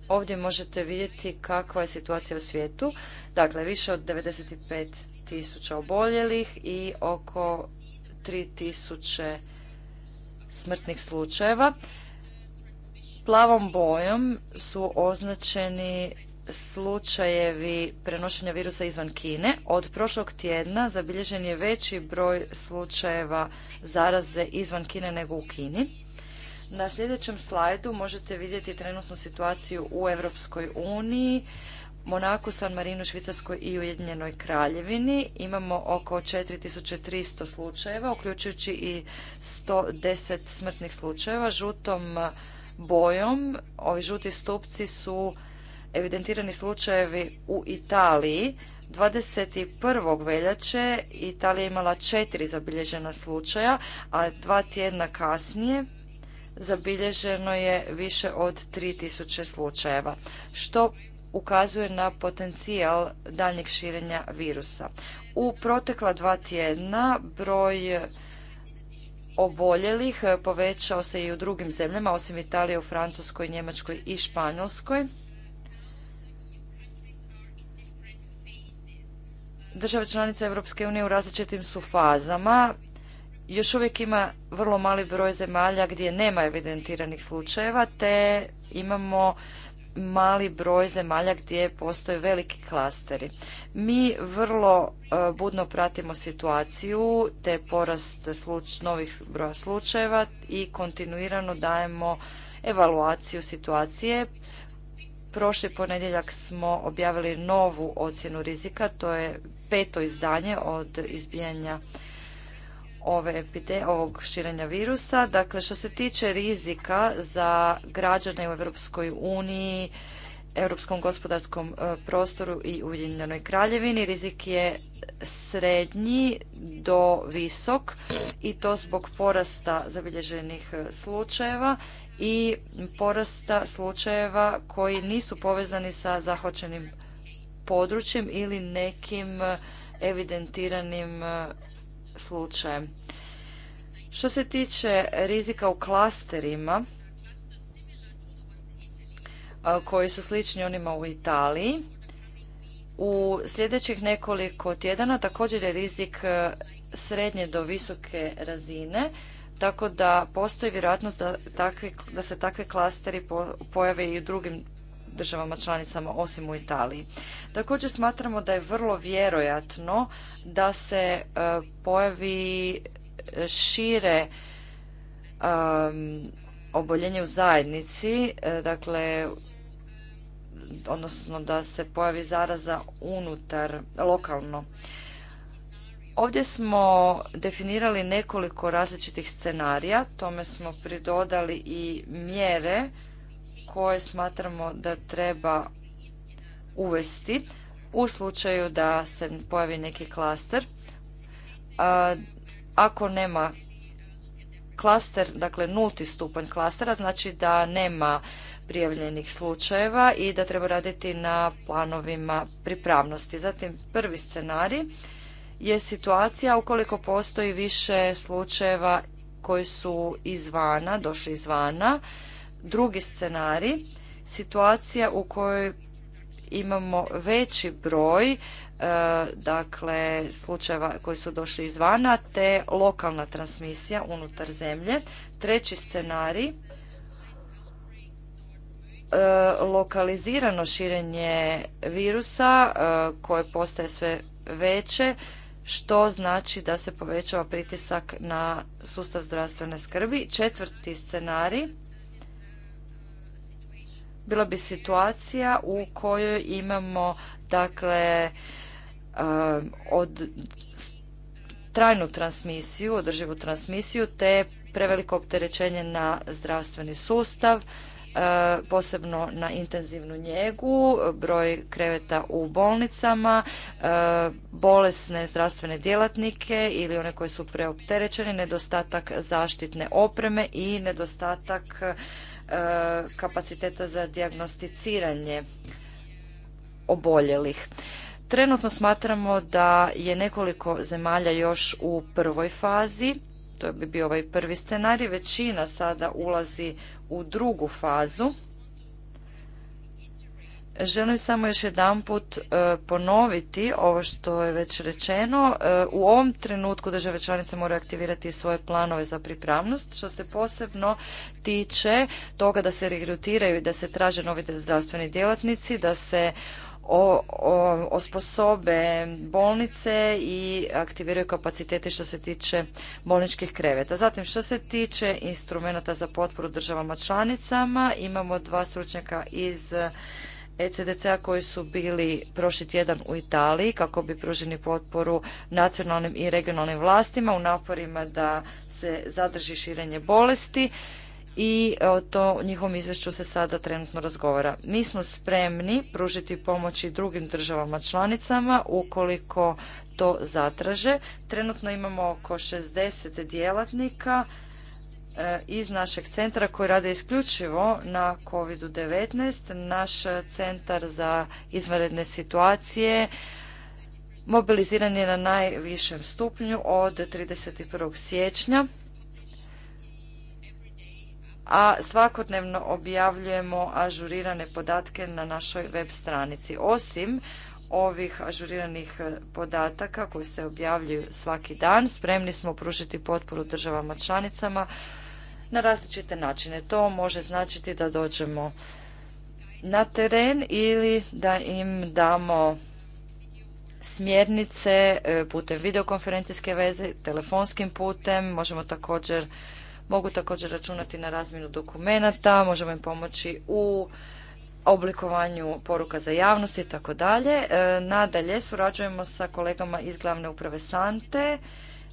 Ovdje možete vidjeti kakva je situacija u svijetu. Dakle, više od 95 tisuća oboljelih i oko 3 tisuće smrtnih slučajeva. Plavom bojom su označeni slučajevi prenošenja virusa izvan Kine. Od prošlog tjedna zabilježen je veći broj slučajeva zaraze izvan Kine nego u Kini. Na sljedećem slajdu možete vidjeti trenutnu situaciju u Europskoj uniji, Monaku, San Marinu, Švicarskoj i Ujedinjenoj Kraljevini. Imamo oko 4300 slučajeva, uključujući i 110 smrtnih slučajeva. Žutom bojom, ovi žuti stupci su evidentirani slučajevi u Italiji. 21. veljače Italija je imala četiri zabilježena slučaja, a dva tjedna kasnije zabilježeno je više od 3000 slučajeva, što ukazuje na potencijal daljnjeg širenja virusa. U protekla dva tjedna broj oboljelih povećao se i u drugim zemljama, osim Italije, u Francuskoj, Njemačkoj i Španjolskoj. države članice Europske unije u različitim su fazama. Još uvijek ima vrlo mali broj zemalja gdje nema evidentiranih slučajeva, te imamo mali broj zemalja gdje postoje veliki klasteri. Mi vrlo e, budno pratimo situaciju, te porast novih broja slučajeva i kontinuirano dajemo evaluaciju situacije. Prošli ponedjeljak smo objavili novu ocjenu rizika, to je peto izdanje od izbijanja ove ovog širenja virusa. Dakle, što se tiče rizika za građane u Europskoj uniji, europskom gospodarskom e, prostoru i Ujedinjenoj kraljevini. Rizik je srednji do visok i to zbog porasta zabilježenih e, slučajeva i porasta slučajeva koji nisu povezani sa zahvaćenim područjem ili nekim e, evidentiranim e, slučajem. Što se tiče rizika u klasterima, e, koji su slični onima u Italiji, u sljedećih nekoliko tjedana također je rizik srednje do visoke razine, tako da postoji vjerojatnost da, da se takvi klasteri pojave i u drugim državama članicama osim u Italiji. Također smatramo da je vrlo vjerojatno da se e, pojavi e, šire oboljenje u zajednici, e, dakle odnosno da se pojavi zaraza unutar lokalno. Ovdje smo definirali nekoliko različitih scenarija, tome smo pridodali i mjere koje smatramo da treba uvesti u slučaju da se pojavi neki klaster. Ako nema klaster, dakle nulti stupanj klastera, znači da nema prijavljenih slučajeva i da treba raditi na planovima pripravnosti. Zatim prvi scenarij je situacija ukoliko postoji više slučajeva koji su izvana, došli izvana, drugi scenarij, situacija u kojoj imamo veći broj e, dakle slučajeva koji su došli izvana te lokalna transmisija unutar zemlje. Treći scenarij e, lokalizirano širenje virusa e, koje postaje sve veće što znači da se povećava pritisak na sustav zdravstvene skrbi. Četvrti scenarij bila bi situacija u kojoj imamo dakle um, od trajnu transmisiju, održivu transmisiju te preveliko opterećenje na zdravstveni sustav, uh, posebno na intenzivnu njegu, broj kreveta u bolnicama, uh, bolesne zdravstvene djelatnike ili one koji su preopterećeni, nedostatak zaštitne opreme i nedostatak E, kapaciteta za dijagnosticiranje oboljelih. Trenutno smatramo da je nekoliko zemalja još u prvoj fazi, to bi bio ovaj prvi scenarij, većina sada ulazi u drugu fazu Želim samo još jedanput e, ponoviti ovo što je već rečeno. E, u ovom trenutku države članice moraju aktivirati svoje planove za pripravnost, što se posebno tiče toga da se regrutiraju i da se traže novi zdravstveni djelatnici, da se o, osposobe bolnice i aktiviraju kapacitete što se tiče bolničkih kreveta. Zatim što se tiče instrumenata za potporu državama članicama, imamo dva stručnjaka iz ECDC-a koji su bili prošli tjedan u Italiji kako bi pružili potporu nacionalnim i regionalnim vlastima u naporima da se zadrži širenje bolesti i e, o to njihovom izvješću se sada trenutno razgovara. Mi smo spremni pružiti pomoći drugim državama članicama ukoliko to zatraže. Trenutno imamo oko 60 djelatnika E, iz našeg centra koji rade isključivo na COVID-19. Naš centar za izvanredne situacije mobiliziran je na najvišem stupnju od 31. siječnja a svakodnevno objavljujemo ažurirane podatke na našoj web stranici. Osim ovih ažuriranih e, podataka koji se objavljuju svaki dan, spremni smo pružiti potporu državama članicama na različite načine. To može značiti da dođemo na teren ili da im damo smjernice e, putem videokonferencijske veze, telefonskim putem, možemo također, mogu također računati na razmjenu dokumenata, možemo im pomoći u oblikovanju poruka za javnost i tako dalje. E, nadalje surađujemo sa kolegama iz glavne uprave Sante,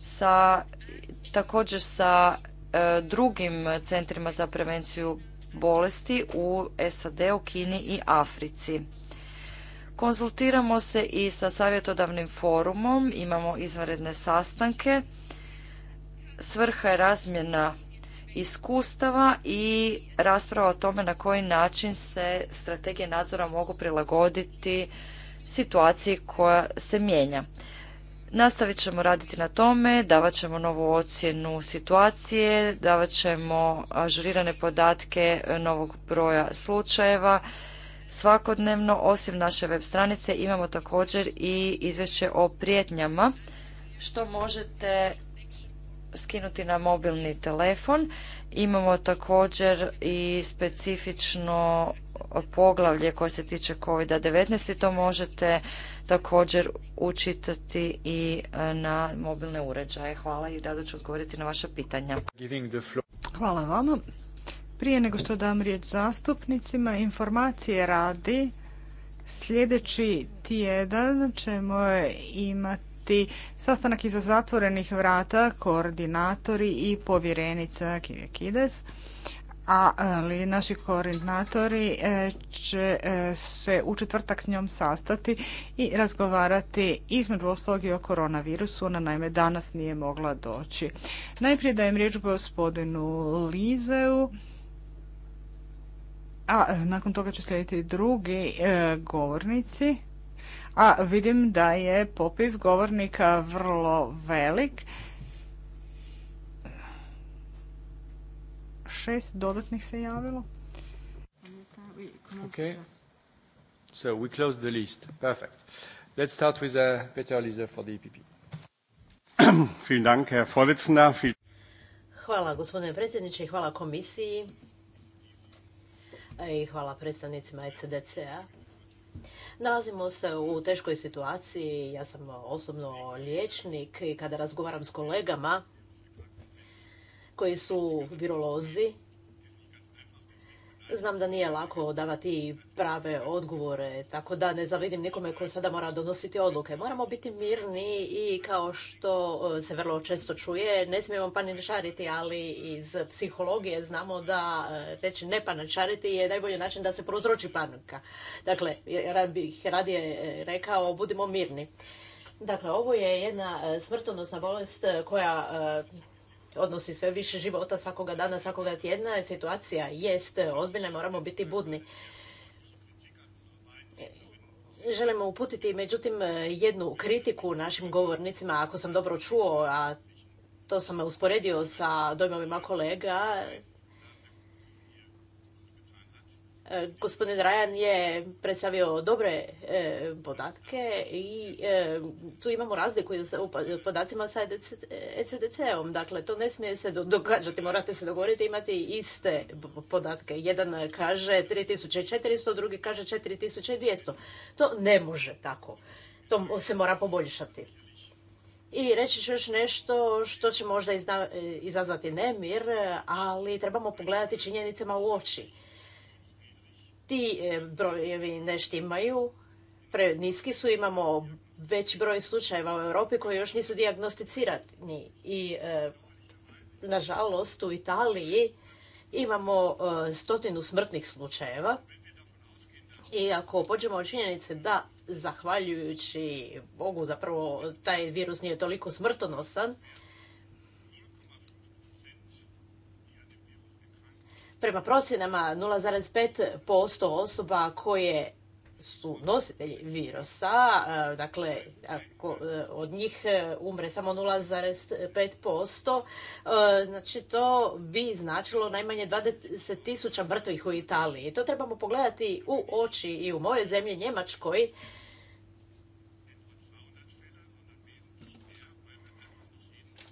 sa, također sa E, drugim centrima za prevenciju bolesti u SAD-u, Kini i Africi. Konzultiramo se i sa savjetodavnim forumom, imamo izvanredne sastanke. Svrha je razmjena iskustava i rasprava o tome na koji način se strategije nadzora mogu prilagoditi situaciji koja se mijenja. Nastavit ćemo raditi na tome, davat ćemo novu ocjenu situacije, davat ćemo ažurirane podatke e, novog broja slučajeva. Svakodnevno, osim naše web stranice, imamo također i izvješće o prijetnjama, što možete skinuti na mobilni telefon. Imamo također i specifično poglavlje koje se tiče COVID-19 i to možete također učitati i e, na mobilne uređaje. Hvala i rado ću odgovoriti na vaša pitanja. Hvala vama. Prije nego što dam riječ zastupnicima, informacije radi. Sljedeći tjedan ćemo imati sastanak iza zatvorenih vrata, koordinatori i povjerenica Kiriakides ali e, naši koordinatori e, će e, se u četvrtak s njom sastati i razgovarati između ostalog i o koronavirusu. Ona naime danas nije mogla doći. Najprije dajem riječ gospodinu Lizeu, a nakon toga će slijediti drugi govornici. A vidim da je popis govornika vrlo velik. šest dodatnih se javilo. Okay. So we close the list. Perfect. Let's start with uh, Peter Lise for the EPP. Vielen Dank, Herr Vorsitzender. Hvala gospodine predsjedniče i hvala komisiji e, i hvala predstavnicima ECDC-a. Nalazimo se u teškoj situaciji, ja sam osobno liječnik i kada razgovaram s kolegama, koji su virolozi. Znam da nije lako davati prave odgovore, tako da ne zavidim nikome koji sada mora donositi odluke. Moramo biti mirni i kao što e, se vrlo često čuje, ne smijemo paničariti, ali iz psihologije znamo da e, reći ne paničariti je najbolji način da se prozroči panika. Dakle, rad bih radije e, rekao budimo mirni. Dakle, ovo je jedna smrtonosna bolest koja odnosi sve više života svakoga dana, svakoga tjedna. Situacija jest e, ozbiljna, moramo biti budni. Želimo uputiti, međutim, e, jednu kritiku našim govornicima, ako sam dobro čuo, a to sam usporedio sa dojmovima kolega, E, gospodin Rajan je predstavio dobre e, podatke i e, tu imamo razliku u podacima sa ECDC-om. Dakle, to ne smije se događati, morate se dogovoriti imati iste podatke. Jedan kaže 3400, drugi kaže 4200. To ne može tako. To se mora poboljšati. I reći ću još nešto što će možda izazvati nemir, ali trebamo pogledati činjenicama u oči ti e, brojevi ne štimaju, niski su, imamo već broj slučajeva u Europi koji još nisu dijagnosticirani i e, nažalost u Italiji imamo e, stotinu smrtnih slučajeva i ako pođemo od činjenice da zahvaljujući Bogu zapravo taj virus nije toliko smrtonosan, Prema procjenama 0,5% osoba koje su nositelji virusa, e, dakle ako e, od njih e, umre samo 0,5%, znači to bi značilo najmanje 20 mrtvih u Italiji. To trebamo pogledati u oči i u mojoj zemlji Njemačkoj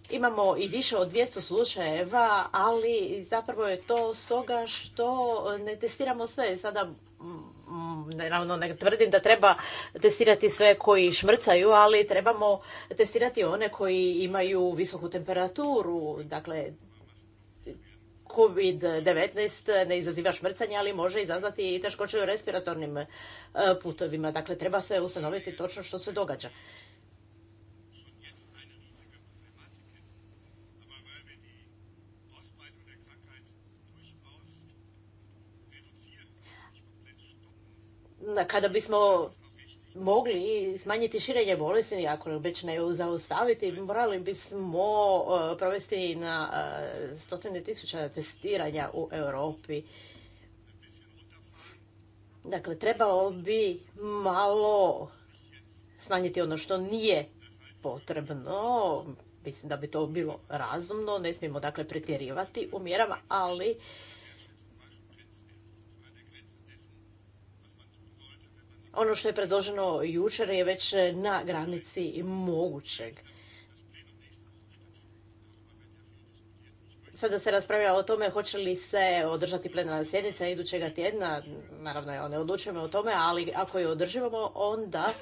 imamo i više od 200 slučajeva, ali zapravo je to stoga što ne testiramo sve. Sada mm, mm, naravno ne tvrdim da treba testirati sve koji šmrcaju, ali trebamo testirati one koji imaju visoku temperaturu, dakle COVID-19 ne izaziva šmrcanje, ali može izazvati i teškoće u respiratornim e, putovima. Dakle, treba se ustanoviti točno što se događa. kada bismo mogli smanjiti širenje bolesti, ako već ne zaustaviti, morali bismo e, provesti na e, stotine tisuća testiranja u Europi. Dakle, trebalo bi malo smanjiti ono što nije potrebno. Mislim da bi to bilo razumno, ne smijemo dakle pretjerivati u mjerama, ali ono što je predloženo jučer je već e, na granici mogućeg. Sada se raspravlja o tome hoće li se održati plenarna sjednica idućega tjedna. Naravno, ne odlučujemo o tome, ali ako je održivamo, onda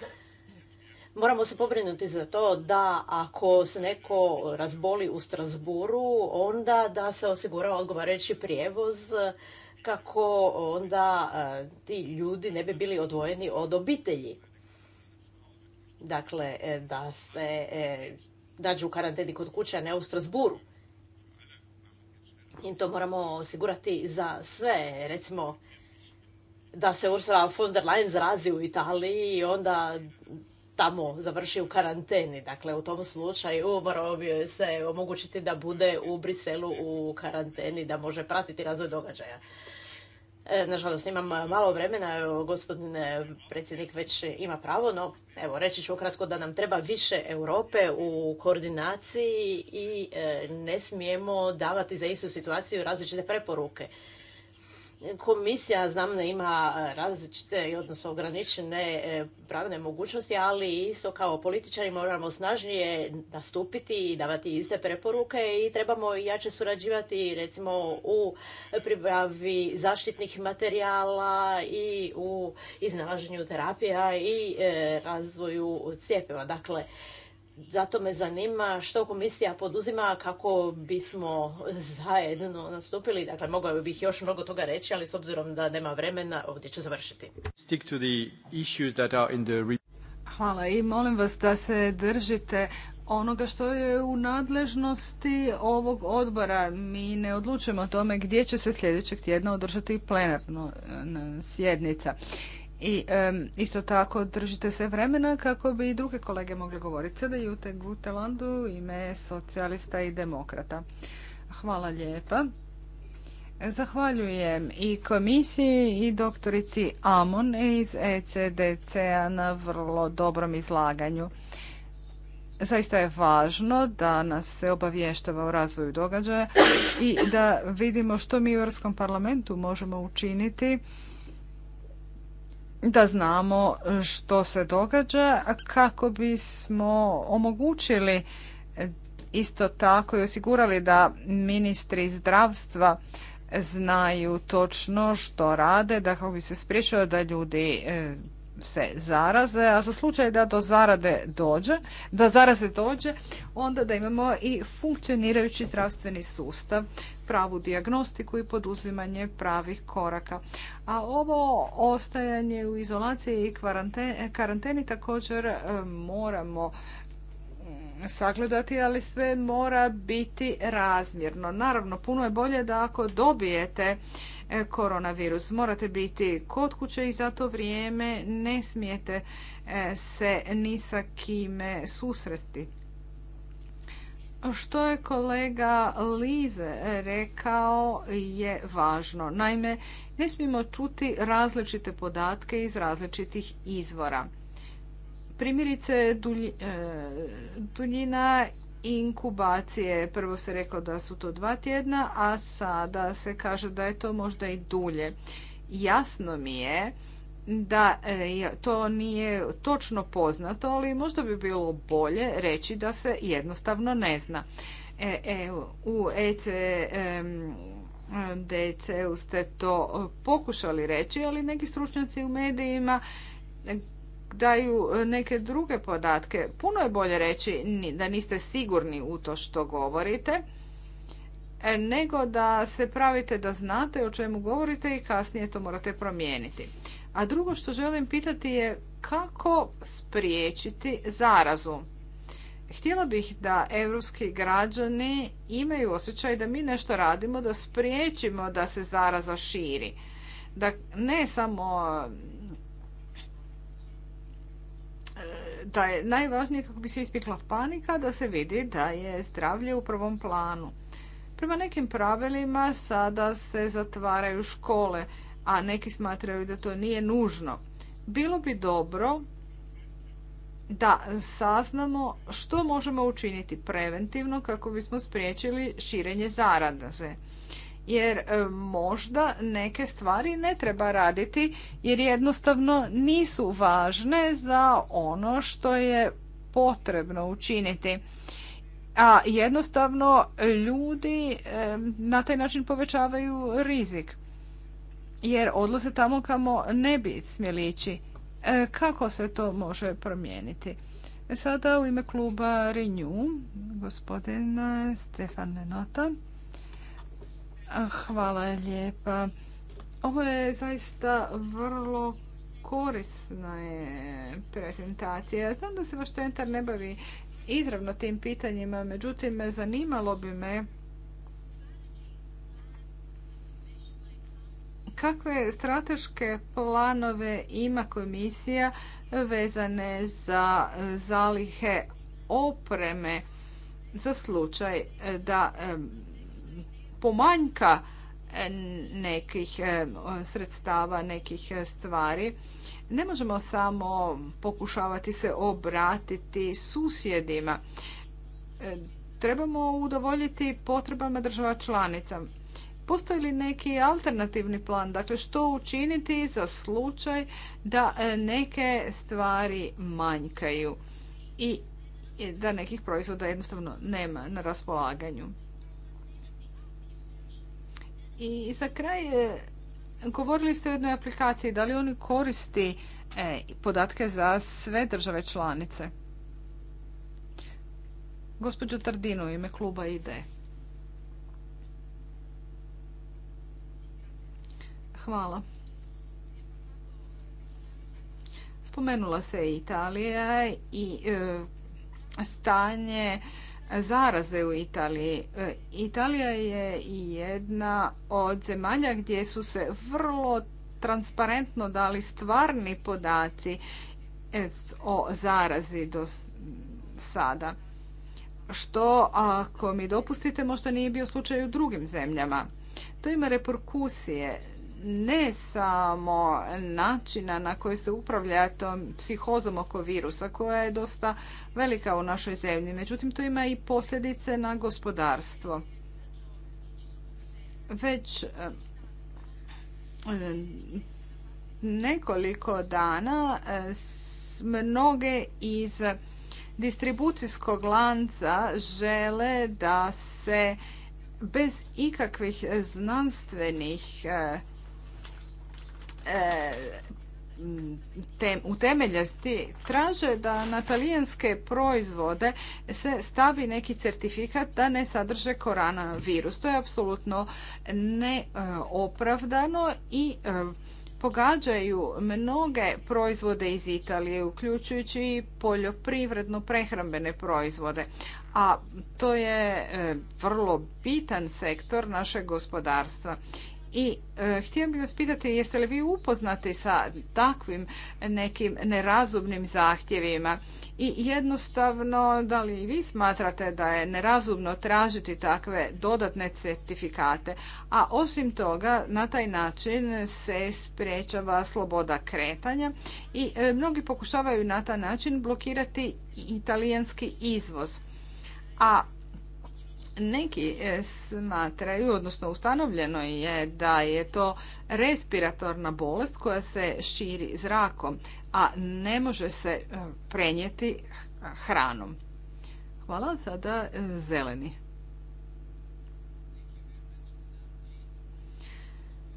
moramo se pobrinuti za to da ako se neko razboli u Strasburu, onda da se osigura odgovarajući prijevoz kako onda e, ti ljudi ne bi bili odvojeni od obitelji. Dakle, e, da se dađu e, u karanteni kod kuće, a ne u Strasburu. I to moramo osigurati za sve. Recimo, da se Ursula von der Leyen zarazi u Italiji i onda tamo završi u karanteni. Dakle, u tom slučaju morao bi se omogućiti da bude u Briselu u karanteni, da može pratiti razvoj događaja. E, nažalost, imam malo vremena, gospodine gospodin predsjednik već ima pravo, no evo, reći ću ukratko da nam treba više Europe u koordinaciji i e, ne smijemo davati za istu situaciju različite preporuke. Komisija, znam da ima e, različite, odnosno ograničene e, pravne mogućnosti, ali isto kao političari moramo snažnije nastupiti i davati iste preporuke i trebamo jače surađivati recimo u pribavi zaštitnih materijala i u iznalaženju terapija i e, razvoju cijepiva. Dakle, zato me zanima što komisija poduzima kako bismo zajedno nastupili. Dakle, mogao bih još mnogo toga reći, ali s obzirom da nema vremena, ovdje ću završiti. Hvala i molim vas da se držite onoga što je u nadležnosti ovog odbora. Mi ne odlučujemo o tome gdje će se sljedećeg tjedna održati plenarno sjednica. I isto tako držite se vremena kako bi i druge kolege mogle govoriti. Sada i u Gutelandu ime socijalista i demokrata. Hvala lijepa. Zahvaljujem i komisiji i doktorici Amon iz ECDC-a na vrlo dobrom izlaganju. Zaista je važno da nas se obavještava o razvoju događaja i da vidimo što mi u Europskom parlamentu možemo učiniti da znamo što se događa kako bismo omogućili isto tako i osigurali da ministri zdravstva znaju točno što rade, da kako bi se spriječilo da ljudi e, se zaraze, a za slučaj da do zarade dođe, da zaraze dođe, onda da imamo i funkcionirajući zdravstveni sustav pravu dijagnostiku i poduzimanje pravih koraka. A ovo ostajanje u izolaciji i karanteni također e, moramo mm, sagledati, ali sve mora biti razmjerno. Naravno, puno je bolje da ako dobijete e, koronavirus, morate biti kod kuće i za to vrijeme ne smijete e, se ni sa kime susresti. Što je kolega Lize rekao je važno. Naime, ne smijemo čuti različite podatke iz različitih izvora. Primjerice, e, duljina inkubacije. Prvo se rekao da su to dva tjedna, a sada se kaže da je to možda i dulje. Jasno mi je da e, to nije točno poznato, ali možda bi bilo bolje reći da se jednostavno ne zna. E, e, e u EC, e, dc ste to pokušali reći, ali neki stručnjaci u medijima daju neke druge podatke. Puno je bolje reći da niste sigurni u to što govorite, e, nego da se pravite da znate o čemu govorite i kasnije to morate promijeniti. A drugo što želim pitati je kako spriječiti zarazu. Htjela bih da europski građani imaju osjećaj da mi nešto radimo da spriječimo da se zaraza širi. Da ne samo da je najvažnije kako bi se ispikla panika da se vidi da je zdravlje u prvom planu. Prema nekim pravilima sada se zatvaraju škole a neki smatraju da to nije nužno. Bilo bi dobro da saznamo što možemo učiniti preventivno kako bismo spriječili širenje zaraze. Jer e, možda neke stvari ne treba raditi jer jednostavno nisu važne za ono što je potrebno učiniti. A jednostavno ljudi e, na taj način povećavaju rizik jer odlaze tamo kamo ne bi smjeli ići. E, kako se to može promijeniti? E, sada u ime kluba Renew, gospodin e, Stefan Nenota. Hvala lijepa. Ovo je zaista vrlo korisna je prezentacija. Znam da se vaš centar ne bavi izravno tim pitanjima, međutim, zanimalo bi me Kakve strateške planove ima komisija vezane za zalihe opreme za slučaj da pomanjka nekih sredstava, nekih stvari. Ne možemo samo pokušavati se obratiti susjedima. Trebamo udovoljiti potrebama država članica. Postoji li neki alternativni plan? Dakle, što učiniti za slučaj da e, neke stvari manjkaju i da nekih proizvoda jednostavno nema na raspolaganju? I za kraj, e, govorili ste o jednoj aplikaciji. Da li oni koristi e, podatke za sve države članice? Gospođo Tardino, ime kluba IDE. Hvala. Spomenula se Italija i e, stanje zaraze u Italiji. E, Italija je jedna od zemalja gdje su se vrlo transparentno dali stvarni podaci e, o zarazi do sada. Što, ako mi dopustite, možda nije bio slučaj u drugim zemljama. To ima reperkusije ne samo načina na koji se upravlja tom psihozom oko virusa koja je dosta velika u našoj zemlji. Međutim, to ima i posljedice na gospodarstvo. Već eh, nekoliko dana eh, mnoge iz distribucijskog lanca žele da se bez ikakvih znanstvenih eh, E, u temeljasti traže da na talijanske proizvode se stavi neki certifikat da ne sadrže korana virus. To je apsolutno neopravdano i e, pogađaju mnoge proizvode iz Italije, uključujući i poljoprivredno prehrambene proizvode. A to je e, vrlo bitan sektor našeg gospodarstva. I e, htio bih vas pitati jeste li vi upoznati sa takvim nekim nerazumnim zahtjevima i jednostavno da li vi smatrate da je nerazumno tražiti takve dodatne certifikate, a osim toga na taj način se sprečava sloboda kretanja i e, mnogi pokušavaju na taj način blokirati italijanski izvoz. A neki e, smatraju, odnosno ustanovljeno je da je to respiratorna bolest koja se širi zrakom, a ne može se e, prenijeti hranom. Hvala, sada zeleni.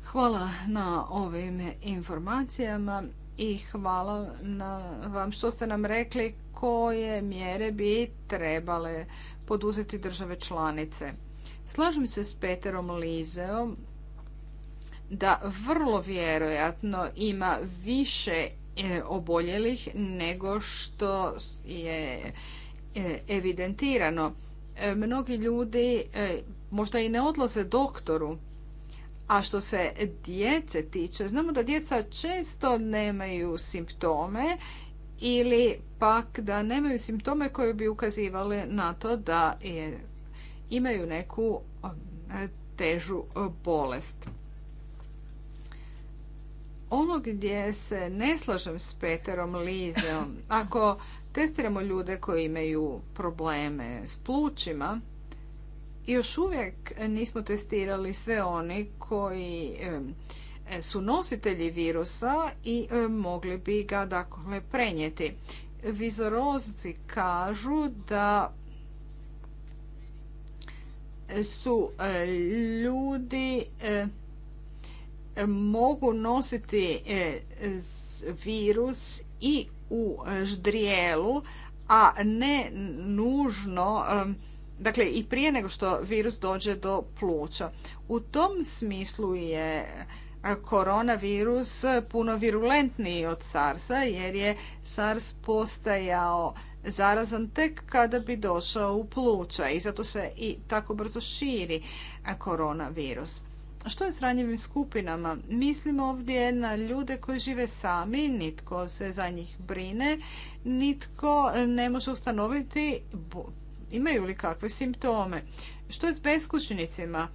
Hvala na ovim informacijama i hvala na vam što ste nam rekli koje mjere bi trebale poduzeti države članice. Slažem se s Peterom Lizeom da vrlo vjerojatno ima više e, oboljelih nego što je e, evidentirano. E, mnogi ljudi možda i ne odlaze doktoru, a što se djece tiče, znamo da djeca često nemaju simptome ili pak da nemaju simptome koje bi ukazivali na to da imaju neku um, težu uh, bolest. Ono gdje se ne slažem s Peterom Lizeom, ako testiramo ljude koji imaju probleme s plućima, još uvijek nismo testirali sve oni koji um, E, su nositelji virusa i e, mogli bi ga dakle prenijeti. Vizorozici kažu da su e, ljudi mogu nositi virus i u ždrijelu, a ne nužno dakle i prije nego što virus dođe do pluća. U tom smislu je koronavirus puno virulentniji od SARS-a jer je SARS postajao zarazan tek kada bi došao u pluća i zato se i tako brzo širi koronavirus. Što je s ranjivim skupinama? Mislim ovdje na ljude koji žive sami, nitko se za njih brine, nitko ne može ustanoviti imaju li kakve simptome. Što je s beskućnicima?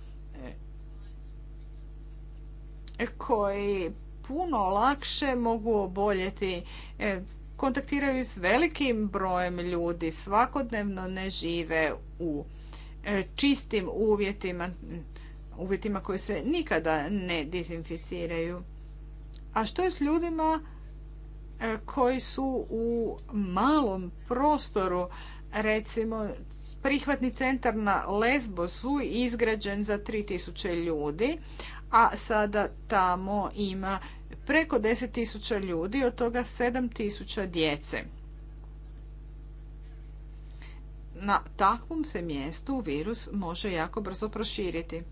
koji puno lakše mogu oboljeti. E, kontaktiraju s velikim brojem ljudi, svakodnevno ne žive u e, čistim uvjetima, uvjetima koji se nikada ne dezinficiraju. A što je s ljudima e, koji su u malom prostoru, recimo prihvatni centar na Lesbosu izgrađen za 3000 ljudi, a sada tamo ima preko 10.000 ljudi, od toga 7.000 djece. Na takvom se mjestu virus može jako brzo proširiti.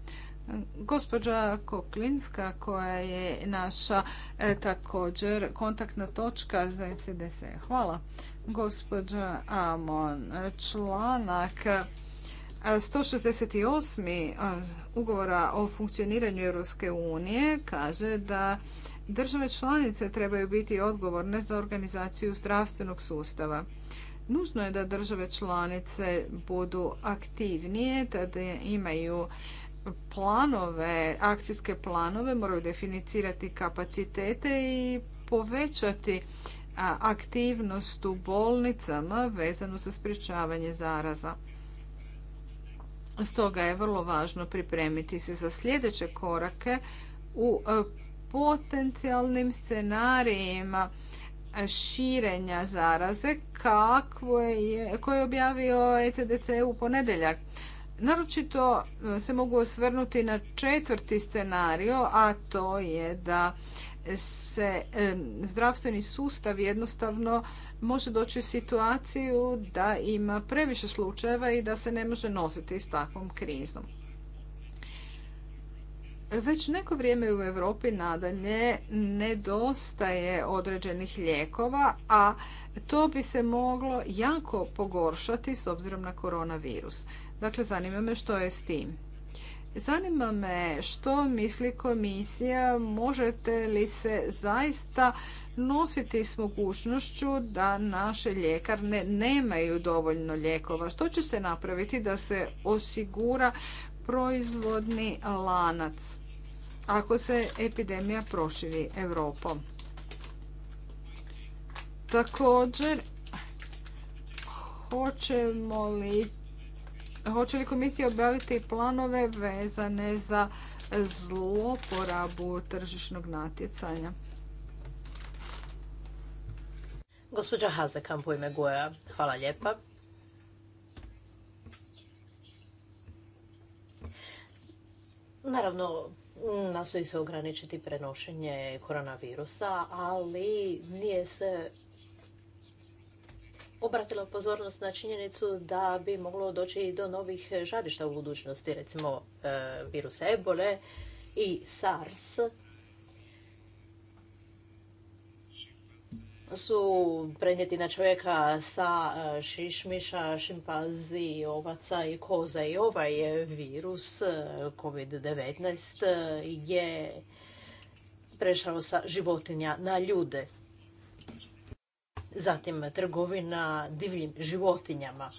Gospođa Koklinska, koja je naša e, također kontaktna točka za ECDC. Hvala. Gospođa Amon, članak 168. ugovora o funkcioniranju Europske unije kaže da države članice trebaju biti odgovorne za organizaciju zdravstvenog sustava. Nužno je da države članice budu aktivnije, da imaju planove, akcijske planove, moraju definicirati kapacitete i povećati aktivnost u bolnicama vezano za sprječavanje zaraza. Stoga je vrlo važno pripremiti se za sljedeće korake u e, potencijalnim scenarijima e, širenja zaraze kakvo je, koje je objavio ECDC u ponedeljak. Naročito e, se mogu osvrnuti na četvrti scenario, a to je da se zdravstveni sustav jednostavno može doći u situaciju da ima previše slučajeva i da se ne može nositi s takvom krizom. Već neko vrijeme u Europi nadalje nedostaje određenih lijekova, a to bi se moglo jako pogoršati s obzirom na koronavirus. Dakle, zanima me što je s tim. Zanima me što misli komisija, možete li se zaista nositi s mogućnošću da naše ljekarne nemaju dovoljno lijekova. Što će se napraviti da se osigura proizvodni lanac ako se epidemija proširi Europom? Također, hoćemo li Hoće li komisija objaviti planove vezane za zloporabu tržišnog natjecanja? Gospođa Hazekamp u ime Goja. Hvala lijepa. Naravno, nastoji se ograničiti prenošenje koronavirusa, ali nije se obratila pozornost na činjenicu da bi moglo doći i do novih žarišta u budućnosti, recimo e, virusa virus ebole i SARS su prenijeti na čovjeka sa e, šišmiša, šimpanzi, ovaca i koza. I ovaj virus e, COVID-19 e, je prešao sa životinja na ljude. Zatim trgovina divljim životinjama.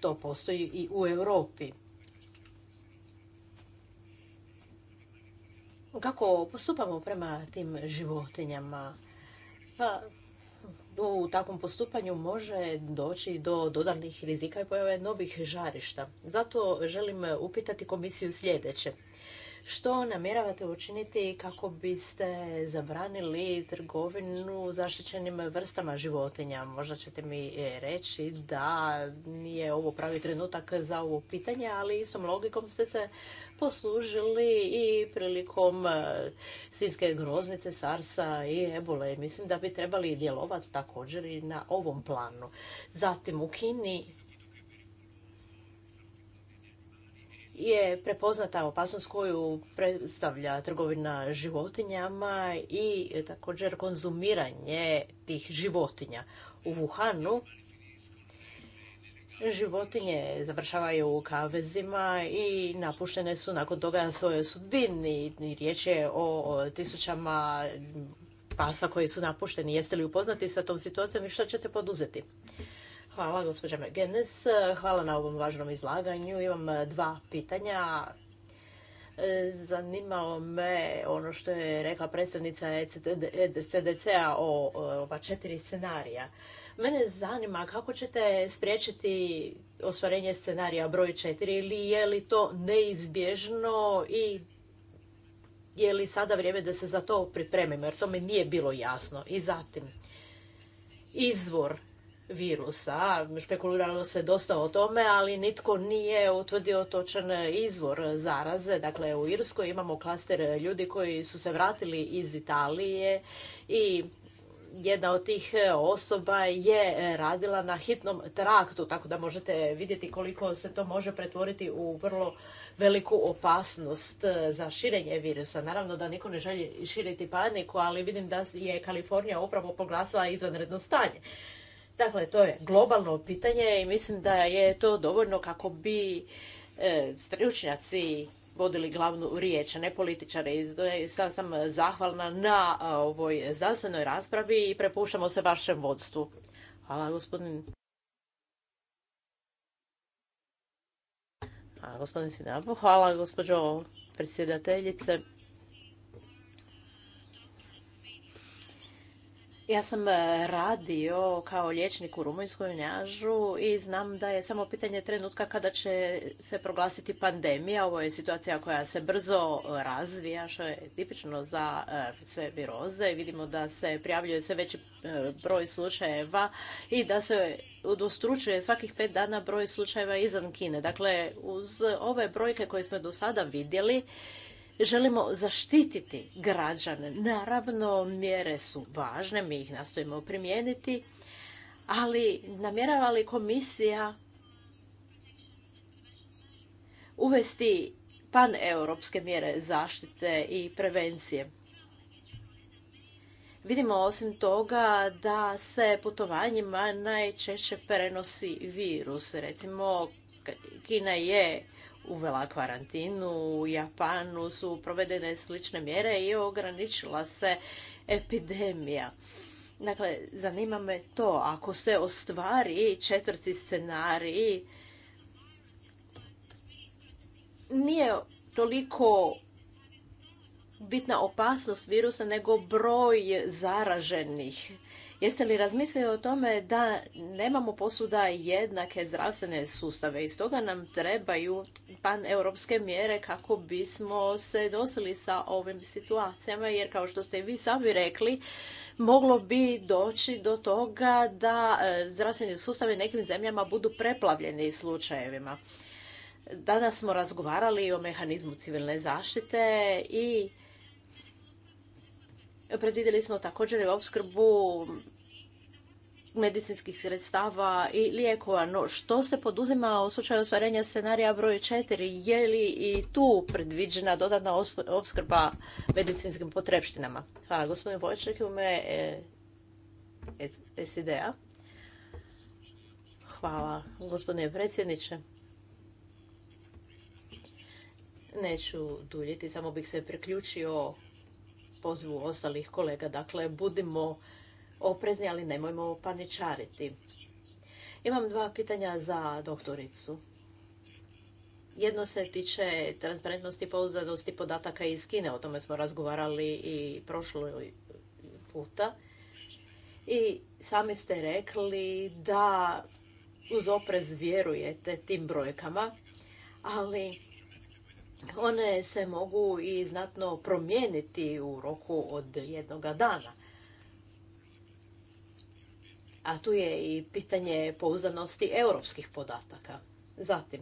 To postoji i u Europi. Kako postupamo prema tim životinjama? Pa, u takvom postupanju može doći do dodatnih rizika i pojave novih žarišta. Zato želim upitati komisiju sljedeće. Što namjeravate učiniti kako biste zabranili trgovinu zaštićenim vrstama životinja? Možda ćete mi e, reći da nije ovo pravi trenutak za ovo pitanje, ali istom logikom ste se poslužili i prilikom e, svinske groznice, sarsa i ebole. Mislim da bi trebali djelovati također i na ovom planu. Zatim u Kini je prepoznata opasnost koju predstavlja trgovina životinjama i također konzumiranje tih životinja. U Wuhanu životinje završavaju u kavezima i napuštene su nakon toga svoje sudbini. Riječ je o tisućama pasa koji su napušteni. Jeste li upoznati sa tom situacijom i što ćete poduzeti? Hvala, gospođa McGinnis. Hvala na ovom važnom izlaganju. Imam e, dva pitanja. E, zanimalo me ono što je rekla predstavnica cdc e a o ova četiri scenarija. Mene zanima kako ćete spriječiti ostvarenje scenarija broj četiri ili je li to neizbježno i je li sada vrijeme da se za to pripremimo jer to mi nije bilo jasno. I zatim, izvor virusa. Špekuliralo se dosta o tome, ali nitko nije utvrdio točan izvor zaraze. Dakle, u Irskoj imamo klaster ljudi koji su se vratili iz Italije i jedna od tih osoba je radila na hitnom traktu, tako da možete vidjeti koliko se to može pretvoriti u vrlo veliku opasnost za širenje virusa. Naravno da niko ne želi širiti paniku, ali vidim da je Kalifornija upravo poglasila izvanredno stanje. Dakle, to je globalno pitanje i mislim da je to dovoljno kako bi e, stručnjaci vodili glavnu riječ, a ne političari. Sada sam zahvalna na ovoj znanstvenoj raspravi i prepuštamo se vašem vodstvu. Hvala, gospodin. Hvala, gospodin Sinabu. Hvala, gospođo predsjedateljice. Ja sam e, radio kao liječnik u Rumunjskoj njažu i znam da je samo pitanje trenutka kada će se proglasiti pandemija. Ovo je situacija koja se brzo e, razvija, što je tipično za e, sve viroze. Vidimo da se prijavljuje sve veći broj slučajeva i da se udostručuje svakih pet dana broj slučajeva izvan Kine. Dakle, uz ove brojke koje smo do sada vidjeli, želimo zaštititi građane. Naravno, mjere su važne, mi ih nastojimo primijeniti, ali namjerava li komisija uvesti paneuropske mjere zaštite i prevencije? Vidimo osim toga da se putovanjima najčešće prenosi virus. Recimo, Kina je uvela karantinu. U Japanu su provedene slične mjere i ograničila se epidemija. Dakle, zanima me to, ako se ostvari četvrti scenarij, nije toliko bitna opasnost virusa nego broj zaraženih. Jeste li razmislili o tome da nemamo posuda jednake zdravstvene sustave i stoga nam trebaju paneuropske mjere kako bismo se dosili sa ovim situacijama jer kao što ste i vi sami rekli moglo bi doći do toga da e, zdravstveni sustavi nekim zemljama budu preplavljeni slučajevima. Danas smo razgovarali o mehanizmu civilne zaštite i Predvidjeli smo također opskrbu medicinskih sredstava i lijekova. No, što se poduzima u slučaju ostvarenja scenarija broj 4? Je li i tu predviđena dodatna opskrba medicinskim potrebštinama? Hvala, gospodin Vojček, u me e, SID-a. Hvala, gospodine predsjedniče. Neću duljiti, samo bih se priključio pozivu ostalih kolega. Dakle, budimo oprezni, ali nemojmo paničariti. Imam dva pitanja za doktoricu. Jedno se tiče transparentnosti i pouzdanosti podataka iz Kine. O tome smo razgovarali i prošloj puta. I sami ste rekli da uz oprez vjerujete tim brojkama, ali one se mogu i znatno promijeniti u roku od jednoga dana. A tu je i pitanje pouzdanosti europskih podataka. Zatim,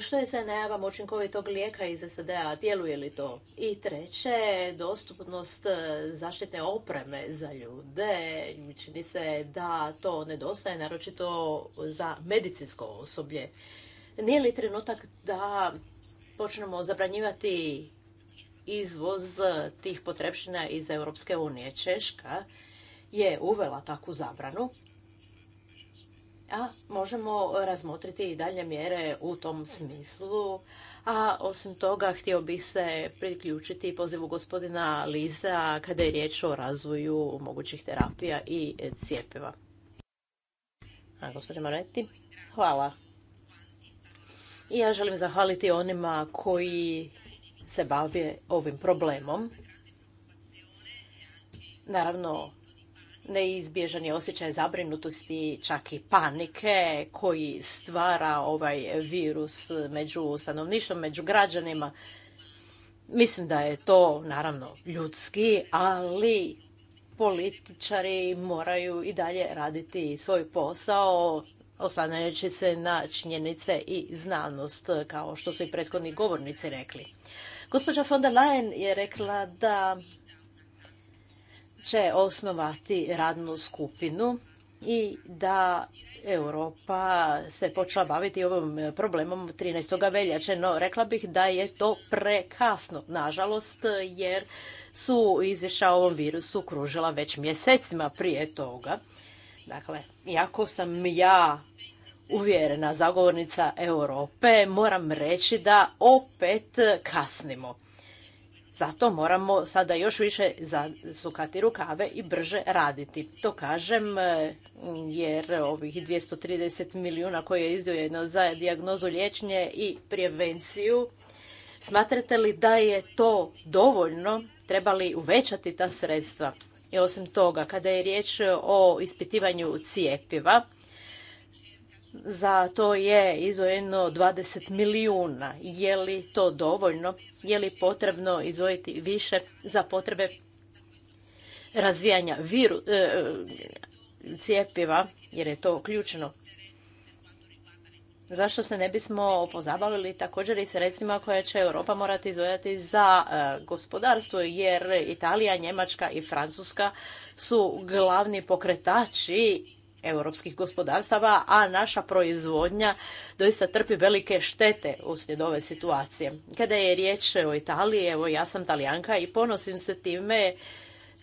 Što je sa najavama učinkovitog lijeka iz SAD-a? Djeluje li to? I treće, dostupnost e, zaštitne opreme za ljude. Čini se da to nedostaje, naročito za medicinsko osoblje. Nije li trenutak da počnemo zabranjivati izvoz tih potrepština iz Europske unije? Češka je uvela takvu zabranu a možemo razmotriti i dalje mjere u tom smislu. A osim toga, htio bih se priključiti pozivu gospodina Liza kada je riječ o razvoju mogućih terapija i cijepiva. A, gospođa Moretti, hvala. I ja želim zahvaliti onima koji se bave ovim problemom. Naravno, neizbježan je osjećaj zabrinutosti, čak i panike koji stvara ovaj virus među stanovništvom, među građanima. Mislim da je to naravno ljudski, ali političari moraju i dalje raditi svoj posao osanajući se na činjenice i znanost, kao što su i prethodni govornici rekli. Gospođa von der Leyen je rekla da će osnovati radnu skupinu i da Europa se počela baviti ovom problemom 13. veljače, no rekla bih da je to prekasno, nažalost, jer su izvješća o ovom virusu kružila već mjesecima prije toga. Dakle, iako sam ja uvjerena zagovornica Europe, moram reći da opet kasnimo. Zato moramo sada još više zasukati rukave i brže raditi. To kažem e, jer ovih 230 milijuna koje je izdvojeno za dijagnozu liječnje i prevenciju, smatrate li da je to dovoljno? Treba li uvećati ta sredstva? I osim toga, kada je riječ o ispitivanju cijepiva, za to je izvojeno 20 milijuna. Je li to dovoljno? Je li potrebno izvojiti više za potrebe razvijanja viru, e, cijepiva, jer je to ključno? Zašto se ne bismo pozabavili također i sredstvima koje će Europa morati izvojati za e, gospodarstvo, jer Italija, Njemačka i Francuska su glavni pokretači europskih gospodarstava, a naša proizvodnja doista trpi velike štete uslijed ove situacije. Kada je riječ o Italiji, evo ja sam talijanka i ponosim se time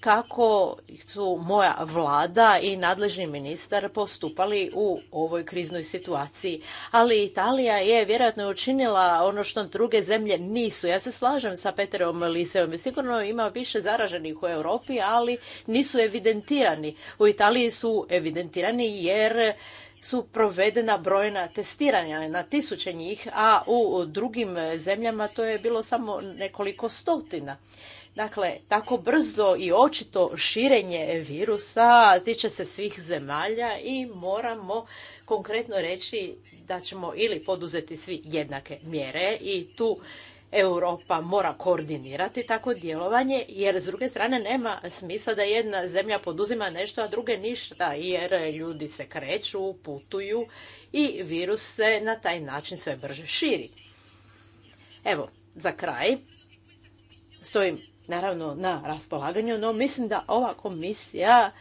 kako su moja vlada i nadležni ministar postupali u ovoj kriznoj situaciji. Ali Italija je vjerojatno učinila ono što druge zemlje nisu. Ja se slažem sa Peterom Liseom. Sigurno ima više zaraženih u Europi, ali nisu evidentirani. U Italiji su evidentirani jer su provedena brojna testiranja na tisuće njih, a u drugim zemljama to je bilo samo nekoliko stotina. Dakle, tako brzo i očito širenje virusa tiče se svih zemalja i moramo konkretno reći da ćemo ili poduzeti svi jednake mjere i tu Europa mora koordinirati tako djelovanje, jer s druge strane nema smisla da jedna zemlja poduzima nešto, a druge ništa, jer ljudi se kreću, putuju i virus se na taj način sve brže širi. Evo, za kraj, stojim naravno na raspolaganju, no mislim da ova komisija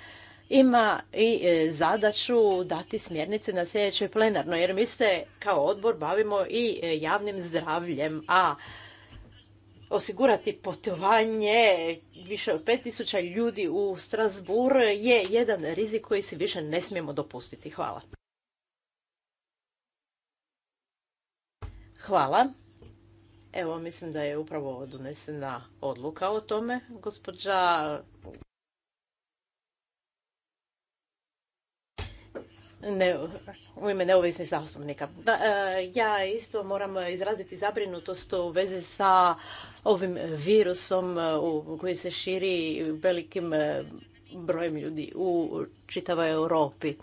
ima i e, zadaću dati smjernice na sljedećoj plenarnoj, jer mi se kao odbor bavimo i e, javnim zdravljem, a osigurati potovanje više od 5000 ljudi u Strasbur je jedan rizik koji se više ne smijemo dopustiti. Hvala. Hvala. Evo, mislim da je upravo donesena odluka o tome. Gospođa Ne, u ime neovisnih zastupnika. E, ja isto moram izraziti zabrinutost u vezi sa ovim virusom e, koji se širi velikim e, brojem ljudi u čitavoj Europi.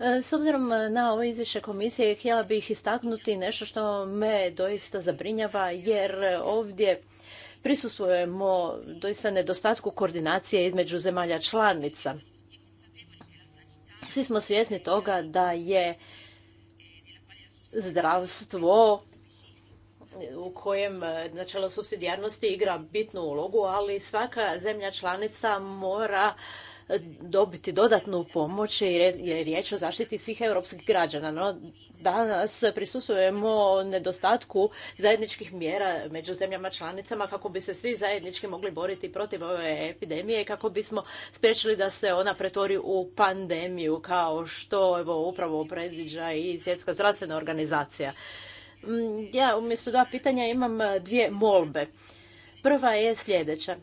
E, s obzirom na ovo izvješće komisije, htjela bih istaknuti nešto što me doista zabrinjava, jer ovdje prisustvujemo doista nedostatku koordinacije između zemalja članica. Svi smo svjesni toga da je zdravstvo u kojem načelo subsidijarnosti igra bitnu ulogu, ali svaka zemlja članica mora dobiti dodatnu pomoć jer je riječ o zaštiti svih europskih građana. No, danas prisustujemo nedostatku zajedničkih mjera među zemljama članicama kako bi se svi zajednički mogli boriti protiv ove epidemije i kako bismo spriječili da se ona pretvori u pandemiju kao što evo upravo predviđa i Svjetska zdravstvena organizacija. Mm, ja umjesto dva pitanja imam eh, dvije molbe. Prva je sljedeća.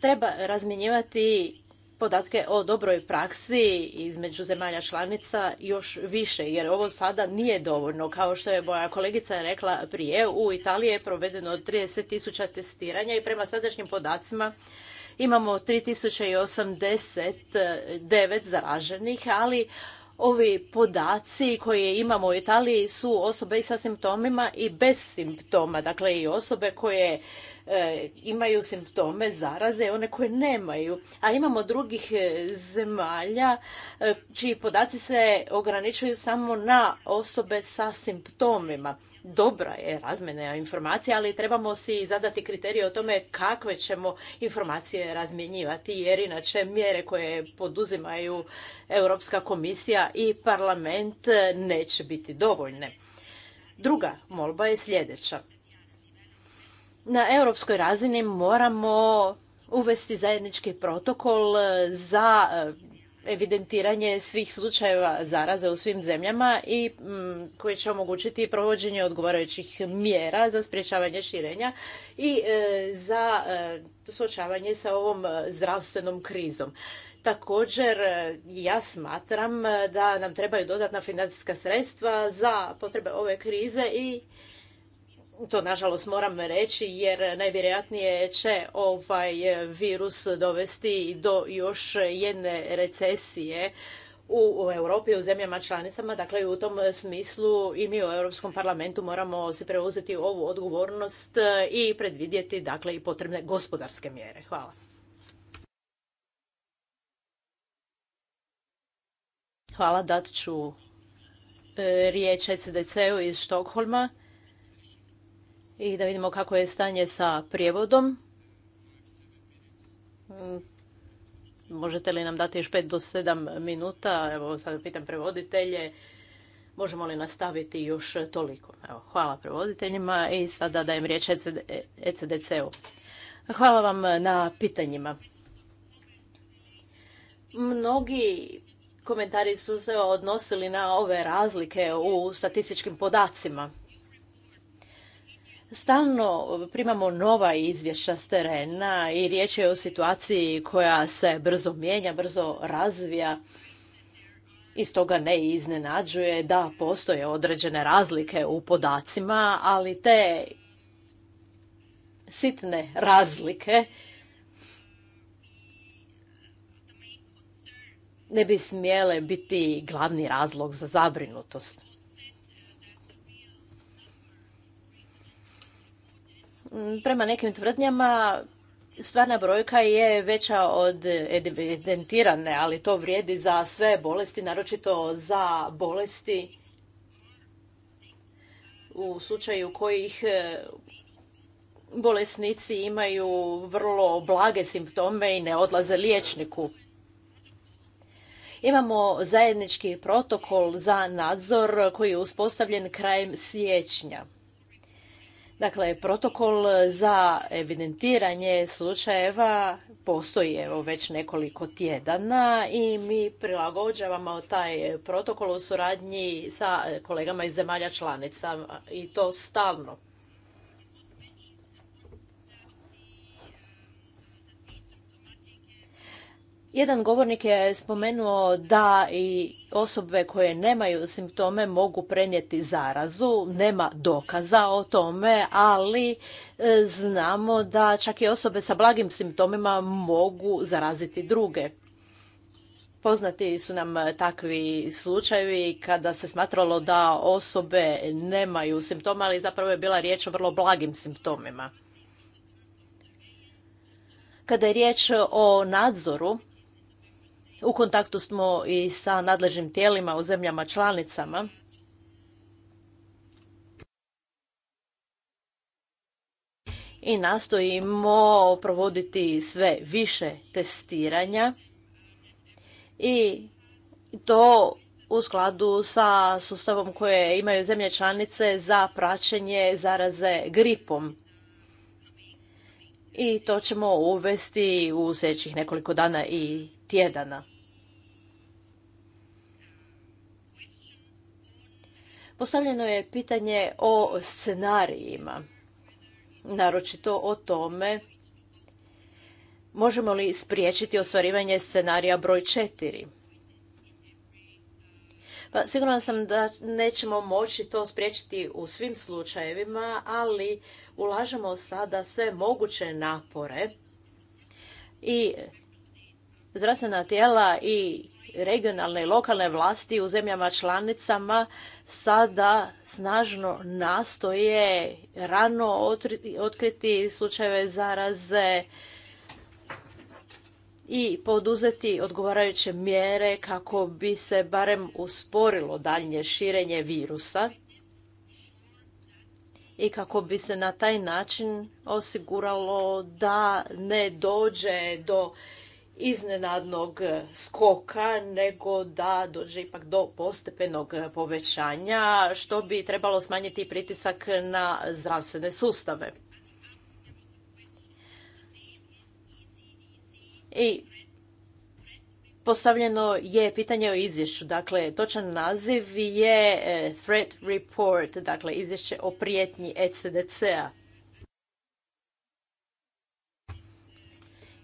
Treba razmjenjivati podatke o dobroj praksi između zemalja članica još više, jer ovo sada nije dovoljno. Kao što je moja kolegica rekla prije, u Italiji je provedeno 30.000 testiranja i prema sadašnjim podacima imamo 3089 zaraženih, ali ovi podaci koje imamo u Italiji su osobe i sa simptomima i bez simptoma, dakle i osobe koje E, imaju simptome zaraze one koje nemaju. A imamo drugih e, zemalja e, čiji podaci se ograničuju samo na osobe sa simptomima. Dobra je razmjena informacija, ali trebamo si zadati kriterije o tome kakve ćemo informacije razmjenjivati, jer inače mjere koje poduzimaju Europska komisija i parlament neće biti dovoljne. Druga molba je sljedeća na europskoj razini moramo uvesti zajednički protokol za eh, evidentiranje svih slučajeva zaraze u svim zemljama i mm, koji će omogućiti provođenje odgovarajućih mjera za sprječavanje širenja i eh, za eh, suočavanje sa ovom zdravstvenom krizom. Također, ja smatram da nam trebaju dodatna financijska sredstva za potrebe ove krize i to nažalost moram reći jer najvjerojatnije će ovaj virus dovesti do još jedne recesije u Europi, u zemljama članicama. Dakle, u tom smislu i mi u Europskom parlamentu moramo se preuzeti ovu odgovornost i predvidjeti dakle, i potrebne gospodarske mjere. Hvala. Hvala, dat ću e, riječ ECDC-u iz Štokholma i da vidimo kako je stanje sa prijevodom. Mm, možete li nam dati još 5 do 7 minuta? Evo sad pitam prevoditelje. Možemo li nastaviti još toliko? Evo, hvala prevoditeljima i sada dajem riječ ECDC-u. E hvala vam na pitanjima. Mnogi komentari su se odnosili na ove razlike u statističkim podacima. Stalno primamo nova izvješća s terena i riječ je o situaciji koja se brzo mijenja, brzo razvija. I stoga ne iznenađuje da postoje određene razlike u podacima, ali te sitne razlike ne bi smjele biti glavni razlog za zabrinutost. Mm, prema nekim tvrdnjama stvarna brojka je veća od evidentirane, ali to vrijedi za sve bolesti, naročito za bolesti u slučaju kojih e, bolesnici imaju vrlo blage simptome i ne odlaze liječniku. Imamo zajednički protokol za nadzor koji je uspostavljen krajem siječnja. Dakle, protokol za evidentiranje slučajeva postoji evo već nekoliko tjedana i mi prilagođavamo taj protokol u suradnji sa kolegama iz zemalja članica i to stalno. Jedan govornik je spomenuo da i osobe koje nemaju simptome mogu prenijeti zarazu, nema dokaza o tome, ali e, znamo da čak i osobe sa blagim simptomima mogu zaraziti druge. Poznati su nam takvi slučajevi kada se smatralo da osobe nemaju simptoma, ali zapravo je bila riječ o vrlo blagim simptomima. Kada je riječ o nadzoru, u kontaktu smo i sa nadležnim tijelima u zemljama članicama. I nastojimo provoditi sve više testiranja i to u skladu sa sustavom koje imaju zemlje članice za praćenje zaraze gripom. I to ćemo uvesti u sljedećih nekoliko dana i tjedana. Postavljeno je pitanje o scenarijima, naročito o tome možemo li spriječiti ostvarivanje scenarija broj četiri? Pa sigurno sam da nećemo moći to spriječiti u svim slučajevima, ali ulažemo sada sve moguće napore i zdravstvena tijela i regionalne i lokalne vlasti u zemljama članicama sada snažno nastoje rano otkriti slučajeve zaraze i poduzeti odgovarajuće mjere kako bi se barem usporilo daljnje širenje virusa i kako bi se na taj način osiguralo da ne dođe do iznenadnog e, skoka, nego da dođe ipak do postepenog e, povećanja, što bi trebalo smanjiti pritisak na zdravstvene sustave. I postavljeno je pitanje o izvješću. Dakle, točan naziv je e, Threat Report, dakle izvješće o prijetnji ECDC-a.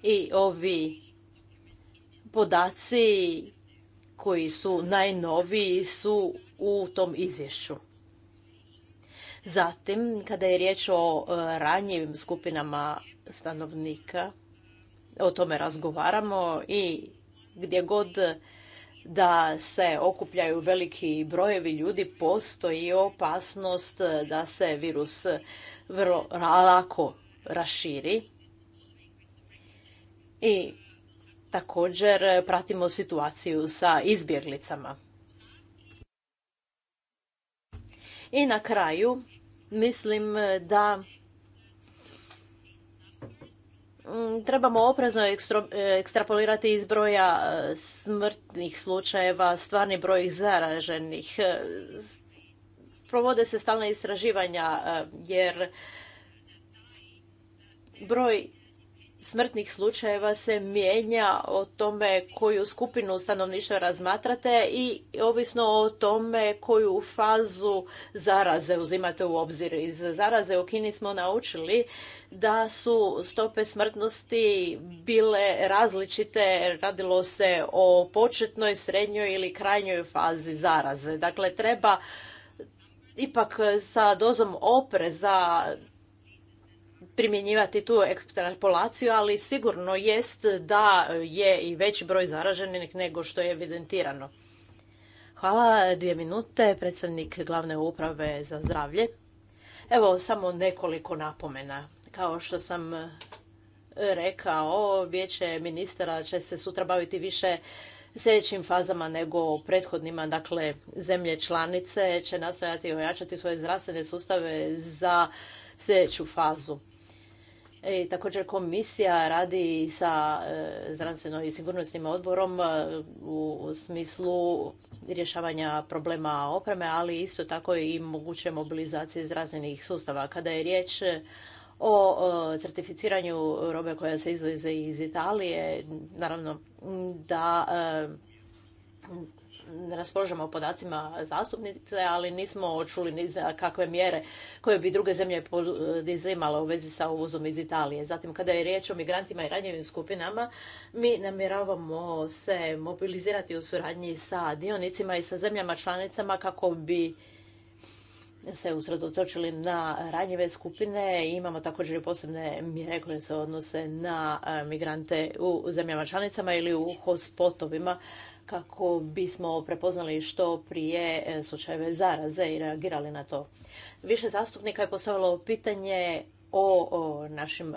I ovi podaci koji su najnoviji su u tom izvješću. Zatim, kada je riječ o e, ranjivim skupinama stanovnika, o tome razgovaramo i gdje god da se okupljaju veliki brojevi ljudi, postoji opasnost da se virus vrlo lako raširi. I također pratimo situaciju sa izbjeglicama. I na kraju mislim da mm, trebamo oprezno ekstrapolirati iz broja e, smrtnih slučajeva stvarni broj zaraženih. E, provode se stalna istraživanja e, jer broj smrtnih slučajeva se mijenja o tome koju skupinu stanovništva razmatrate i ovisno o tome koju fazu zaraze uzimate u obzir. Iz zaraze u Kini smo naučili da su stope smrtnosti bile različite, radilo se o početnoj, srednjoj ili krajnjoj fazi zaraze. Dakle, treba ipak sa dozom opreza primjenjivati tu ekstrapolaciju, ali sigurno jest da je i veći broj zaraženih nego što je evidentirano. Hvala, dvije minute, predstavnik glavne uprave za zdravlje. Evo, samo nekoliko napomena. Kao što sam e, rekao, vijeće ministara će se sutra baviti više sljedećim fazama nego prethodnima, dakle zemlje članice će nastojati ojačati svoje zdravstvene sustave za sljedeću fazu. I e, također komisija radi sa e, zdravstveno i sigurnosnim odborom e, u smislu rješavanja problema opreme, ali isto tako i moguće mobilizacije zdravstvenih sustava. Kada je riječ o certificiranju robe koja se izveze iz Italije, naravno da raspolažemo podacima zastupnice, ali nismo čuli ni za kakve mjere koje bi druge zemlje poduzimale u vezi sa uvozom iz Italije. Zatim, kada je riječ o migrantima i ranjivim skupinama, mi namjeravamo se mobilizirati u suradnji sa dionicima i sa zemljama članicama kako bi se usredotočili na ranjive skupine imamo također i posebne mjere koje se odnose na migrante u zemljama članicama ili u hotspotovima kako bismo prepoznali što prije e, slučajeve zaraze i reagirali na to. Više zastupnika je postavilo pitanje o, našim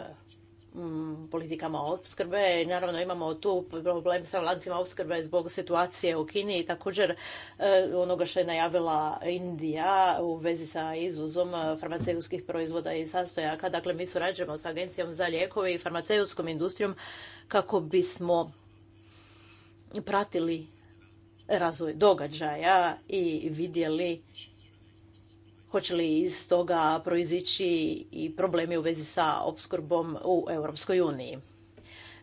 mm, politikama opskrbe. Naravno imamo tu problem sa lancima opskrbe zbog situacije u Kini i također e, onoga što je najavila Indija u vezi sa izuzom farmaceutskih proizvoda i sastojaka. Dakle, mi surađujemo sa Agencijom za lijekove i farmaceutskom industrijom kako bismo pratili razvoj događaja i vidjeli hoće li iz toga proizići i problemi u vezi sa opskrbom u Europskoj uniji.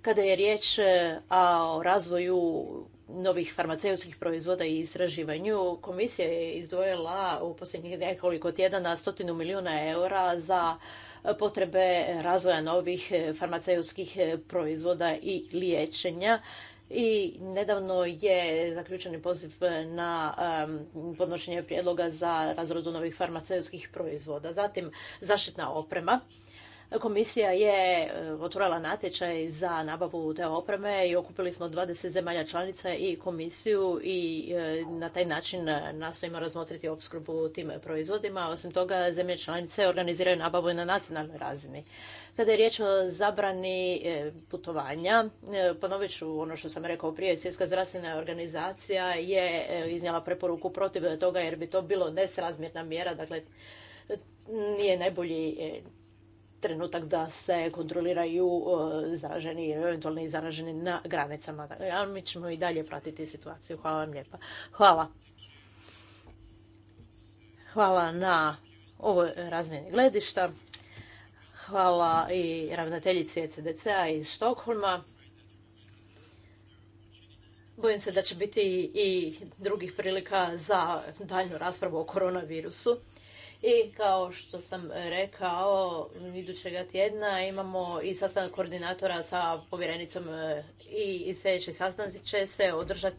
Kada je riječ o razvoju novih farmaceutskih proizvoda i istraživanju, komisija je izdvojila u posljednjih nekoliko tjedana stotinu milijuna eura za potrebe razvoja novih farmaceutskih proizvoda i liječenja i nedavno je zaključeni poziv na podnošenje prijedloga za razradu novih farmaceutskih proizvoda. Zatim zaštitna oprema. Komisija je eh, otvorila natječaj za nabavu te opreme i okupili smo 20 zemalja članica i komisiju i eh, na taj način eh, nastojimo razmotriti opskrbu tim proizvodima. Osim toga, zemlje članice organiziraju nabavu i na nacionalnoj razini. Kada je riječ o zabrani e, putovanja, e, ponovit ću ono što sam rekao prije, Svjetska zdravstvena organizacija je e, iznijela preporuku protiv toga jer bi to bilo nesrazmjerna mjera, dakle nije najbolji trenutak da se kontroliraju zaraženi i eventualni zaraženi na granicama. Dakle, a mi ćemo i dalje pratiti situaciju. Hvala vam lijepa. Hvala. Hvala na ovoj razmjeni gledišta. Hvala i ravnateljici ECDC-a iz Štokholma. Bojim se da će biti i drugih prilika za daljnju raspravu o koronavirusu. I kao što sam rekao, idućega tjedna imamo i sastanak koordinatora sa povjerenicom e, i sljedeći sastanak će se održati